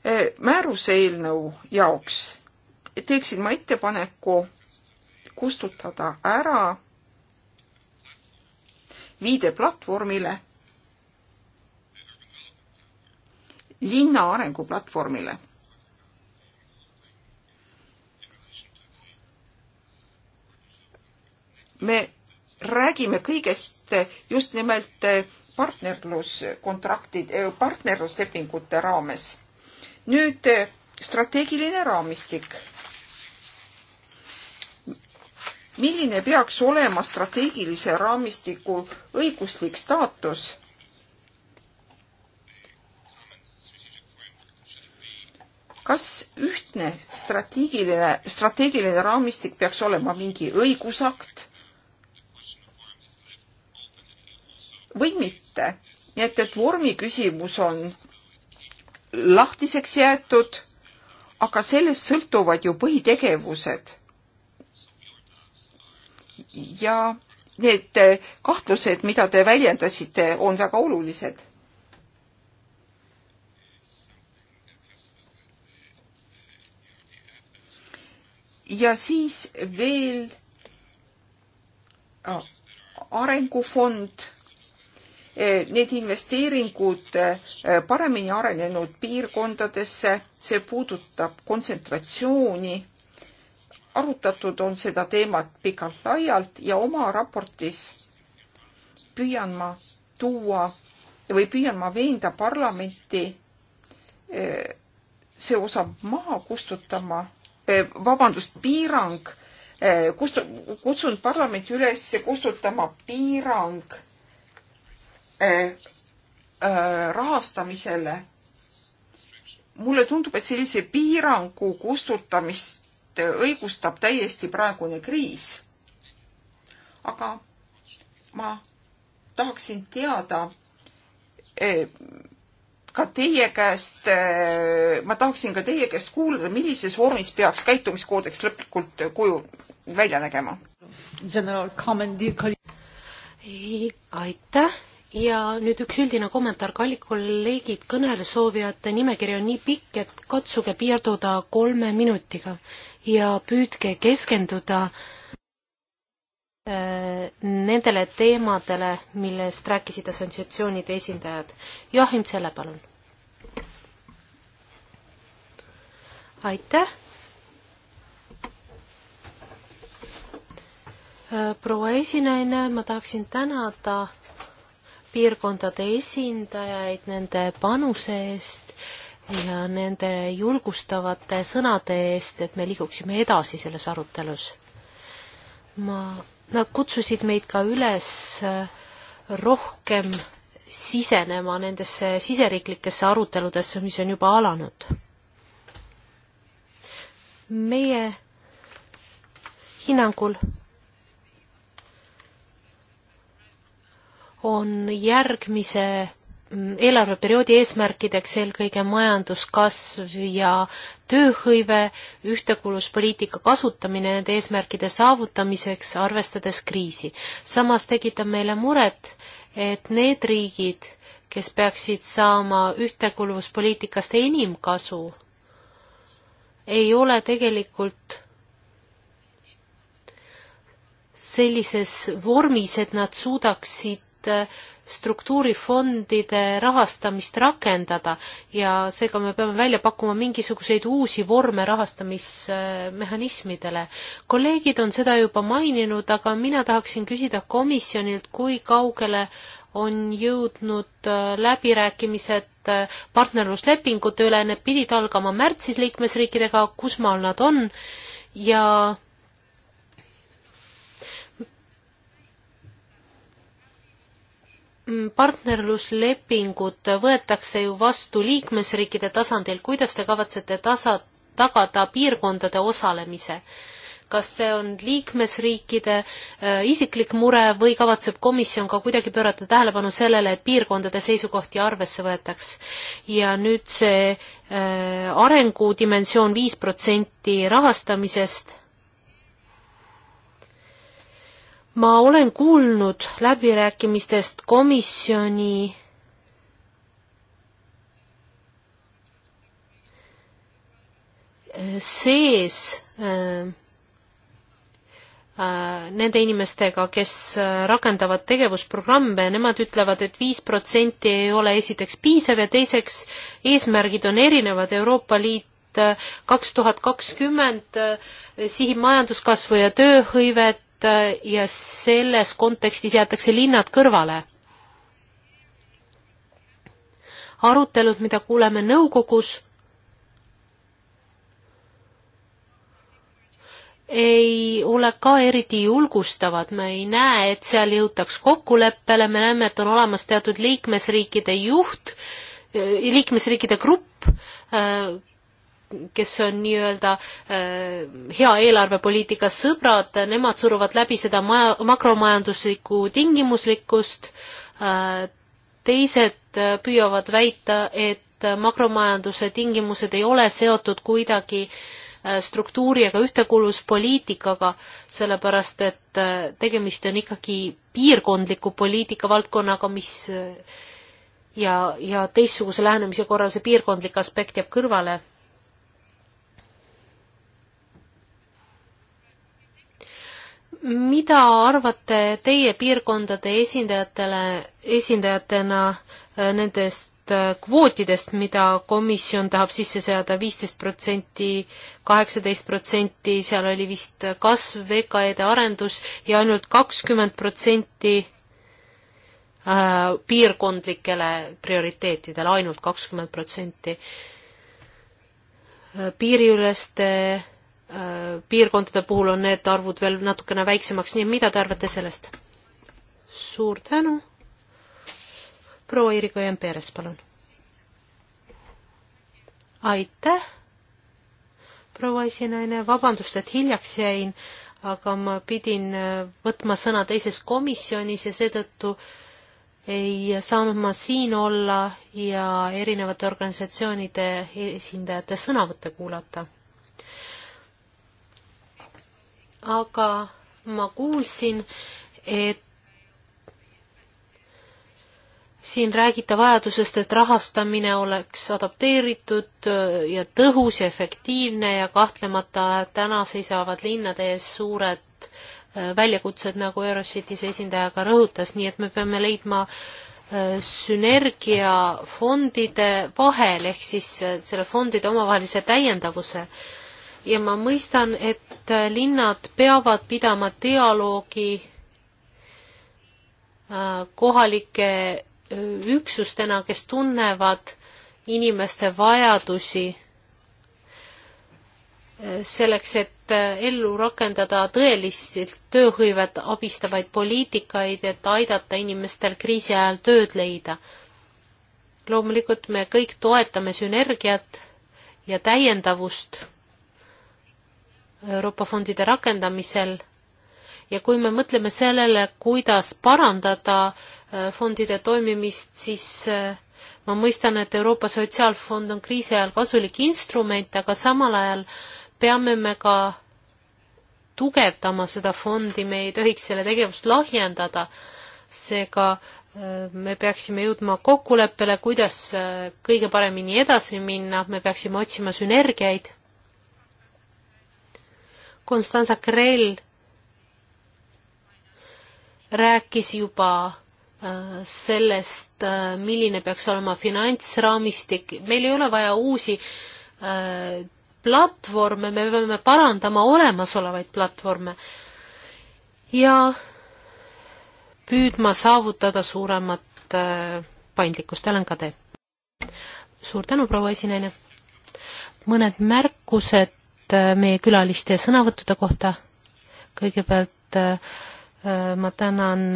Eh, määruse eelnõu jaoks teeksin ma ettepaneku kustutada ära viide platvormile, linna arenguplatvormile. me räägime kõigest just nimelt partnerluskontraktid, partnerluslepingute raames. nüüd strateegiline raamistik milline peaks olema strateegilise raamistiku õiguslik staatus? kas ühtne strateegiline, strateegiline raamistik peaks olema mingi õigusakt või mitte? nii et, et vormi küsimus on lahtiseks jäetud, aga sellest sõltuvad ju põhitegevused ja need äh, kahtlused, mida te väljendasite, on väga olulised. ja siis veel äh, arengufond, äh, need investeeringud paremini arenenud piirkondadesse, see puudutab kontsentratsiooni arutatud on seda teemat pikalt-laialt ja oma raportis püüan ma tuua või püüan ma veenda parlamenti eh, see osa maha kustutama, eh, vabandust, piirang, eh, kustu-, kutsun parlamenti üles kustutama piirang rahastamisele. mulle tundub, et sellise piirangu kustutamist et õigustab täiesti praegune kriis. aga ma tahaksin teada eh, ka teie käest, eh, ma tahaksin ka teie käest kuulda, millises vormis peaks käitumiskoodeks lõplikult kuju välja nägema?
aitäh ja nüüd üks üldine kommentaar, kallid kolleegid, kõnelesoovijate nimekiri on nii pikk, et katsuge piirduda kolme minutiga ja püüdke keskenduda äh, nendele teemadele, millest rääkisid assotsiatsioonide esindajad. Joachim Selle, palun. aitäh. Äh, proua esinaine, ma tahaksin tänada piirkondade esindajaid nende panuse eest ja nende julgustavate sõnade eest, et me liiguksime edasi selles arutelus. ma, nad kutsusid meid ka üles äh, rohkem sisenema nendesse siseriiklikesse aruteludesse, mis on juba alanud. meie hinnangul on järgmise eelarveperioodi eesmärkideks eelkõige majanduskasv ja tööhõive, ühtekuuluvuspoliitika kasutamine nende eesmärkide saavutamiseks, arvestades kriisi. samas tekitab meile muret, et need riigid, kes peaksid saama ühtekuuluvuspoliitikast enim kasu, ei ole tegelikult sellises vormis, et nad suudaksid struktuurifondide rahastamist rakendada ja seega me peame välja pakkuma mingisuguseid uusi vorme rahastamismehhanismidele. kolleegid on seda juba maininud, aga mina tahaksin küsida komisjonilt, kui kaugele on jõudnud äh, läbirääkimised äh, partnerluslepingute üle, need pidid algama märtsis liikmesriikidega, kus maal nad on ja Mm, partnerluslepingud võetakse ju vastu liikmesriikide tasandil, kuidas te kavatsete tasa, tagada piirkondade osalemise? kas see on liikmesriikide äh, isiklik mure või kavatseb komisjon ka kuidagi pöörata tähelepanu sellele, et piirkondade seisukohti arvesse võetaks? ja nüüd see äh, arengudimensioon viis protsenti rahastamisest ma olen kuulnud läbirääkimistest komisjoni sees äh, äh nende inimestega, kes äh, rakendavad tegevusprogramme, nemad ütlevad et, et viis protsenti ei ole esiteks piisav ja teiseks eesmärgid on erinevad, Euroopa Liit äh, kaks tuhat kakskümmend sihib majanduskasvu ja tööhõivet, Äh, ja selles kontekstis jäetakse linnad kõrvale. arutelud, mida kuuleme nõukogus, ei ole ka eriti julgustavad, me ei näe, et seal jõutaks kokkuleppele, me näeme, et on olemas teatud liikmesriikide juht, äh, liikmesriikide grupp, äh, kes on nii-öelda äh, hea eelarvepoliitika sõbrad, nemad suruvad läbi seda maja, makromajanduslikku tingimuslikkust, äh, teised äh, püüavad väita, et makromajanduse tingimused ei ole seotud kuidagi struktuuri ega ühtekuuluvuspoliitikaga, sellepärast et tegemist on ikkagi piirkondliku poliitikavaldkonnaga, mis ja, ja teistsuguse lähenemise korral see piirkondlik aspekt jääb kõrvale mida arvate teie piirkondade esindajatele, esindajatena äh, nendest äh, kvootidest, mida komisjon tahab sisse seada, viisteist protsenti, kaheksateist protsenti, seal oli vist kasv, VKE-de arendus ja ainult kakskümmend protsenti äh, piirkondlikele prioriteetidele, ainult kakskümmend protsenti. piiriüleste Äh, piirkondade puhul on need arvud veel natukene väiksemaks, nii et mida te arvate sellest? suur tänu. proua Iriko Jemperes, palun. aitäh, proua esinaine, vabandust, et hiljaks jäin, aga ma pidin äh, võtma sõna teises komisjonis ja seetõttu ei saanud ma siin olla ja erinevate organisatsioonide esindajate sõnavõtte kuulata aga ma kuulsin, et siin räägite vajadusest, et rahastamine oleks adapteeritud ja tõhus ja efektiivne ja kahtlemata täna seisavad linnade ees suured äh, väljakutsed, nagu Eurocities esindaja ka rõhutas, nii et me peame leidma äh, sünergia fondide vahel ehk siis äh, selle fondide omavahelise täiendavuse ja ma mõistan, et linnad peavad pidama dialoogi äh, kohalike äh, üksustena, kes tunnevad inimeste vajadusi äh, selleks, et ellu rakendada tõeliselt tööhõivet abistavaid poliitikaid, et aidata inimestel kriisi ajal tööd leida. loomulikult me kõik toetame sünergiat ja täiendavust Euroopa fondide rakendamisel ja kui me mõtleme sellele, kuidas parandada äh, fondide toimimist, siis äh, ma mõistan, et Euroopa Sotsiaalfond on kriisi ajal kasulik instrument, aga samal ajal peame me ka tugevdama seda fondi, me ei tohiks selle tegevust lahjendada. seega äh, me peaksime jõudma kokkuleppele, kuidas kõige paremini edasi minna, me peaksime otsima sünergiaid Konstanza Krell rääkis juba äh, sellest, äh, milline peaks olema finantsraamistik, meil ei ole vaja uusi äh, platvorme, me peame parandama olemasolevaid platvorme ja püüdma saavutada suuremat paindlikkust. Helen Kade. suur tänu, proua esinaine. mõned märkused Äh, meie külaliste sõnavõttude kohta. kõigepealt äh, äh, ma tänan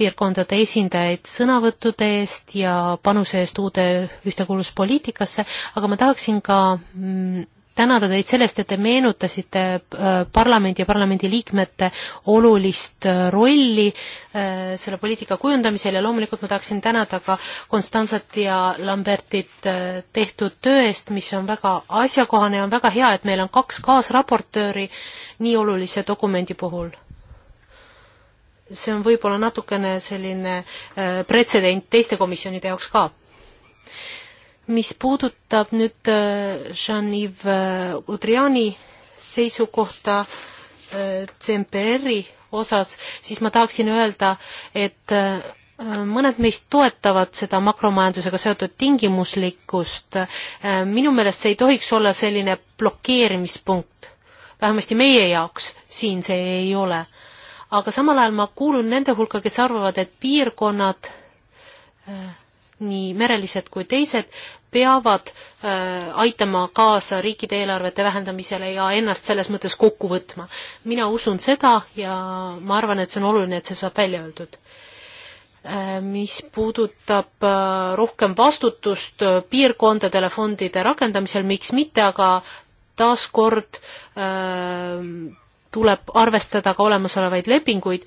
piirkondade esindajaid sõnavõttude eest ja panuse eest uude ühtekuuluvuspoliitikasse, aga ma tahaksin ka mm, tänada teid sellest, et te meenutasite äh, parlamendi ja parlamendiliikmete olulist äh, rolli äh, selle poliitika kujundamisel ja loomulikult ma tahaksin tänada ka Konstantsat ja Lambertit tehtud töö eest, mis on väga asjakohane ja on väga hea, et meil on kaks kaasraportööri nii olulise dokumendi puhul see on võib-olla natukene selline pretsedent teiste komisjonide jaoks ka mis puudutab nüüd äh, Jean-Yves äh, Udriani seisukohta äh, CMPR-i osas, siis ma tahaksin öelda, et mõned meist toetavad seda makromajandusega seotud tingimuslikkust. minu meelest see ei tohiks olla selline blokeerimispunkt, vähemasti meie jaoks siin see ei ole. aga samal ajal ma kuulun nende hulka, kes arvavad, et piirkonnad nii merelised kui teised peavad äh, aitama kaasa riikide eelarvete vähendamisele ja ennast selles mõttes kokku võtma. mina usun seda ja ma arvan, et see on oluline, et see saab välja öeldud äh,. mis puudutab äh, rohkem vastutust äh, piirkondadele fondide rakendamisel, miks mitte, aga taaskord äh, tuleb arvestada ka olemasolevaid lepinguid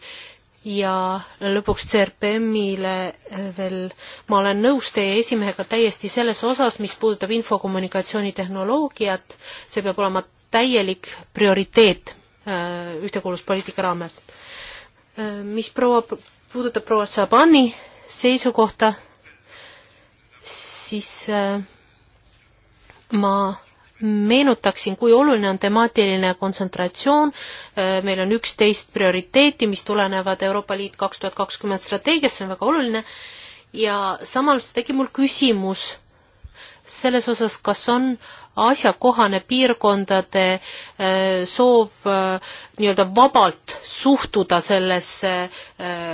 ja lõpuks CRPM-ile eh, veel, ma olen nõus teie esimehega täiesti selles osas, mis puudutab infokommunikatsioonitehnoloogiat, see peab olema täielik prioriteet eh, ühtekuuluvuspoliitika raames. Eh, mis proua, puudutab proua Sabani seisukohta, siis ma meenutaksin, kui oluline on temaatiline kontsentratsioon, äh, meil on üksteist prioriteeti, mis tulenevad Euroopa Liit kaks tuhat kakskümmend strateegias, see on väga oluline, ja samas tegi mul küsimus selles osas, kas on asjakohane piirkondade äh, soov äh, nii-öelda vabalt suhtuda sellesse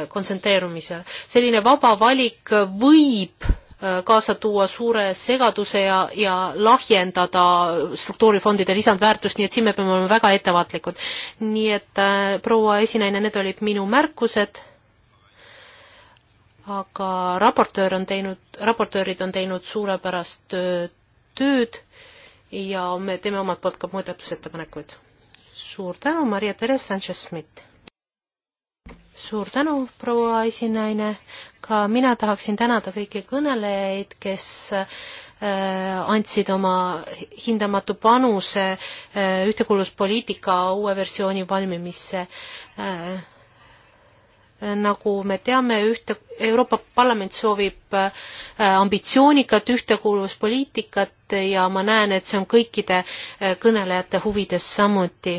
kontsentreerumisele. selline vaba valik võib Äh, kaasa tuua suure segaduse ja, ja lahjendada struktuurifondide lisandväärtust, nii et siin me peame olema väga ettevaatlikud. nii et äh, proua esinaine, need olid minu märkused, aga raportöör on teinud, raportöörid on teinud suurepärast äh, tööd ja me teeme omalt poolt ka muudatusettepanekuid. suur tänu, Maria-Therese Sanchez-Smith! suur tänu, proua esinaine, ka mina tahaksin tänada kõiki kõnelejaid, kes äh, andsid oma hindamatu panuse äh, ühtekuuluvuspoliitika uue versiooni valmimisse. Äh, nagu me teame, ühte, Euroopa Parlament soovib ambitsioonikat ühtekuuluvuspoliitikat ja ma näen, et see on kõikide kõnelejate huvides samuti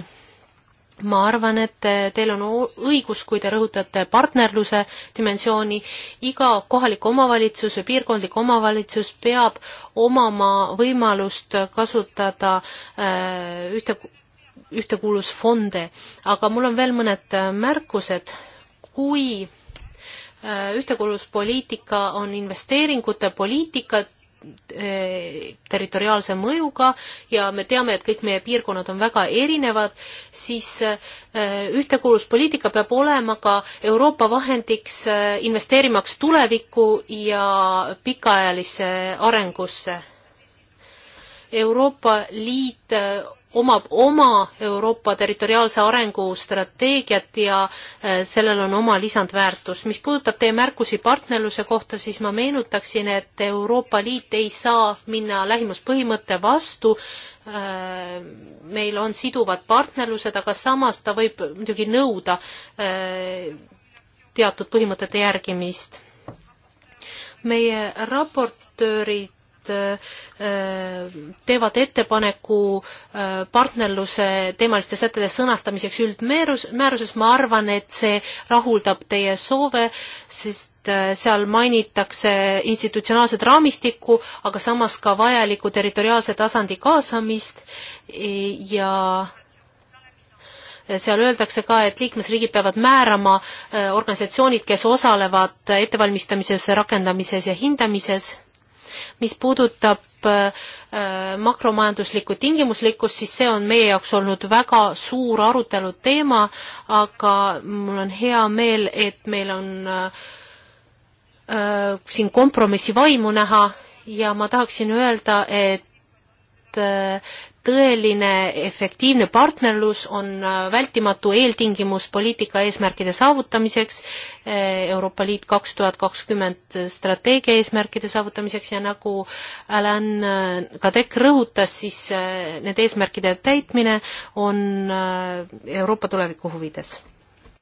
ma arvan, et teil on õigus, kui te rõhutate partnerluse dimensiooni, iga kohalik omavalitsus ja piirkondlik omavalitsus peab omama võimalust kasutada äh, ühte, ühtekuulusfonde, aga mul on veel mõned äh, märkused, kui äh, ühtekuuluvuspoliitika on investeeringute poliitika, Eh, territoriaalse mõjuga ja me teame, et kõik meie piirkonnad on väga erinevad, siis eh, ühtekuuluvuspoliitika peab olema ka Euroopa vahendiks eh, investeerimaks tulevikku ja pikaajalisse arengusse. Euroopa Liit omab oma Euroopa territoriaalse arengu strateegiat ja äh, sellel on oma lisandväärtus. mis puudutab teie märkusi partnerluse kohta, siis ma meenutaksin, et Euroopa Liit ei saa minna lähimuspõhimõtte vastu, äh, meil on siduvad partnerlused, aga samas ta võib muidugi nõuda äh, teatud põhimõtete järgimist. meie raportöörid Äh, teevad ettepaneku äh, partnerluse teemaliste sätete sõnastamiseks üldmääruses, ma arvan, et see rahuldab teie soove, sest äh, seal mainitakse institutsionaalset raamistikku, aga samas ka vajalikku territoriaalse tasandi kaasamist e, ja seal öeldakse ka, et liikmesriigid peavad määrama organisatsioonid, kes osalevad ettevalmistamises, rakendamises ja hindamises mis puudutab äh, makromajanduslikku tingimuslikkust, siis see on meie jaoks olnud väga suur arutelu teema, aga mul on hea meel, et meil on äh, äh, siin kompromissi vaimu näha ja ma tahaksin öelda, et tõeline efektiivne partnerlus on äh, vältimatu eeltingimus poliitika eesmärkide saavutamiseks, äh, Euroopa Liit kaks tuhat kakskümmend strateegia eesmärkide saavutamiseks ja nagu Alan äh, Kadek rõhutas, siis need eesmärkide täitmine on Euroopa tuleviku huvides.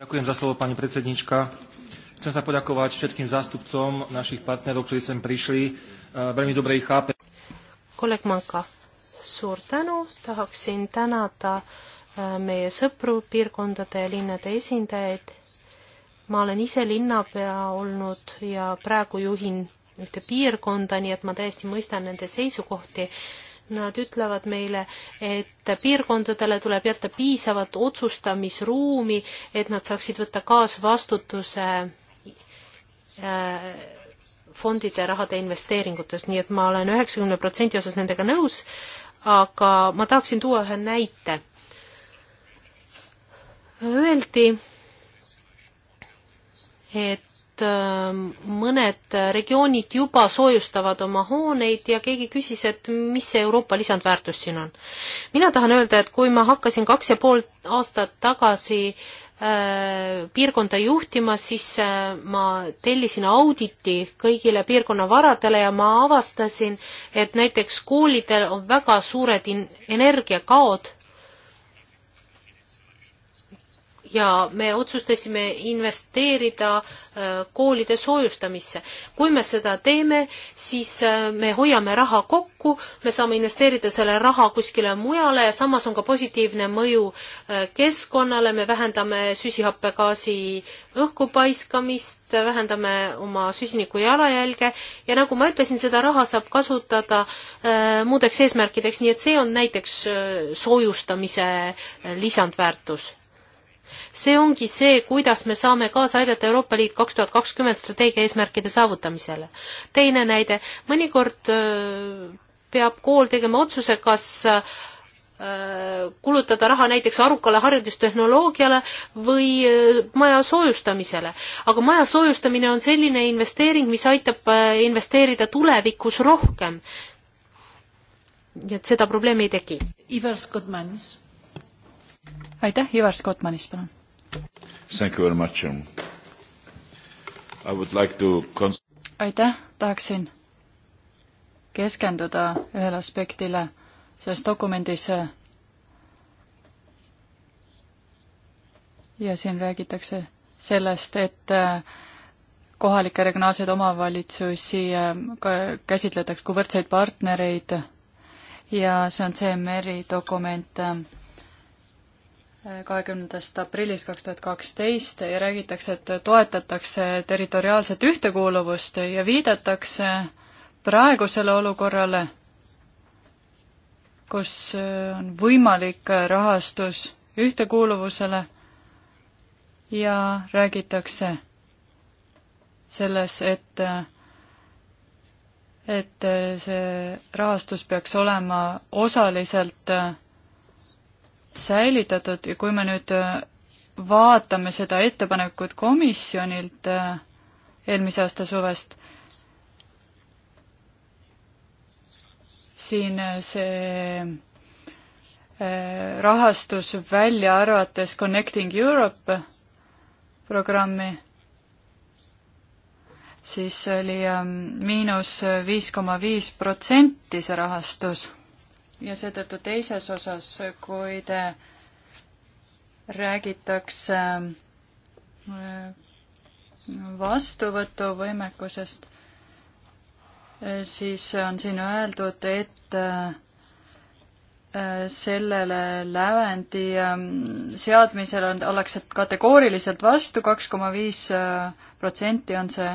Ďakujem za slovo, pani predsednička. Chcem sa poďakovať všetkým zástupcom našich partnerov, ktorí sem prišli. Veľmi dobre ich chápem. Kolek Manka suur tänu, tahaksin tänada äh, meie sõpru, piirkondade ja linnade esindajaid. ma olen ise linnapea olnud ja praegu juhin ühte piirkonda, nii et ma täiesti mõistan nende seisukohti. Nad ütlevad meile, et piirkondadele tuleb jätta piisavat otsustamisruumi, et nad saaksid võtta kaasvastutuse äh, fondide rahade investeeringutes, nii et ma olen üheksakümne protsendi osas nendega nõus aga ma tahaksin tuua ühe näite. Öeldi, et ähm, mõned regioonid juba soojustavad oma hooneid ja keegi küsis, et mis see Euroopa lisandväärtus siin on. mina tahan öelda, et kui ma hakkasin kaks ja pool aastat tagasi äh, piirkonda juhtima, siis äh, ma tellisin auditi kõigile piirkonna varadele ja ma avastasin, et näiteks koolidel on väga suured energiakaod ja me otsustasime investeerida äh, koolide soojustamisse. kui me seda teeme, siis äh, me hoiame raha kokku, me saame investeerida selle raha kuskile mujale ja samas on ka positiivne mõju äh, keskkonnale, me vähendame süsihappegaasi õhku paiskamist, vähendame oma süsiniku jalajälge ja nagu ma ütlesin, seda raha saab kasutada äh, muudeks eesmärkideks, nii et see on näiteks äh, soojustamise lisandväärtus see ongi see, kuidas me saame kaasa aidata Euroopa Liit kaks tuhat kakskümmend strateegia eesmärkide saavutamisele. teine näide, mõnikord äh, peab kool tegema otsuse, kas äh, kulutada raha näiteks arukale haridustehnoloogiale või äh, maja soojustamisele. aga maja soojustamine on selline investeering, mis aitab investeerida tulevikus rohkem. nii et seda probleemi ei teki.
Ivar Skotmanis aitäh, Ivar Skotmanis, palun.
Thank you very much um,. I would like to
aitäh, tahaksin keskenduda ühele aspektile selles dokumendis. ja siin räägitakse sellest, et äh, kohalikke regionaalseid omavalitsusi äh, käsitletakse kui võrdseid partnereid ja see on CMR-i dokument äh, kahekümnendast aprillist kaks tuhat kaksteist ja räägitakse, et toetatakse territoriaalset ühtekuuluvust ja viidatakse praegusele olukorrale, kus on võimalik rahastus ühtekuuluvusele ja räägitakse selles, et et see rahastus peaks olema osaliselt säilitatud ja kui me nüüd äh, vaatame seda ettepanekut komisjonilt äh, eelmise aasta suvest, siin äh, see rahastus välja arvates Connecting Europe programmi, siis oli ähm, miinus viis koma viis protsenti see rahastus ja seetõttu teises osas, kui te räägitakse äh, vastuvõtuvõimekusest, äh, siis on siin öeldud, et äh, sellele lävendi ähm, seadmisel on, ollakse kategooriliselt vastu, kaks koma viis protsenti on see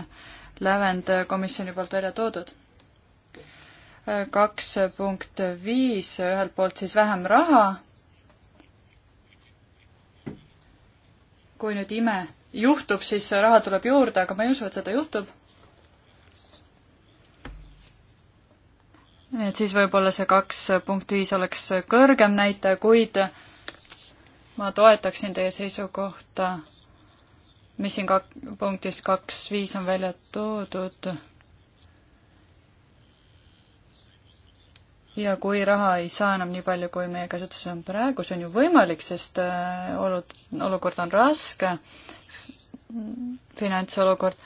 lävend komisjoni poolt välja toodud kaks punkt viis, ühelt poolt siis vähem raha. kui nüüd ime juhtub, siis raha tuleb juurde, aga ma ei usu, et seda juhtub. nii et siis võib-olla see kaks punkt viis oleks kõrgem näitaja, kuid ma toetaksin teie seisukohta, mis siin kak-, punktis kaks viis on välja toodud ja kui raha ei saa enam nii palju, kui meie käsutuses on praegu, see on ju võimalik, sest äh, olud, olukord on raske, finantsolukord,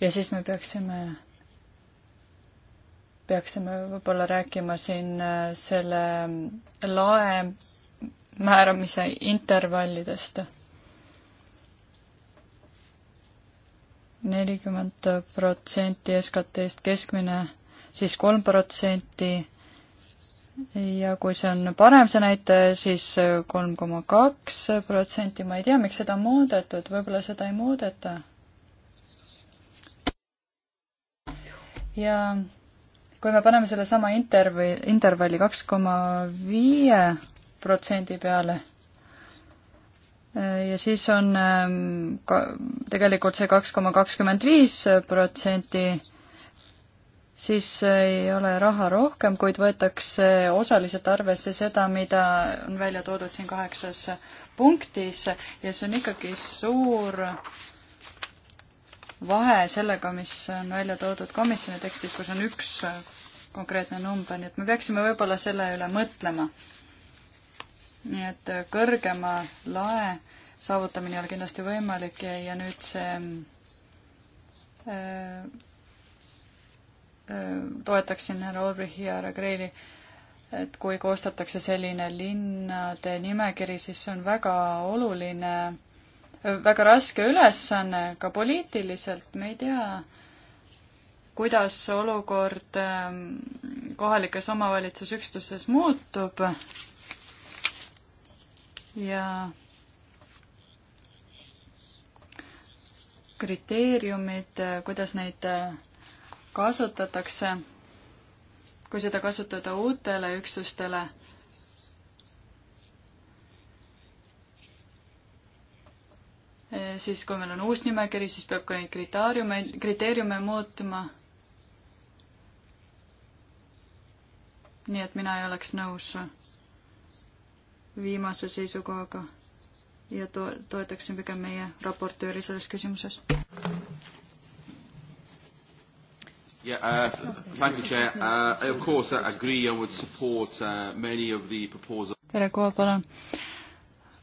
ja siis me peaksime, peaksime võib-olla rääkima siin äh, selle mm, lae määramise intervallidest. nelikümmend protsenti SKT-st keskmine siis kolm protsenti ja kui see on parem, see näitaja, siis kolm koma kaks protsenti, ma ei tea, miks seda on muudetud, võib-olla seda ei muudeta. ja kui me paneme sellesama interv-, intervalli kaks koma viie protsendi peale, ja siis on ähm, ka tegelikult see kaks koma kakskümmend viis protsenti siis ei ole raha rohkem, kuid võetakse osaliselt arvesse seda, mida on välja toodud siin kaheksas punktis ja see on ikkagi suur vahe sellega, mis on välja toodud komisjoni tekstis, kus on üks konkreetne number, nii et me peaksime võib-olla selle üle mõtlema. nii et kõrgema lae saavutamine ei ole kindlasti võimalik ja, ja nüüd see äh, toetaksin härra Olbrichi ja härra Greili, et kui koostatakse selline linnade nimekiri, siis see on väga oluline, väga raske ülesanne ka poliitiliselt, me ei tea, kuidas olukord ähm, kohalikes omavalitsusüksustes muutub ja kriteeriumid, äh, kuidas neid äh, kasutatakse, kui seda kasutada uutele üksustele, siis kui meil on uus nimekiri, siis peab ka neid kriteeriume, kriteeriume muutma. nii et mina ei oleks nõus viimase seisukohaga ja to-, toetaksin pigem meie raportööri selles küsimuses.
Yeah, uh, thank you, Chair. Uh, I of course uh, agree and would support uh, many of the proposals.
tere, Kuva, palun.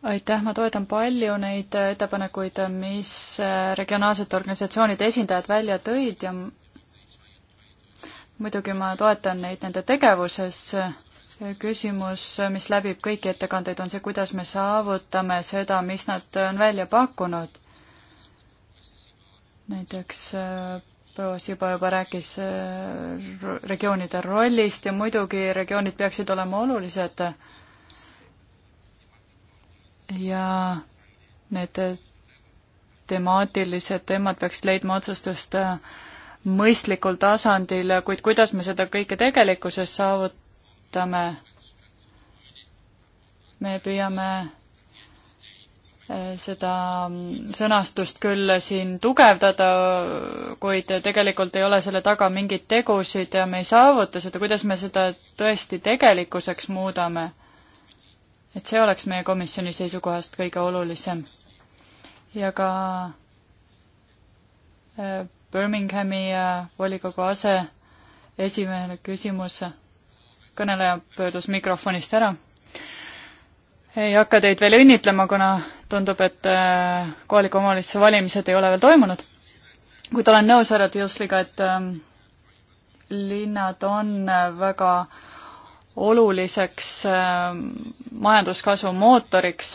aitäh, ma toetan palju neid äh, ettepanekuid, äh, mis äh, regionaalsete organisatsioonide esindajad välja tõid ja muidugi ma toetan neid nende tegevuses. küsimus, mis läbib kõiki ettekandeid, on see, kuidas me saavutame seda, mis nad on välja pakkunud. näiteks proua Siba juba rääkis äh, regioonide rollist ja muidugi regioonid peaksid olema olulised ja need äh, temaatilised teemad peaksid leidma otsustust äh, mõistlikul tasandil, kuid kuidas me seda kõike tegelikkuses saavutame? me püüame seda sõnastust küll siin tugevdada, kuid tegelikult ei ole selle taga mingeid tegusid ja me ei saavuta seda, kuidas me seda tõesti tegelikkuseks muudame. et see oleks meie komisjoni seisukohast kõige olulisem. ja ka äh, Birminghami äh, volikogu aseesimehele küsimus, kõneleja pöördus mikrofonist ära ei hakka teid veel õnnitlema, kuna tundub, et äh, kohaliku omavalitsuse valimised ei ole veel toimunud. kuid olen nõus härra Tiusliga, et ähm, linnad on äh, väga oluliseks ähm, majanduskasvu mootoriks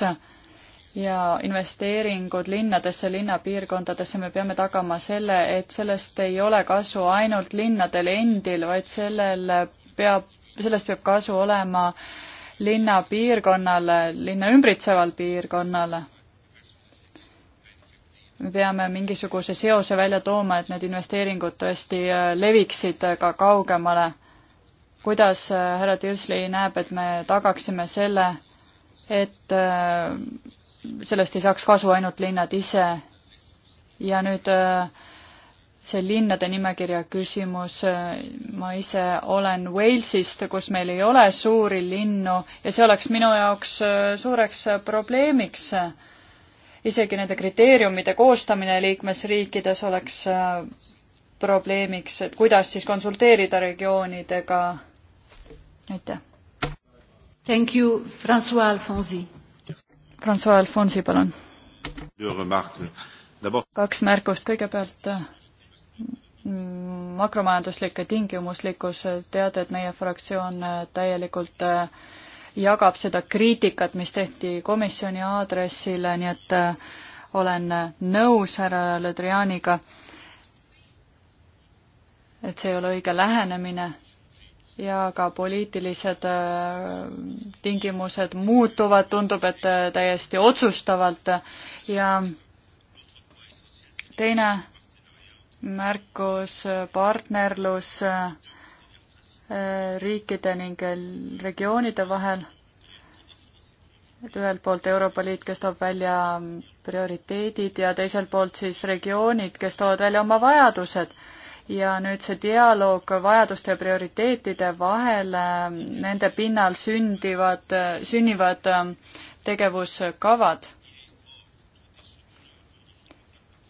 ja investeeringud linnadesse, linnapiirkondadesse, me peame tagama selle, et sellest ei ole kasu ainult linnadel endil, vaid sellel peab, sellest peab kasu olema äh, linnapiirkonnale, linna ümbritseval piirkonnale. me peame mingisuguse seose välja tooma, et need investeeringud tõesti äh, leviksid äh, ka kaugemale. kuidas äh, härra Tirsli näeb, et me tagaksime selle, et sellest ei saaks kasu ainult linnad ise ja nüüd äh, see linnade nimekirja küsimus, ma ise olen Walesist, kus meil ei ole suuri linnu ja see oleks minu jaoks äh, suureks äh, probleemiks. isegi nende kriteeriumide koostamine liikmesriikides oleks äh, probleemiks, et kuidas siis konsulteerida regioonidega. aitäh. Thank you, Francois Alfonsi. Francois Alfonsi, palun. kaks märkust, kõigepealt makromajanduslikke tingimuslikkuse teada, et meie fraktsioon äh, täielikult äh, jagab seda kriitikat, mis tehti komisjoni aadressile, nii et äh, olen nõus härra Ledrianiga, et see ei ole õige lähenemine ja ka poliitilised tingimused muutuvad, tundub, et täiesti otsustavalt ja teine märkus, partnerlus äh, riikide ning regioonide vahel. et ühelt poolt Euroopa Liit, kes toob välja prioriteedid ja teiselt poolt siis regioonid, kes toovad välja oma vajadused ja nüüd see dialoog vajaduste ja prioriteetide vahel, äh, nende pinnal sündivad, äh, sünnivad ähm, tegevuskavad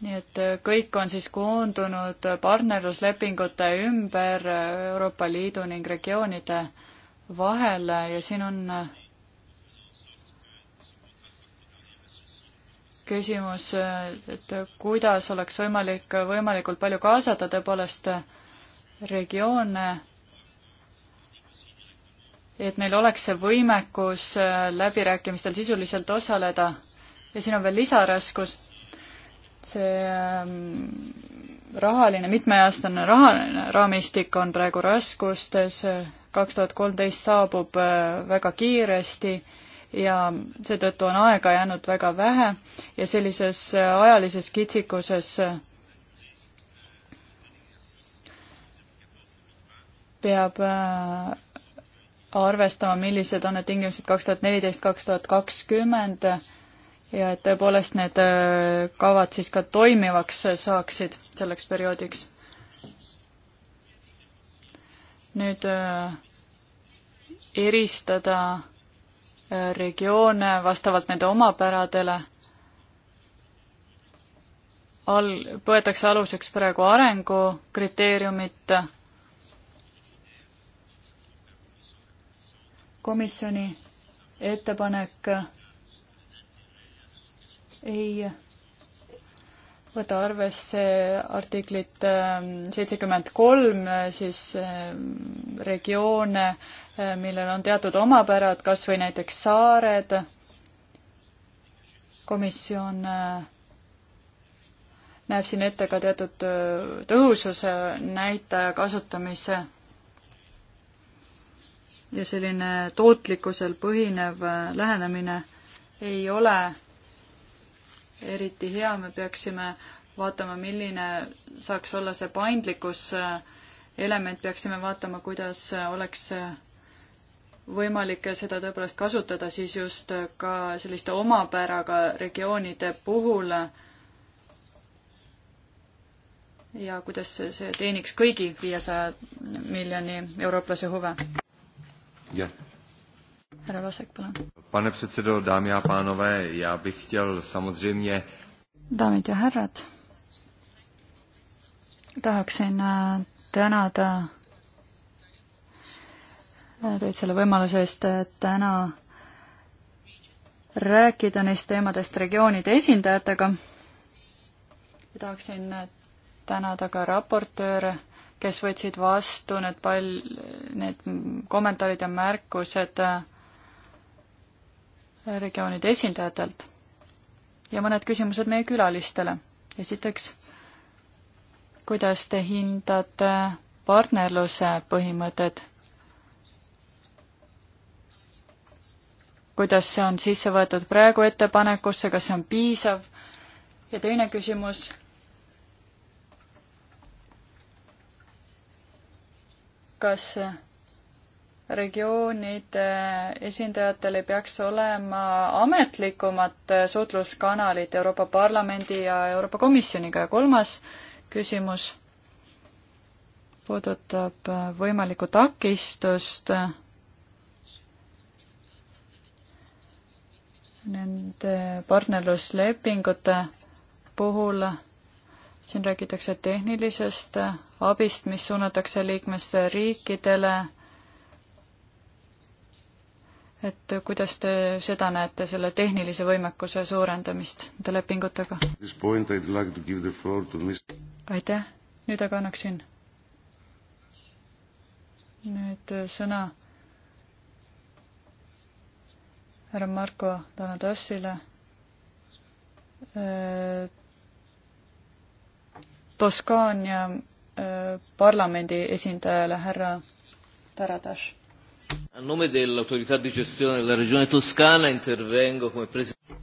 nii et äh, kõik on siis koondunud partnerluslepingute ümber äh, Euroopa Liidu ning regioonide vahel ja siin on äh, küsimus, et kuidas oleks võimalik võimalikult palju kaasata tõepoolest regioone, et neil oleks see võimekus läbirääkimistel sisuliselt osaleda ja siin on veel lisaraskus see ähm, rahaline, mitmeaastane rahaline raamistik on praegu raskustes, kaks tuhat kolmteist saabub äh, väga kiiresti ja seetõttu on aega jäänud väga vähe ja sellises äh, ajalises kitsikuses äh, peab arvestama, millised on need tingimused kaks tuhat neliteist, kaks tuhat kakskümmend ja et tõepoolest need äh, kavad siis ka toimivaks saaksid selleks perioodiks. nüüd äh, eristada äh, regioone vastavalt nende omapäradele. all, võetakse aluseks praegu arengukriteeriumit. komisjoni ettepanek ei võta arvesse artiklit ähm, seitsekümmend kolm, äh, siis ähm, regioone, äh, millel on teatud omapärad, kas või näiteks saared. komisjon äh, näeb siin ette ka teatud tõhususe näitaja kasutamise ja selline tootlikkusel põhinev lähenemine ei ole eriti hea, me peaksime vaatama, milline saaks olla see paindlikkus äh, element, peaksime vaatama, kuidas äh, oleks äh, võimalik seda tõepoolest kasutada siis just ka selliste omapäraga regioonide puhul ja kuidas see teeniks kõigi viiesaja miljoni eurooplase huve? jah härra Vasek, palun. pane předsedo, dámy
a pánové, já bych chtěl samozřejmě
daamid ja härrad, tahaksin äh, tänada äh, teid selle võimaluse eest äh, täna rääkida neist teemadest regioonide esindajatega ja tahaksin tänada ka raportööre, kes võtsid vastu need pal-, need kommentaarid ja märkused äh, regioonide esindajatelt ja mõned küsimused meie külalistele. esiteks, kuidas te hindate partnerluse põhimõtted? kuidas see on sisse võetud praegu ettepanekusse, kas see on piisav? ja teine küsimus kas regioonide esindajatel ei peaks olema ametlikumat suhtluskanalit Euroopa Parlamendi ja Euroopa Komisjoniga ja kolmas küsimus puudutab võimalikku takistust nende partnerluslepingute puhul siin räägitakse tehnilisest abist, mis suunatakse liikmesriikidele et kuidas te seda näete, selle tehnilise võimekuse suurendamist nende lepingutega? aitäh, nüüd aga annaksin nüüd sõna härra Marko Donatossile äh, Toskaania äh, parlamendi esindajale härra Taradaš
A nome dell'autorità di gestione della regione toscana intervengo come presidente.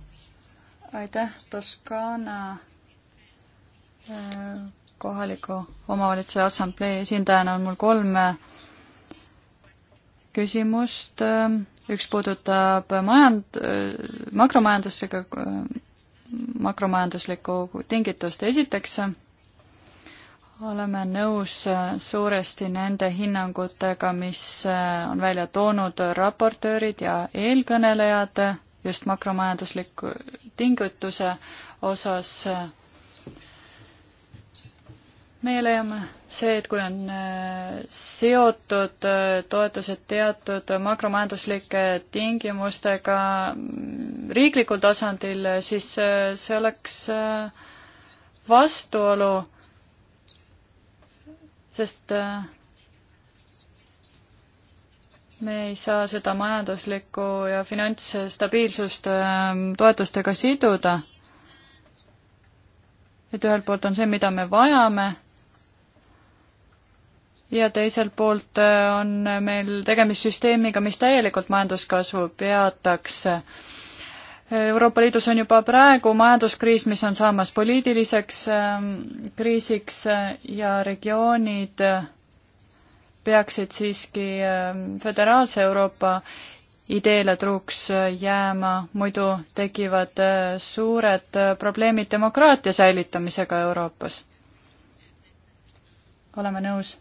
aitäh, Toskaana eh, kohaliku omavalitsuse assamblee esindajana on mul kolm eh, küsimust. Eh, üks puudutab majand-, makromajandusega, makromajanduslikku tingitust. esiteks oleme nõus äh, suuresti nende hinnangutega, mis äh, on välja toonud raportöörid ja eelkõnelejad äh, just makromajandusliku tingituse osas. meie leiame see, et kui on seotud toetused teatud makromajanduslike tingimustega mm, riiklikul tasandil, siis see oleks vastuolu sest äh, me ei saa seda majanduslikku ja finantsstabiilsust äh, toetustega siduda. et ühelt poolt on see, mida me vajame ja teiselt poolt äh, on meil tegemist süsteemiga, mis täielikult majanduskasvu peataks Euroopa Liidus on juba praegu majanduskriis, mis on saamas poliitiliseks ähm, kriisiks äh, ja regioonid äh, peaksid siiski ähm, föderaalse Euroopa ideele truuks äh, jääma, muidu tekivad suured probleemid demokraatia säilitamisega Euroopas. oleme nõus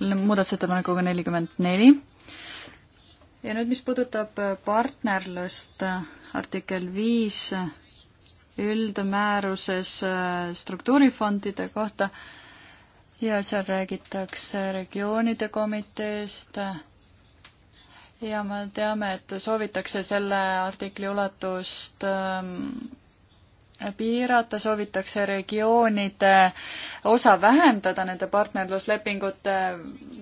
muudatusettepanekuga nelikümmend neli ja nüüd, mis puudutab äh, partnerlust, äh, artikkel viis äh, üldmääruses struktuurifondide kohta ja seal räägitakse regioonide komiteest ja me teame, et soovitakse selle artikli ulatust ähm, piirata, soovitakse regioonide osa vähendada nende partnerluslepingute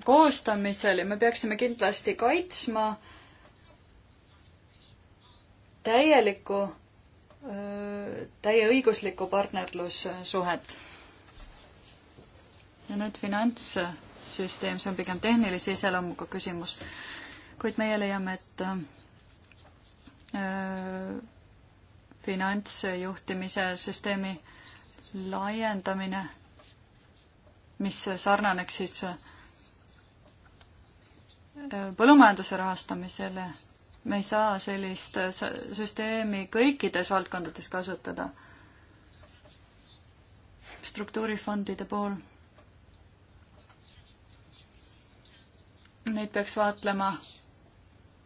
koostamisel ja me peaksime kindlasti kaitsma täielikku, täieõiguslikku partnerlussuhet. ja nüüd finantssüsteem, see on pigem tehnilise iseloomuga küsimus, kuid meie leiame, et öö, äh, finantsjuhtimise süsteemi laiendamine, mis sarnaneks siis äh, põllumajanduse rahastamisele. me ei saa sellist süsteemi kõikides valdkondades kasutada. struktuurifondide pool. Neid peaks vaatlema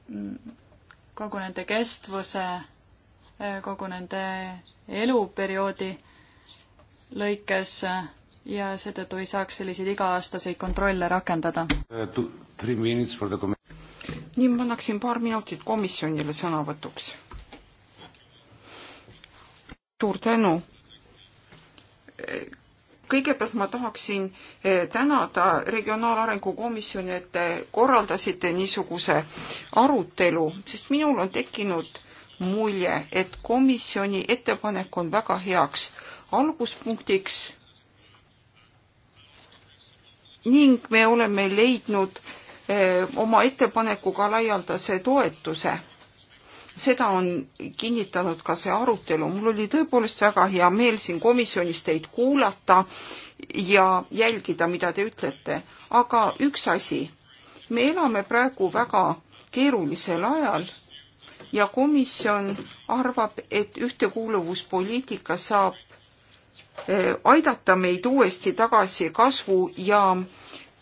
mm, kogu nende kestvuse Eh, kogu nende eluperioodi lõikes eh, ja seetõttu ei saaks selliseid iga-aastaseid kontrolle rakendada.
Uh,
nii, ma annaksin paar minutit komisjonile sõnavõtuks.
suur tänu kõigepealt ma tahaksin eh, tänada Regionaalarengu Komisjoni, et te korraldasite niisuguse arutelu, sest minul on tekkinud mulje, et komisjoni ettepanek on väga heaks alguspunktiks ning me oleme leidnud eh, oma ettepanekuga laialdase toetuse. seda on kinnitanud ka see arutelu. mul oli tõepoolest väga hea meel siin komisjonis teid kuulata ja jälgida, mida te ütlete. aga üks asi, me elame praegu väga keerulisel ajal ja komisjon arvab, et ühtekuuluvuspoliitika saab eh, aidata meid uuesti tagasi kasvu ja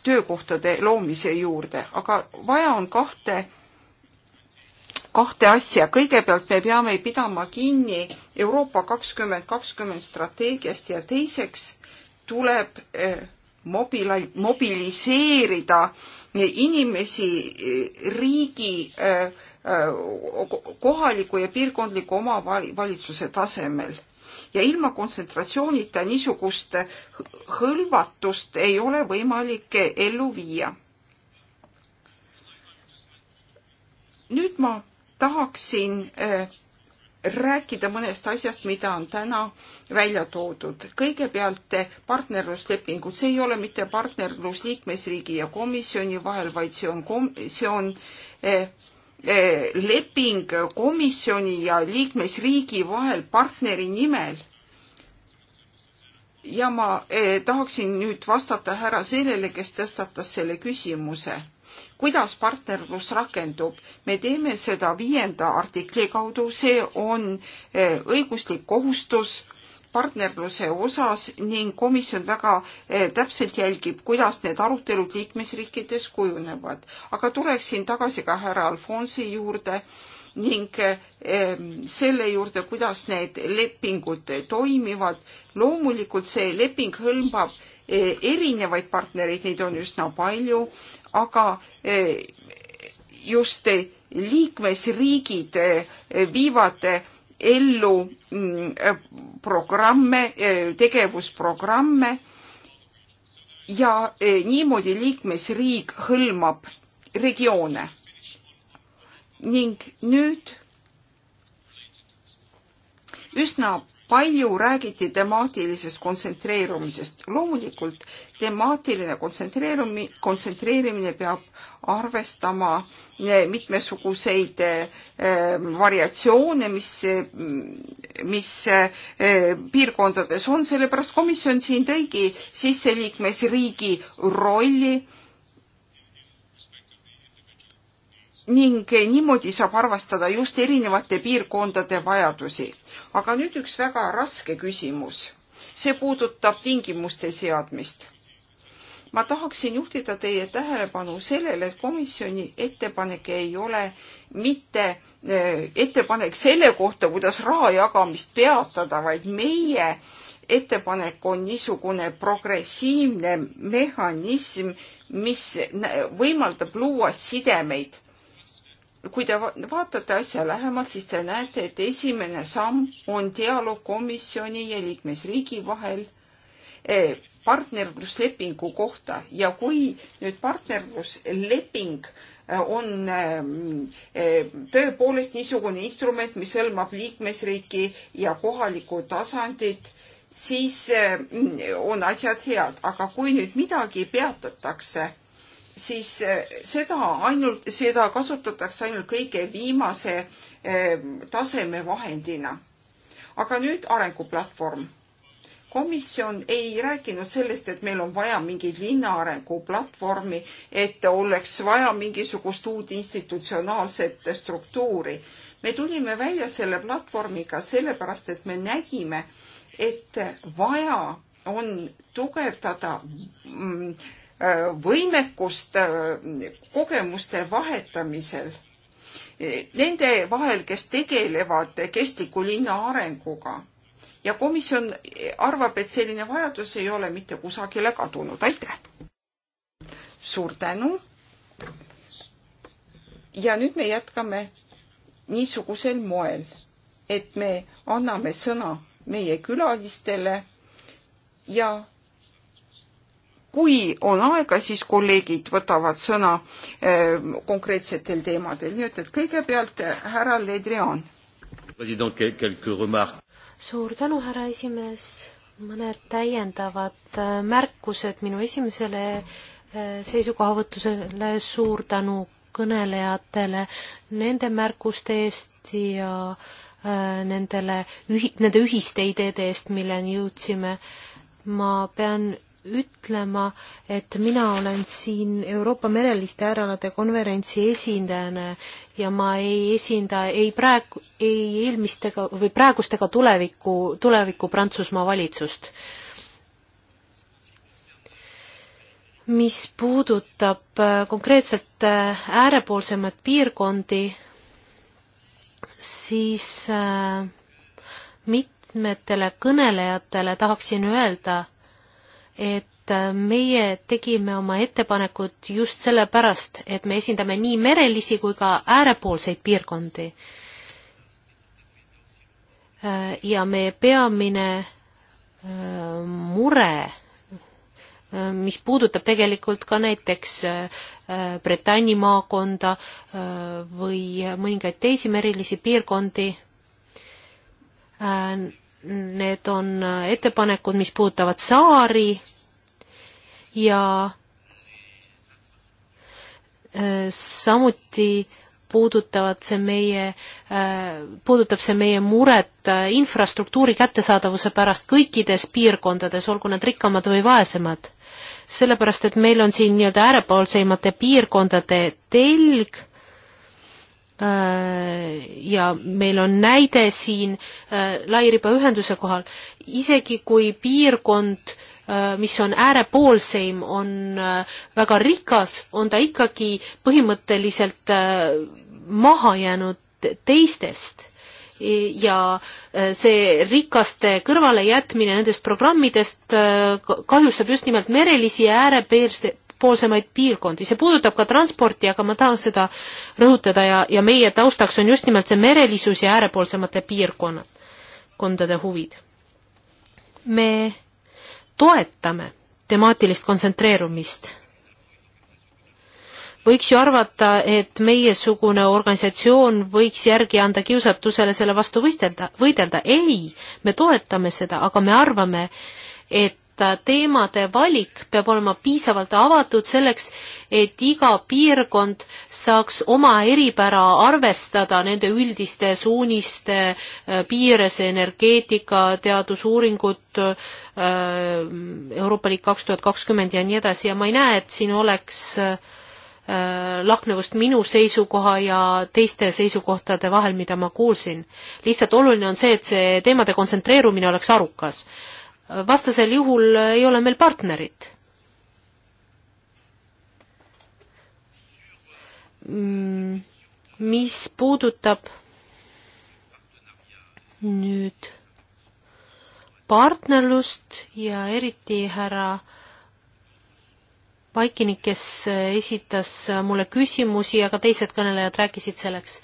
töökohtade loomise juurde, aga vaja on kahte, kahte asja. kõigepealt me peame pidama kinni Euroopa kakskümmend kakskümmend strateegiast ja teiseks tuleb eh, mobila-, mobiliseerida inimesi eh, riigi äh, Äh, kohaliku ja piirkondliku omavalitsuse tasemel ja ilma kontsentratsioonita niisugust hõlvatust ei ole võimalik ellu viia. nüüd ma tahaksin äh, rääkida mõnest asjast, mida on täna välja toodud. kõigepealt äh, partnerluslepingud, see ei ole mitte partnerlus liikmesriigi ja komisjoni vahel, vaid see on kom-, see on eh, Eh, leping komisjoni ja liikmesriigi vahel partneri nimel. ja ma eh, tahaksin nüüd vastata härra sellele, kes tõstatas selle küsimuse. kuidas partnerlus rakendub? me teeme seda viienda artikli kaudu, see on eh, õiguslik kohustus partnerluse osas ning komisjon väga eh, täpselt jälgib, kuidas need arutelud liikmesriikides kujunevad. aga tuleksin tagasi ka härra Alfonsi juurde ning eh, selle juurde, kuidas need lepingud toimivad. loomulikult see leping hõlmab eh, erinevaid partnereid, neid on üsna palju, aga just liikmesriigid viivad ellu mm, eh, programme, eh, tegevusprogramme ja eh, niimoodi liikmesriik hõlmab regioone. ning nüüd üsna palju räägiti temaatilisest kontsentreerumisest. loomulikult temaatiline kontsentreerumi-, kontsentreerimine peab arvestama eh, mitmesuguseid eh, variatsioone, mis, eh, mis piirkondades on, sellepärast komisjon siin tõigi sisse liikmesriigi rolli ning niimoodi saab arvestada just erinevate piirkondade vajadusi. aga nüüd üks väga raske küsimus. see puudutab tingimuste seadmist. ma tahaksin juhtida teie tähelepanu sellele, et komisjoni ettepanek ei ole mitte eh, ettepanek selle kohta, kuidas raha jagamist peatada, vaid meie ettepanek on niisugune progressiivne mehhanism, mis võimaldab luua sidemeid kui te vaatate asja lähemalt, siis te näete, et esimene samm on dialoog komisjoni ja liikmesriigi vahel eh, partnerluslepingu kohta ja kui nüüd partnerlusleping eh, on eh, tõepoolest niisugune instrument, mis hõlmab liikmesriiki ja kohalikku tasandit, siis on asjad head, aga kui nüüd midagi peatatakse siis eh, seda ainult, seda kasutatakse ainult kõige viimase eh, taseme vahendina. aga nüüd arenguplatvorm. komisjon ei rääkinud sellest, et meil on vaja mingit linnaarenguplatvormi, et oleks vaja mingisugust uut institutsionaalset struktuuri. me tulime välja selle platvormiga sellepärast, et me nägime, et vaja on tugevdada mm, võimekust äh, kogemuste vahetamisel nende vahel, kes tegelevad kestliku linna arenguga. ja komisjon arvab, et selline vajadus ei ole mitte kusagile kadunud, aitäh! suur tänu! ja nüüd me jätkame niisugusel moel, et me anname sõna meie külalistele ja kui on aega, siis kolleegid võtavad sõna eh, konkreetsetel teemadel, nii et, et kõigepealt eh, härra Ledrian.
suur tänu, härra esimees, mõned täiendavad eh, märkused minu esimesele seisukohavõtusele, suur tänu kõnelejatele nende märkuste eest ja nendele ühi-, nende ühiste ideede eest, milleni jõudsime. ma pean ütlema, et mina olen siin Euroopa mereliste äärelade konverentsi esindajana ja ma ei esinda ei praegu, ei eelmist ega, või praegust ega tuleviku, tuleviku Prantsusmaa valitsust. mis puudutab äh, konkreetselt äh, äärepoolsemaid piirkondi, siis äh, mitmetele kõnelejatele tahaksin öelda, et äh, meie tegime oma ettepanekud just sellepärast, et me esindame nii merelisi kui ka äärepoolseid piirkondi. Äh, ja meie peamine äh, mure, mis puudutab tegelikult ka näiteks Bretanni maakonda või mõningaid teisi merilisi piirkondi, Need on ettepanekud, mis puudutavad saari ja äh, samuti puudutavad see meie, äh, puudutab see meie muret äh, infrastruktuuri kättesaadavuse pärast kõikides piirkondades, olgu nad rikkamad või vaesemad. sellepärast, et meil on siin nii-öelda äärepoolseimate piirkondade telg Äh, ja meil on näide siin äh, lairibaühenduse kohal, isegi kui piirkond äh, mis on äärepoolseim, on väga rikas, on ta ikkagi põhimõtteliselt maha jäänud teistest ja see rikaste kõrvalejätmine nendest programmidest kahjustab just nimelt merelisi ja äärepeerse, keskpoolsemaid piirkondi, see puudutab ka transporti, aga ma tahan seda rõhutada ja, ja meie taustaks on just nimelt see merelisus ja äärepoolsemate piirkonnad, kondade huvid. me toetame temaatilist kontsentreerumist. võiks ju arvata, et meiesugune organisatsioon võiks järgi anda kiusatusele selle vastu võistelda, võidelda, ei, me toetame seda, aga me arvame, et teemade valik peab olema piisavalt avatud selleks, et iga piirkond saaks oma eripära arvestada nende üldiste suuniste äh, piires, energeetika, teadusuuringud, äh, Euroopa Liit kaks tuhat kakskümmend ja nii edasi ja ma ei näe, et siin oleks äh, lahknevust minu seisukoha ja teiste seisukohtade vahel, mida ma kuulsin. lihtsalt oluline on see, et see teemade kontsentreerumine oleks arukas vastasel juhul ei ole meil partnerit. Mm, mis puudutab nüüd partnerlust ja eriti härra Vaikini, kes esitas mulle küsimusi ja ka teised kõnelejad rääkisid selleks.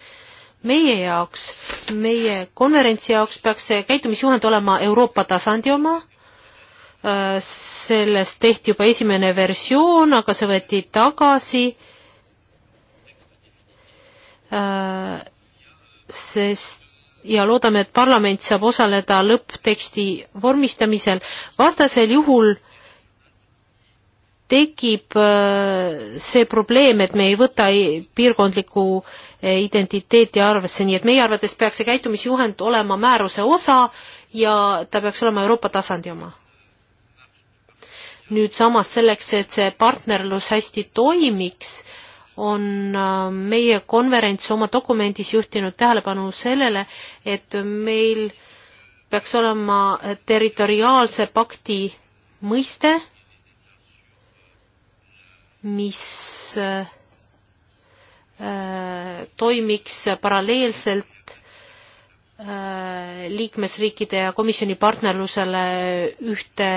meie jaoks, meie konverentsi jaoks peaks see käitumisjuhend olema Euroopa tasandi oma sellest tehti juba esimene versioon, aga see võeti tagasi, äh, sest ja loodame, et parlament saab osaleda lõppteksti vormistamisel, vastasel juhul tekib äh, see probleem, et me ei võta piirkondlikku äh, identiteeti arvesse, nii et meie arvates peaks see käitumisjuhend olema määruse osa ja ta peaks olema Euroopa tasandi oma nüüd samas selleks, et see partnerlus hästi toimiks, on äh, meie konverents oma dokumendis juhtinud tähelepanu sellele, et meil peaks olema territoriaalse pakti mõiste, mis äh, toimiks paralleelselt äh, liikmesriikide ja komisjoni partnerlusele ühte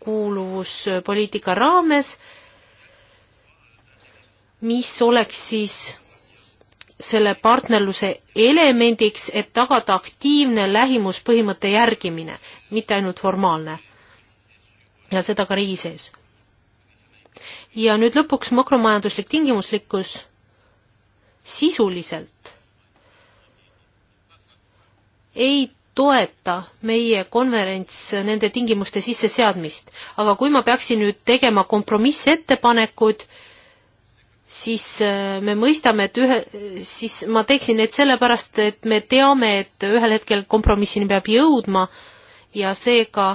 ühtekuuluvuspoliitika raames, mis oleks siis selle partnerluse elemendiks, et tagada aktiivne lähimuspõhimõtte järgimine, mitte ainult formaalne. ja seda ka riigi sees. ja nüüd lõpuks makromajanduslik tingimuslikkus sisuliselt ei toeta meie konverents nende tingimuste sisseseadmist, aga kui ma peaksin nüüd tegema kompromissettepanekud, siis äh, me mõistame, et ühe, siis ma teeksin need sellepärast, et me teame, et ühel hetkel kompromissini peab jõudma ja seega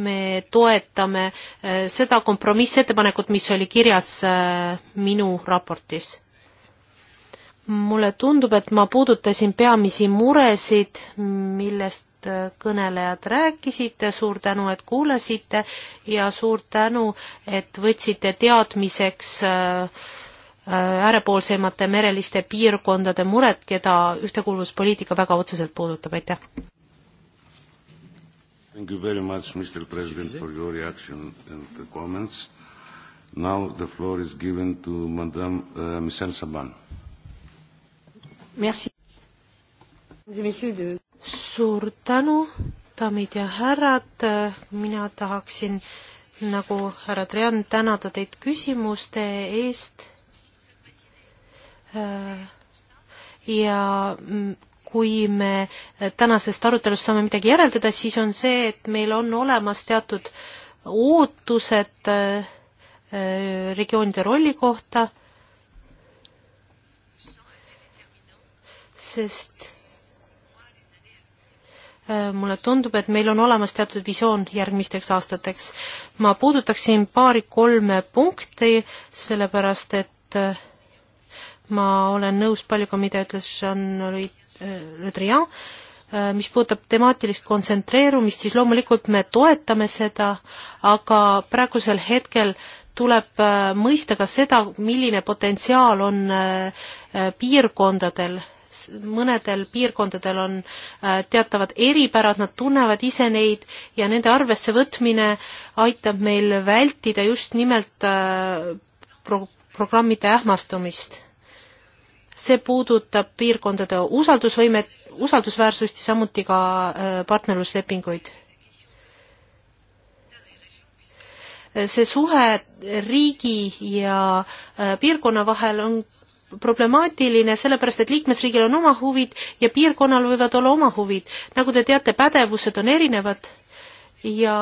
me toetame äh, seda kompromissettepanekut, mis oli kirjas äh, minu raportis mulle tundub, et ma puudutasin peamisi muresid, millest äh, kõnelejad rääkisite, suur tänu, et kuulasite ja suur tänu, et võtsite teadmiseks äh, äh, äärepoolsemate mereliste piirkondade mured, keda ühtekuuluvuspoliitika väga otseselt puudutab, aitäh!
Thank you very much, Mr President, for your reaction and comments. Now the floor is given to Madame
uh, Michelle Saban suur tänu, daamid ja härrad, mina tahaksin nagu härra Trian tänada teid küsimuste eest äh, ja kui me tänasest arutelust saame midagi järeldada, siis on see, et meil on olemas teatud ootused äh, äh, regioonide rolli kohta sest äh, mulle tundub, et meil on olemas teatud visioon järgmisteks aastateks. ma puudutaksin paari-kolme punkti, sellepärast et äh, ma olen nõus paljuga, mida ütles Jean-Louis äh, Le Drian, mis puudutab temaatilist kontsentreerumist, siis loomulikult me toetame seda, aga praegusel hetkel tuleb mõista ka seda, milline potentsiaal on piirkondadel mõnedel piirkondadel on äh, teatavad eripärad, nad tunnevad ise neid ja nende arvesse võtmine aitab meil vältida just nimelt äh, pro-, programmide ähmastumist. see puudutab piirkondade usaldusvõimet, usaldusväärsust ja samuti ka äh, partnerluslepinguid see suhe riigi ja piirkonna vahel on problemaatiline, sellepärast et liikmesriigil on oma huvid ja piirkonnal võivad olla oma huvid. nagu te teate, pädevused on erinevad ja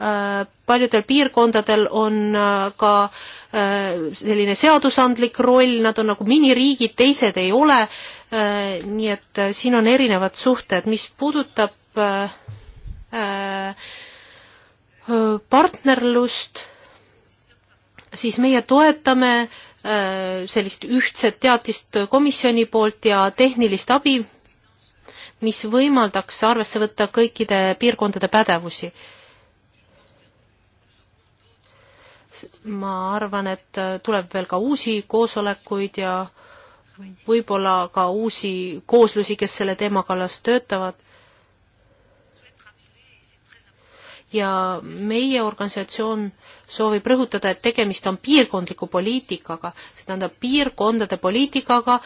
äh, paljudel piirkondadel on äh, ka äh, selline seadusandlik roll, nad on nagu miniriigid, teised ei ole, äh, nii et äh, siin on erinevad suhted, mis puudutab äh, partnerlust, siis meie toetame äh, Äh, sellist ühtset teatist komisjoni poolt ja tehnilist abi, mis võimaldaks arvesse võtta kõikide piirkondade pädevusi. ma arvan, et tuleb veel ka uusi koosolekuid ja võib-olla ka uusi kooslusi, kes selle teema kallas töötavad ja meie organisatsioon soovib rõhutada, et tegemist on piirkondliku poliitikaga, see tähendab piirkondade poliitikaga,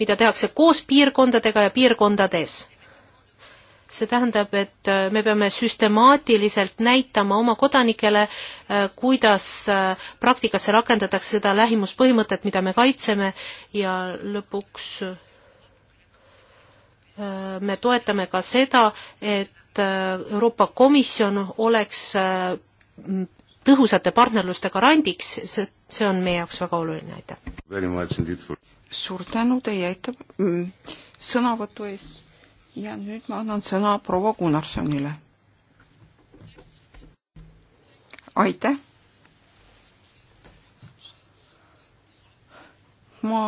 mida tehakse koos piirkondadega ja piirkondades. see tähendab, et äh, me peame süstemaatiliselt näitama oma kodanikele, äh, kuidas äh, praktikasse rakendatakse seda lähimuspõhimõtet, mida me kaitseme ja lõpuks me toetame ka seda, et Euroopa Komisjon oleks tõhusate partnerluste garandiks, see, see on meie jaoks väga oluline,
aitäh!
suur tänu teie ette-, mm, sõnavõtu eest
ja nüüd ma annan sõna proua Gunnarsonile. aitäh! ma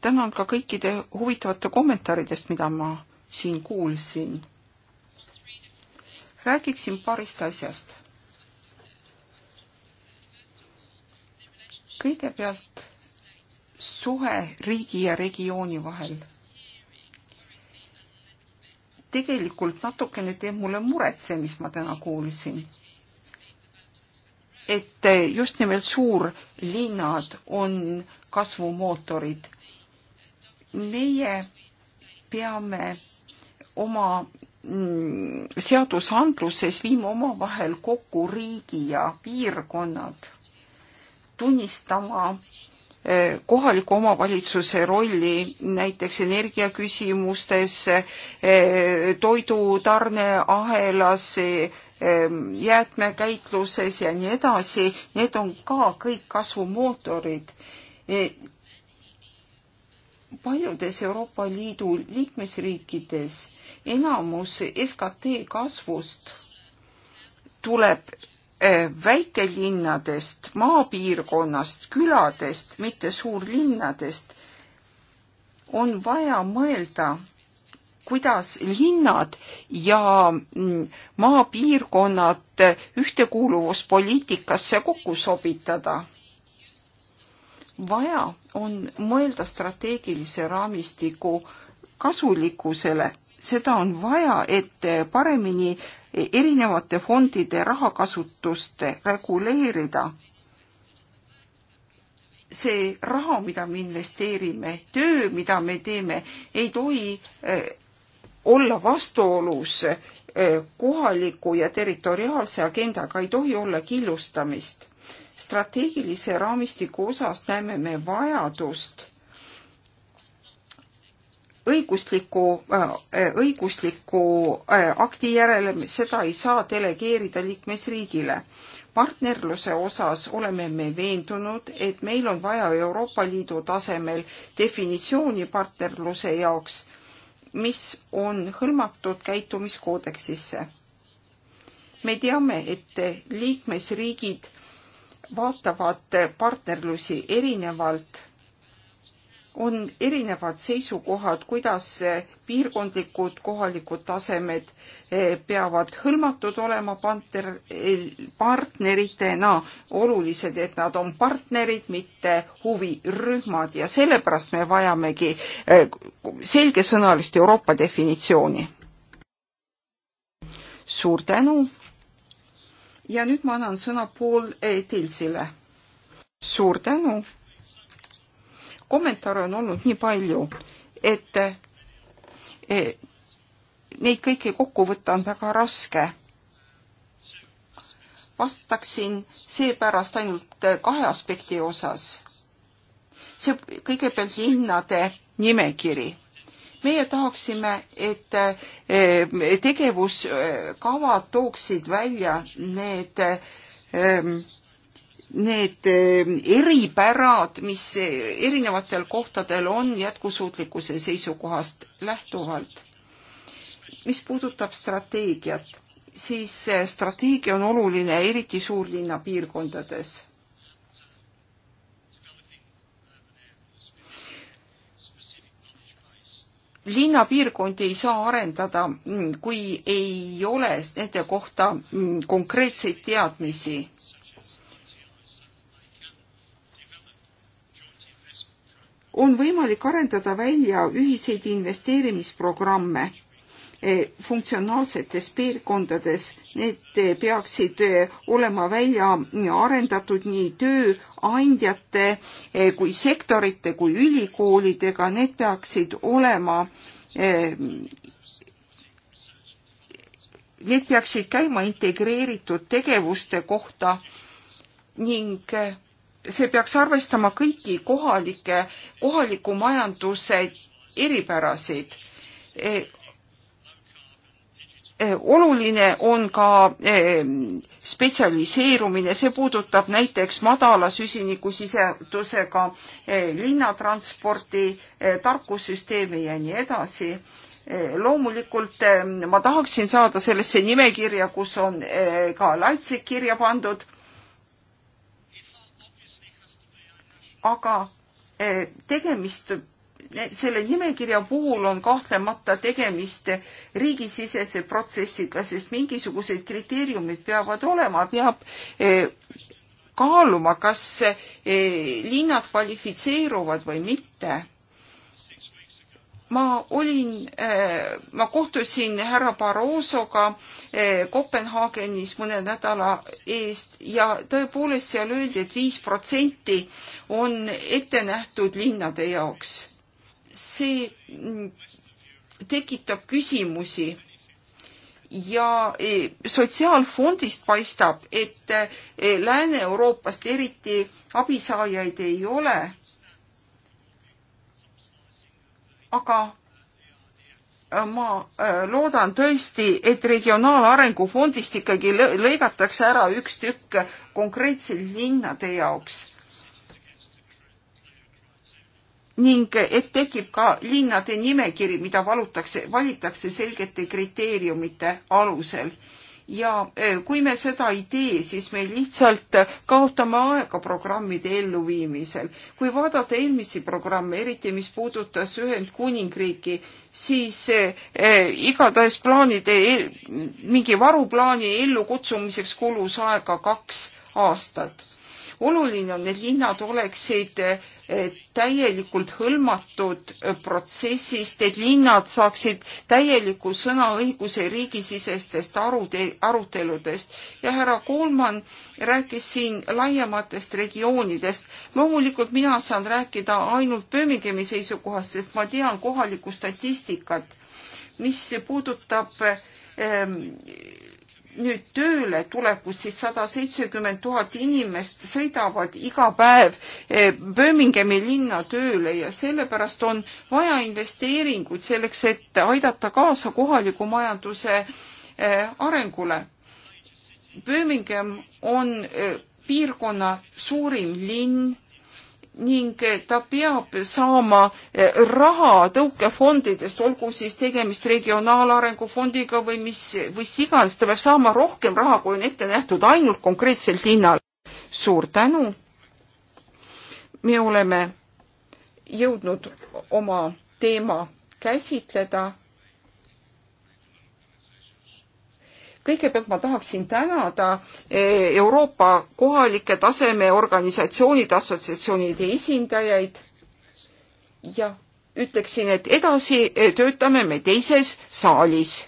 tänan ka kõikide huvitavate kommentaaridest, mida ma siin kuulsin. räägiksin paarist asjast kõigepealt suhe riigi ja regiooni vahel. tegelikult natukene teeb mulle muret see, mis ma täna kuulsin. et just nimelt suurlinnad on kasvumootorid. meie peame oma mm, seadusandluses viima omavahel kokku riigi ja piirkonnad tunnistama eh, kohaliku omavalitsuse rolli näiteks energiaküsimustes, eh, toidutarneahelas, eh, jäätmekäitluses ja nii edasi, need on ka kõik kasvumootorid. paljudes Euroopa Liidu liikmesriikides enamus SKT kasvust tuleb Eh, väikelinnadest, maapiirkonnast, küladest, mitte suurlinnadest, on vaja mõelda, kuidas linnad ja mm, maapiirkonnad ühtekuuluvuspoliitikasse kokku sobitada. vaja on mõelda strateegilise raamistiku kasulikkusele, seda on vaja, et paremini erinevate fondide rahakasutust reguleerida. see raha, mida me investeerime, töö, mida me teeme, ei tohi eh, olla vastuolus eh, kohaliku ja territoriaalse agendaga, ei tohi olla killustamist. strateegilise raamistiku osas näeme me vajadust õigusliku, äh, õigusliku äh, akti järele, seda ei saa delegeerida liikmesriigile. partnerluse osas oleme me veendunud, et meil on vaja Euroopa Liidu tasemel definitsiooni partnerluse jaoks, mis on hõlmatud käitumiskoodeksisse. me teame, et liikmesriigid vaatavad partnerlusi erinevalt on erinevad seisukohad, kuidas piirkondlikud kohalikud tasemed eh, peavad hõlmatud olema panter, eh, partneritena. olulised, et nad on partnerid, mitte huvirühmad ja sellepärast me vajamegi eh, selgesõnalist Euroopa definitsiooni. suur tänu. ja nüüd ma annan sõna Paul Tilsile. suur tänu kommentaare on olnud nii palju, et e, neid kõiki kokku võtta on väga raske. vastaksin seepärast ainult kahe aspekti osas. see kõigepealt linnade nimekiri meie tahaksime, et e, tegevuskavad tooksid välja need e, need eh, eripärad, mis erinevatel kohtadel on jätkusuutlikkuse seisukohast lähtuvalt. mis puudutab strateegiat, siis eh, strateegia on oluline eriti suurlinna piirkondades. linnapiirkondi ei saa arendada, mm, kui ei ole nende kohta mm, konkreetseid teadmisi on võimalik arendada välja ühiseid investeerimisprogramme eh, funktsionaalsetes piirkondades, need eh, peaksid eh, olema välja mm, arendatud nii tööandjate kui sektorite kui ülikoolidega, need peaksid olema Need peaksid käima integreeritud tegevuste kohta ning see peaks arvestama kõiki kohalike, kohaliku majanduse eripärasid. E, e, oluline on ka e, spetsialiseerumine, see puudutab näiteks madala süsinikusisaldusega linnatransporti, tarkussüsteemi ja nii edasi loomulikult ma tahaksin saada sellesse nimekirja, kus on ka Leipzig kirja pandud aga eh, tegemist, eh, selle nimekirja puhul on kahtlemata tegemist riigisisese protsessiga, sest mingisugused kriteeriumid peavad olema, peab eh, kaaluma, kas linnad kvalifitseeruvad või mitte ma olin, äh, ma kohtusin härra Barrosoga äh, Kopenhaagenis mõne nädala eest ja tõepoolest seal öeldi, et viis protsenti on ette nähtud linnade jaoks. see mm, tekitab küsimusi ja äh, sotsiaalfondist paistab, et Lääne-Euroopast eriti abisaajaid ei ole aga äh, ma äh, loodan tõesti, et Regionaalarengu fondist ikkagi lõigatakse ära üks tükk konkreetselt linnade jaoks. ning et tekib ka linnade nimekiri, mida valutakse, valitakse selgete kriteeriumite alusel ja eh, kui me seda ei tee, siis me lihtsalt eh, kaotame aega programmide elluviimisel. kui vaadata eelmisi programme, eriti mis puudutas Ühendkuningriiki, siis eh, igatahes plaanide, mingi varuplaani ellukutsumiseks kulus aega kaks aastat oluline on, et linnad oleksid eh, täielikult hõlmatud eh, protsessist, et linnad saaksid täieliku sõnaõiguse riigisisestest aruteludest ja härra Koolman rääkis siin laiematest regioonidest. loomulikult mina saan rääkida ainult Birminghami seisukohast, sest ma tean kohalikku statistikat, mis puudutab ähm, nüüd tööle tulekus, siis sada seitsekümmend tuhat inimest sõidavad iga päev eh, Birminghami linna tööle ja sellepärast on vaja investeeringuid selleks, et aidata kaasa kohaliku majanduse eh, arengule. Birmingham on eh, piirkonna suurim linn ning ta peab saama eh, raha tõukefondidest, olgu siis tegemist regionaalarengu fondiga või mis, mis iganes, ta peab saama rohkem raha, kui on ette nähtud ainult konkreetsel linnal. suur tänu. me oleme jõudnud oma teema käsitleda kõigepealt ma tahaksin tänada eh, Euroopa kohalike taseme organisatsioonid, assotsiatsioonide esindajaid ja ütleksin, et edasi eh, töötame me teises saalis